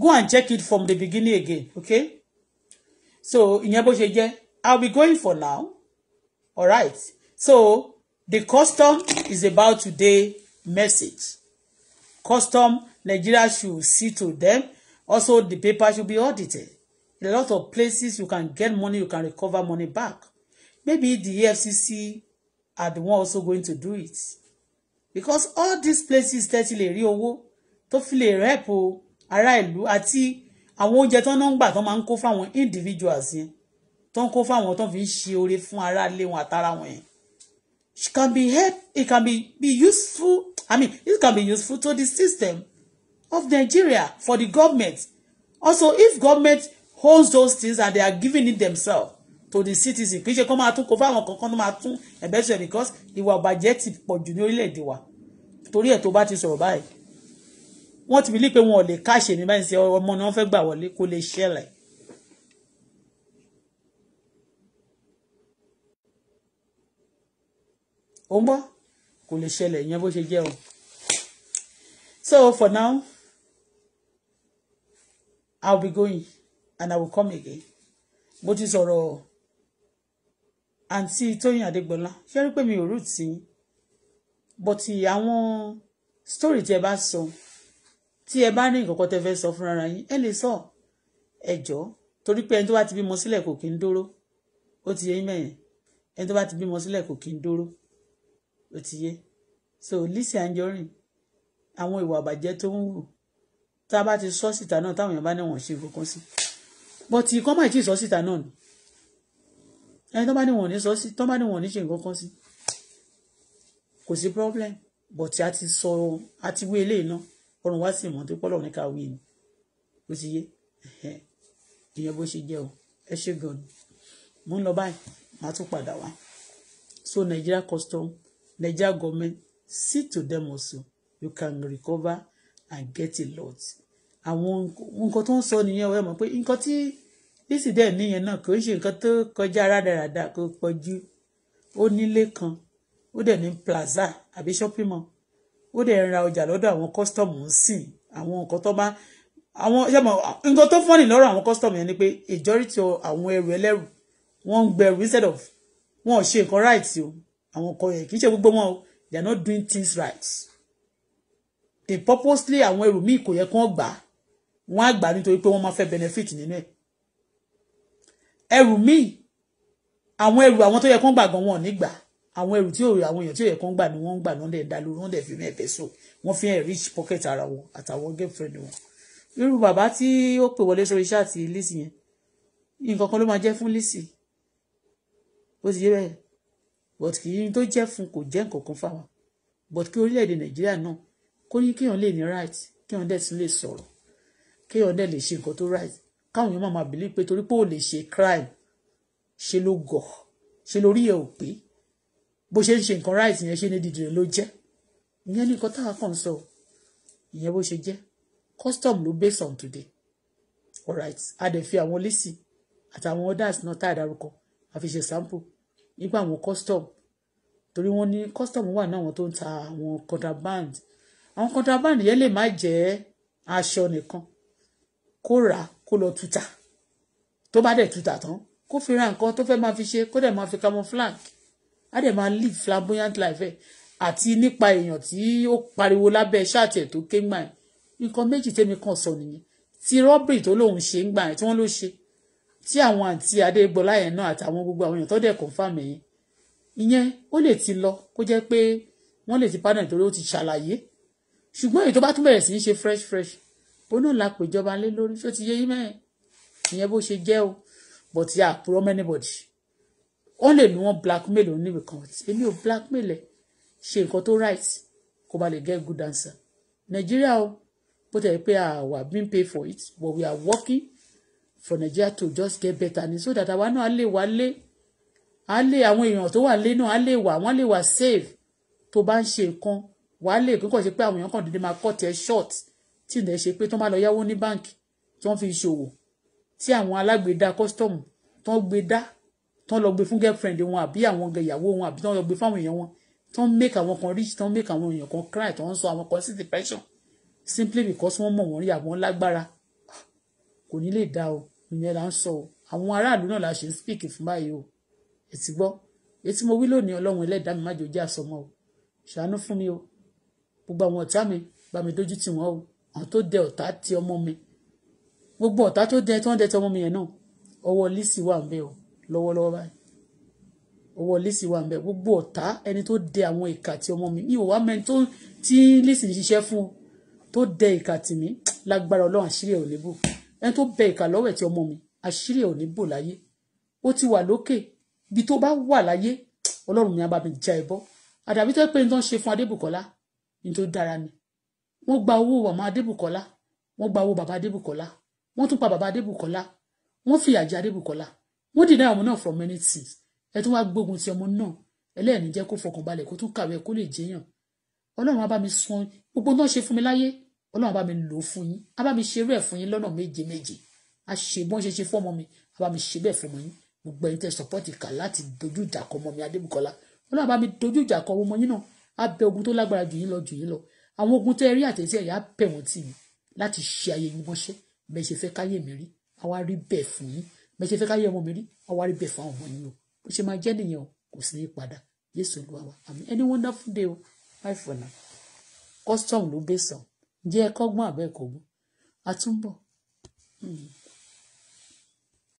Speaker 1: go and check it from the beginning again okay so ìyẹn bó ṣe jẹ́ i'll be going for now all right so the custom is about today message custom Nigeria should see to them also the paper should be audited in a lot of places you can get money you can recover money back maybe the EFCC are the one also going to do it because all these places tẹ́tí lè rí owó tó fi lè rẹ́pù ará ìlú àti àwọn oúnjẹ tó ń gbà tó individuals yẹn tó ń kó fáwọn tó fi ń ṣe oore fún ará ilé wọn àtàrà wọn yẹn it can be help it can be be useful i mean it can be useful to the system of Nigeria for the government also if government holds those things and they are giving it themselves to the citizens, kì í ṣe kó máa tún kó fáwọn kankan tó máa tún ẹ̀bẹ̀ sọ because ìwà ọ̀bàjẹ́ ti pọ̀ jù ní orílẹ̀-èdè wa torí ẹ̀ tó bá ti sọ̀rọ̀ báyìí wọ́n ti believe pé wọn ò lè káṣe mi báyìí ṣe ọmọ ni wọ́n fẹ́ gbà wọlé kó lè ṣẹlẹ̀ ò ń gbọ́ kò lè ṣẹlẹ̀ ìyẹn bó ṣe jẹ́ o so for now I'll be going and I will come again mo ti sọ̀rọ̀ àǹtí Tóyìn Adégbọlá ṣé rí pé mi ò rú tí but àwọn story tí ẹ bá sọ tí ẹ bá ní nǹkan kan tẹ fẹ́ sọ fúnra yín ẹ lè sọ ẹ jọ torí pé ẹni tó bá ti bímọ sílẹ̀ kò kí ń dúró ó ti yẹ yín mẹ́yìn ẹni tó bá ti bímọ sílẹ̀ kò kí ń dúró ó ti yé so Lizzy Anjorin àwọn ìwà àbàjẹ́ tó ń wù tá a bá ti sọ síta náà táwọn èèyàn bá níwọ̀n ṣe kankan sí but ìkọ́ máa ti sọ síta náà ni ẹni tó bá níwọ̀n ní sọ sí tó bá níwọ̀n ní ṣe nǹkan kan sí kò sí problem but a ti sọ a ti wé eléyìí náà ọrùn wá sí ìmọ̀ tó pọ́lọ̀ ní ká wí ni ó ti yé ìyẹn bó ṣe jẹ́ o ẹ ṣe gan-an mo ń lọ báyìí màá tún padà wá so Nigeria custom Nigeria government, see to them also. You can recover and get a lot. Àwọn nǹkan tó ń sọ nìyẹn ọ̀rẹ́ mọ̀ pé nǹkan tí bísí dẹ̀ níyẹn náà kò ń ṣe nǹkan tó kọjá rádaràda kò pọ̀jù. Ó nílé kan, ó dẹ̀ ní plaza àbí shopping mall. Ó dẹ̀ ń ra ọjà lọ́dọ̀ àwọn custom ń sìn. Àwọn nǹkan tó bá àwọn ṣẹ́mọ̀ nǹkan tó fọ́nì lọ́rọ̀ àwọn custom yẹn ni pé ìjọ́rìtì àwọn ẹrù ẹlẹ́rù wọ́n ń gbẹrù instead of wọn ò ṣe nǹkan right o àwọn ọkọ yẹn kì í ṣe gbogbo wọn o they are not doing things right they purposely àwọn ẹrù míì kò yẹ kán gbà wọn á gbà nítorí pé wọn máa fẹ́ benefit nínú ẹ̀ ẹrù míì àwọn ẹrù àwọn tó yẹ kán gbà gan wọn ò ní gbà àwọn ẹrù tí òòrè àwọn èèyàn tí òòrè kan gbà ni wọ́n ń gbà náà dá lórí wọ́n dẹ̀ fi mẹ́ẹ̀fẹ́ so wọ́n fi hàn rich pocket ara wọn àtàwọn girlfriend wọn. irú bàbá tí ó pè wọlé sórí iṣẹ́ àti Lizzy yẹn nǹkan kan ló máa jẹ́ fún Lizzy ó ti yé bẹ́ẹ̀ but kì í tó jẹ́ fún kò jẹ́ nǹkan fáwọn but kí orílẹ̀-èdè nàìjíríà náà kó ní kéèyàn lè ní right kéèyàn dẹ̀ tún lè sọ̀rọ̀ kéèyàn dẹ̀ lè ṣe nǹkan tó right káwọn èèyàn máa máa believe pé torí pé ò lè ṣe crime ṣe ló gọ̀ ṣe lórí ẹ̀ ò pé bó ṣe ń ṣe nǹkan right yẹn ṣe ní dídì rẹ̀ ló jẹ́ ìyẹn ní nǹkan táwa kàn sọ ìyẹn bó ṣe jẹ́ custom ló based on today alright a dẹ̀ fi àwọn lisi àtàwọn others náà tá a dárúkọ a fi ṣe sample nípa àwọn custom torí wọ́n ní custom wà náà àwọn tó ń ta àwọn contraband àwọn contraband yẹn lè má jẹ́ aṣọ nìkan kó rà kó lọ tuta tó bá dẹ̀ tuta tán kó fi ra nǹkan tó fẹ́ máa fi ṣe kó dẹ̀ máa fi camouflage á dẹ̀ máa live flamboyant life ẹ̀ àti nípa èèyàn tí ó pariwo lábẹ́ ṣáàtì ẹ̀ tó ké gbà ẹ̀ nǹkan méjì tẹ́mi kàn sọ nìyẹn ti robbery tó lóun ṣe ń gbà tí wọ́n ló ṣe tí àwọn àǹtí adégbọlá yẹn náà àtàwọn gbogbo àwọn èèyàn tó dẹ̀ confam yẹn ìyẹn ó lè ti lọ kó jẹ́ pé wọ́n lè ti pardon nítorí ó ti ṣàlàyé ṣùgbọ́n èyí tó bá tún bẹ̀rẹ̀ sí í ṣe fresh fresh ó náà la pèjọba lé lórí ṣó ti yé yín mẹ́rin ìyẹn bó ṣe jẹ́ o but yà àpúrọ́ anybody. wọ́n lè ní wọ́n blackmail òun níbi kan èmi ò blackmail ẹ̀ ṣe nǹkan tó right kó ba lè get good answer nàìjíríà o bó tẹ̀ pé àwa been pay for it but we are working for Nigeria to just get better ni so that àwa náà á lè wá lé á lè àwọn èèyàn tó wà lé náà á lè wà wọ́n lè wà safe tó bá ń ṣe nǹkan wà á lè kíkọ̀ ṣe pé àwọn èèyàn kàn dédé máa cut ẹ short tí ìdẹ̀ ṣe pé tó máa lọ yáwó ní báǹkì tí wọ́n fi ṣòwò tí àwọn alágbèédá custom tó ń gbé dá tó ń lọ gbé fún girlfriend wọn àbí àwọn ìyàwó wọn àbí tó ń lọ gbé fáwọn èèyàn wọn tó ń make àwọn kan rich tó ń make àwọn èèyàn kan cry tó ń sọ àwọn kan sí depression simply because wọ́n mọ̀ wọ́n rí àwọn lágbára kò ní lè dá o ìyẹn là ń sọ o àwọn aráàlú náà la ṣe ń speak fún báyìí o ètí gbọ́ ètí mo wí lónìí ọlọ́run ẹlẹ́dàá mi má jò jẹ́ àsọmọ́ o ṣàánú fún mi o gbogbo àwọn ọ̀tá mi bá mi dójú tì wọ́n o àwọn tó dẹ ọ̀tá ti ọmọ mi gbogbo ọ̀tá tó dẹ tó ń dẹ ti ọmọ mi yẹn náà ọwọ́ lísì wà ń bẹ o lọ́wọ́lọ́wọ́ báyìí ọwọ́ lísì wà ń bẹ gbogbo ọ̀tá ẹni tó dẹ àwọn ìkà ti ọmọ mi ìwọ wá mẹ́ni tó ti lísì ṣiṣẹ́ fún tó dẹ ìkà tì mí lágbára ọlọ́run àṣírí ẹ̀ ò lébù ẹni tó bẹ ìkà lọ́wọ́ ẹ̀ tí ọmọ mi àṣírí ẹ̀ ò ní bò láyé ó ti wà lókè ibi tó bá wà láyé ọlọ́run mi á bá mi já ẹ bọ́ àdàbí tó pé ní tó ń ṣe fún adébùkọ́lá ní tó dára ni wọ́n gba owó màmá adébùkọ́lá wọ́n gba owó bàbá adébùkọ́lá wọ́n tún pa bàbá adébùkọ́lá wọ́n fìyà jẹ adébùkọ́lá wọ́n deny ọmọ náà from many things ẹ tún wá gbógun ti ọmọ náà ẹlẹ́ẹ̀ni jẹ́ kó fọkànbalẹ̀ kó tún kàwé kó lè jẹyàn ọlọ́run á bá sun gbogbo náà ṣe fún mi láyé ọlọ́run bá mi lò ó fún yín á mi ṣerú ẹ̀ fún yín lọ́nà méje méje á ṣe bọ́n ṣe ṣe fọ́mọ mi á bá mi ṣe bẹ́ẹ̀ fún ọmọ yín gbogbo ẹni tẹ́ sọpọ́tì kà láti dojú ìjà kọ ọmọ mi adébùkọ́lá ọlọ́run bá mi dojú ìjà kọ ọmọ yín náà á bẹ ogun tó lágbára jù yín lọ jù yín lọ àwọn ogun tẹ́ rí àtẹ̀sí ẹ̀yà pẹ̀ wọ́n tì mí láti ṣe ayé yín mọ́ṣẹ́ bẹ́ẹ̀ ṣe fẹ́ káyé mi rí àwa rí bẹ́ẹ̀ fún yín bẹ́ẹ̀ ṣe fẹ́ káyé ọmọ mi rí àwa rí bẹ́ẹ̀ fún àwọn ọmọ yín o bó ṣe máa jẹ́ nìyẹn o kò sí ní padà yéṣu olúwa wa àmín any wonderful day o bye for now custom ló bẹ̀ sàn. jẹ́ ẹ kọ́gbọ́n àbẹ́ kò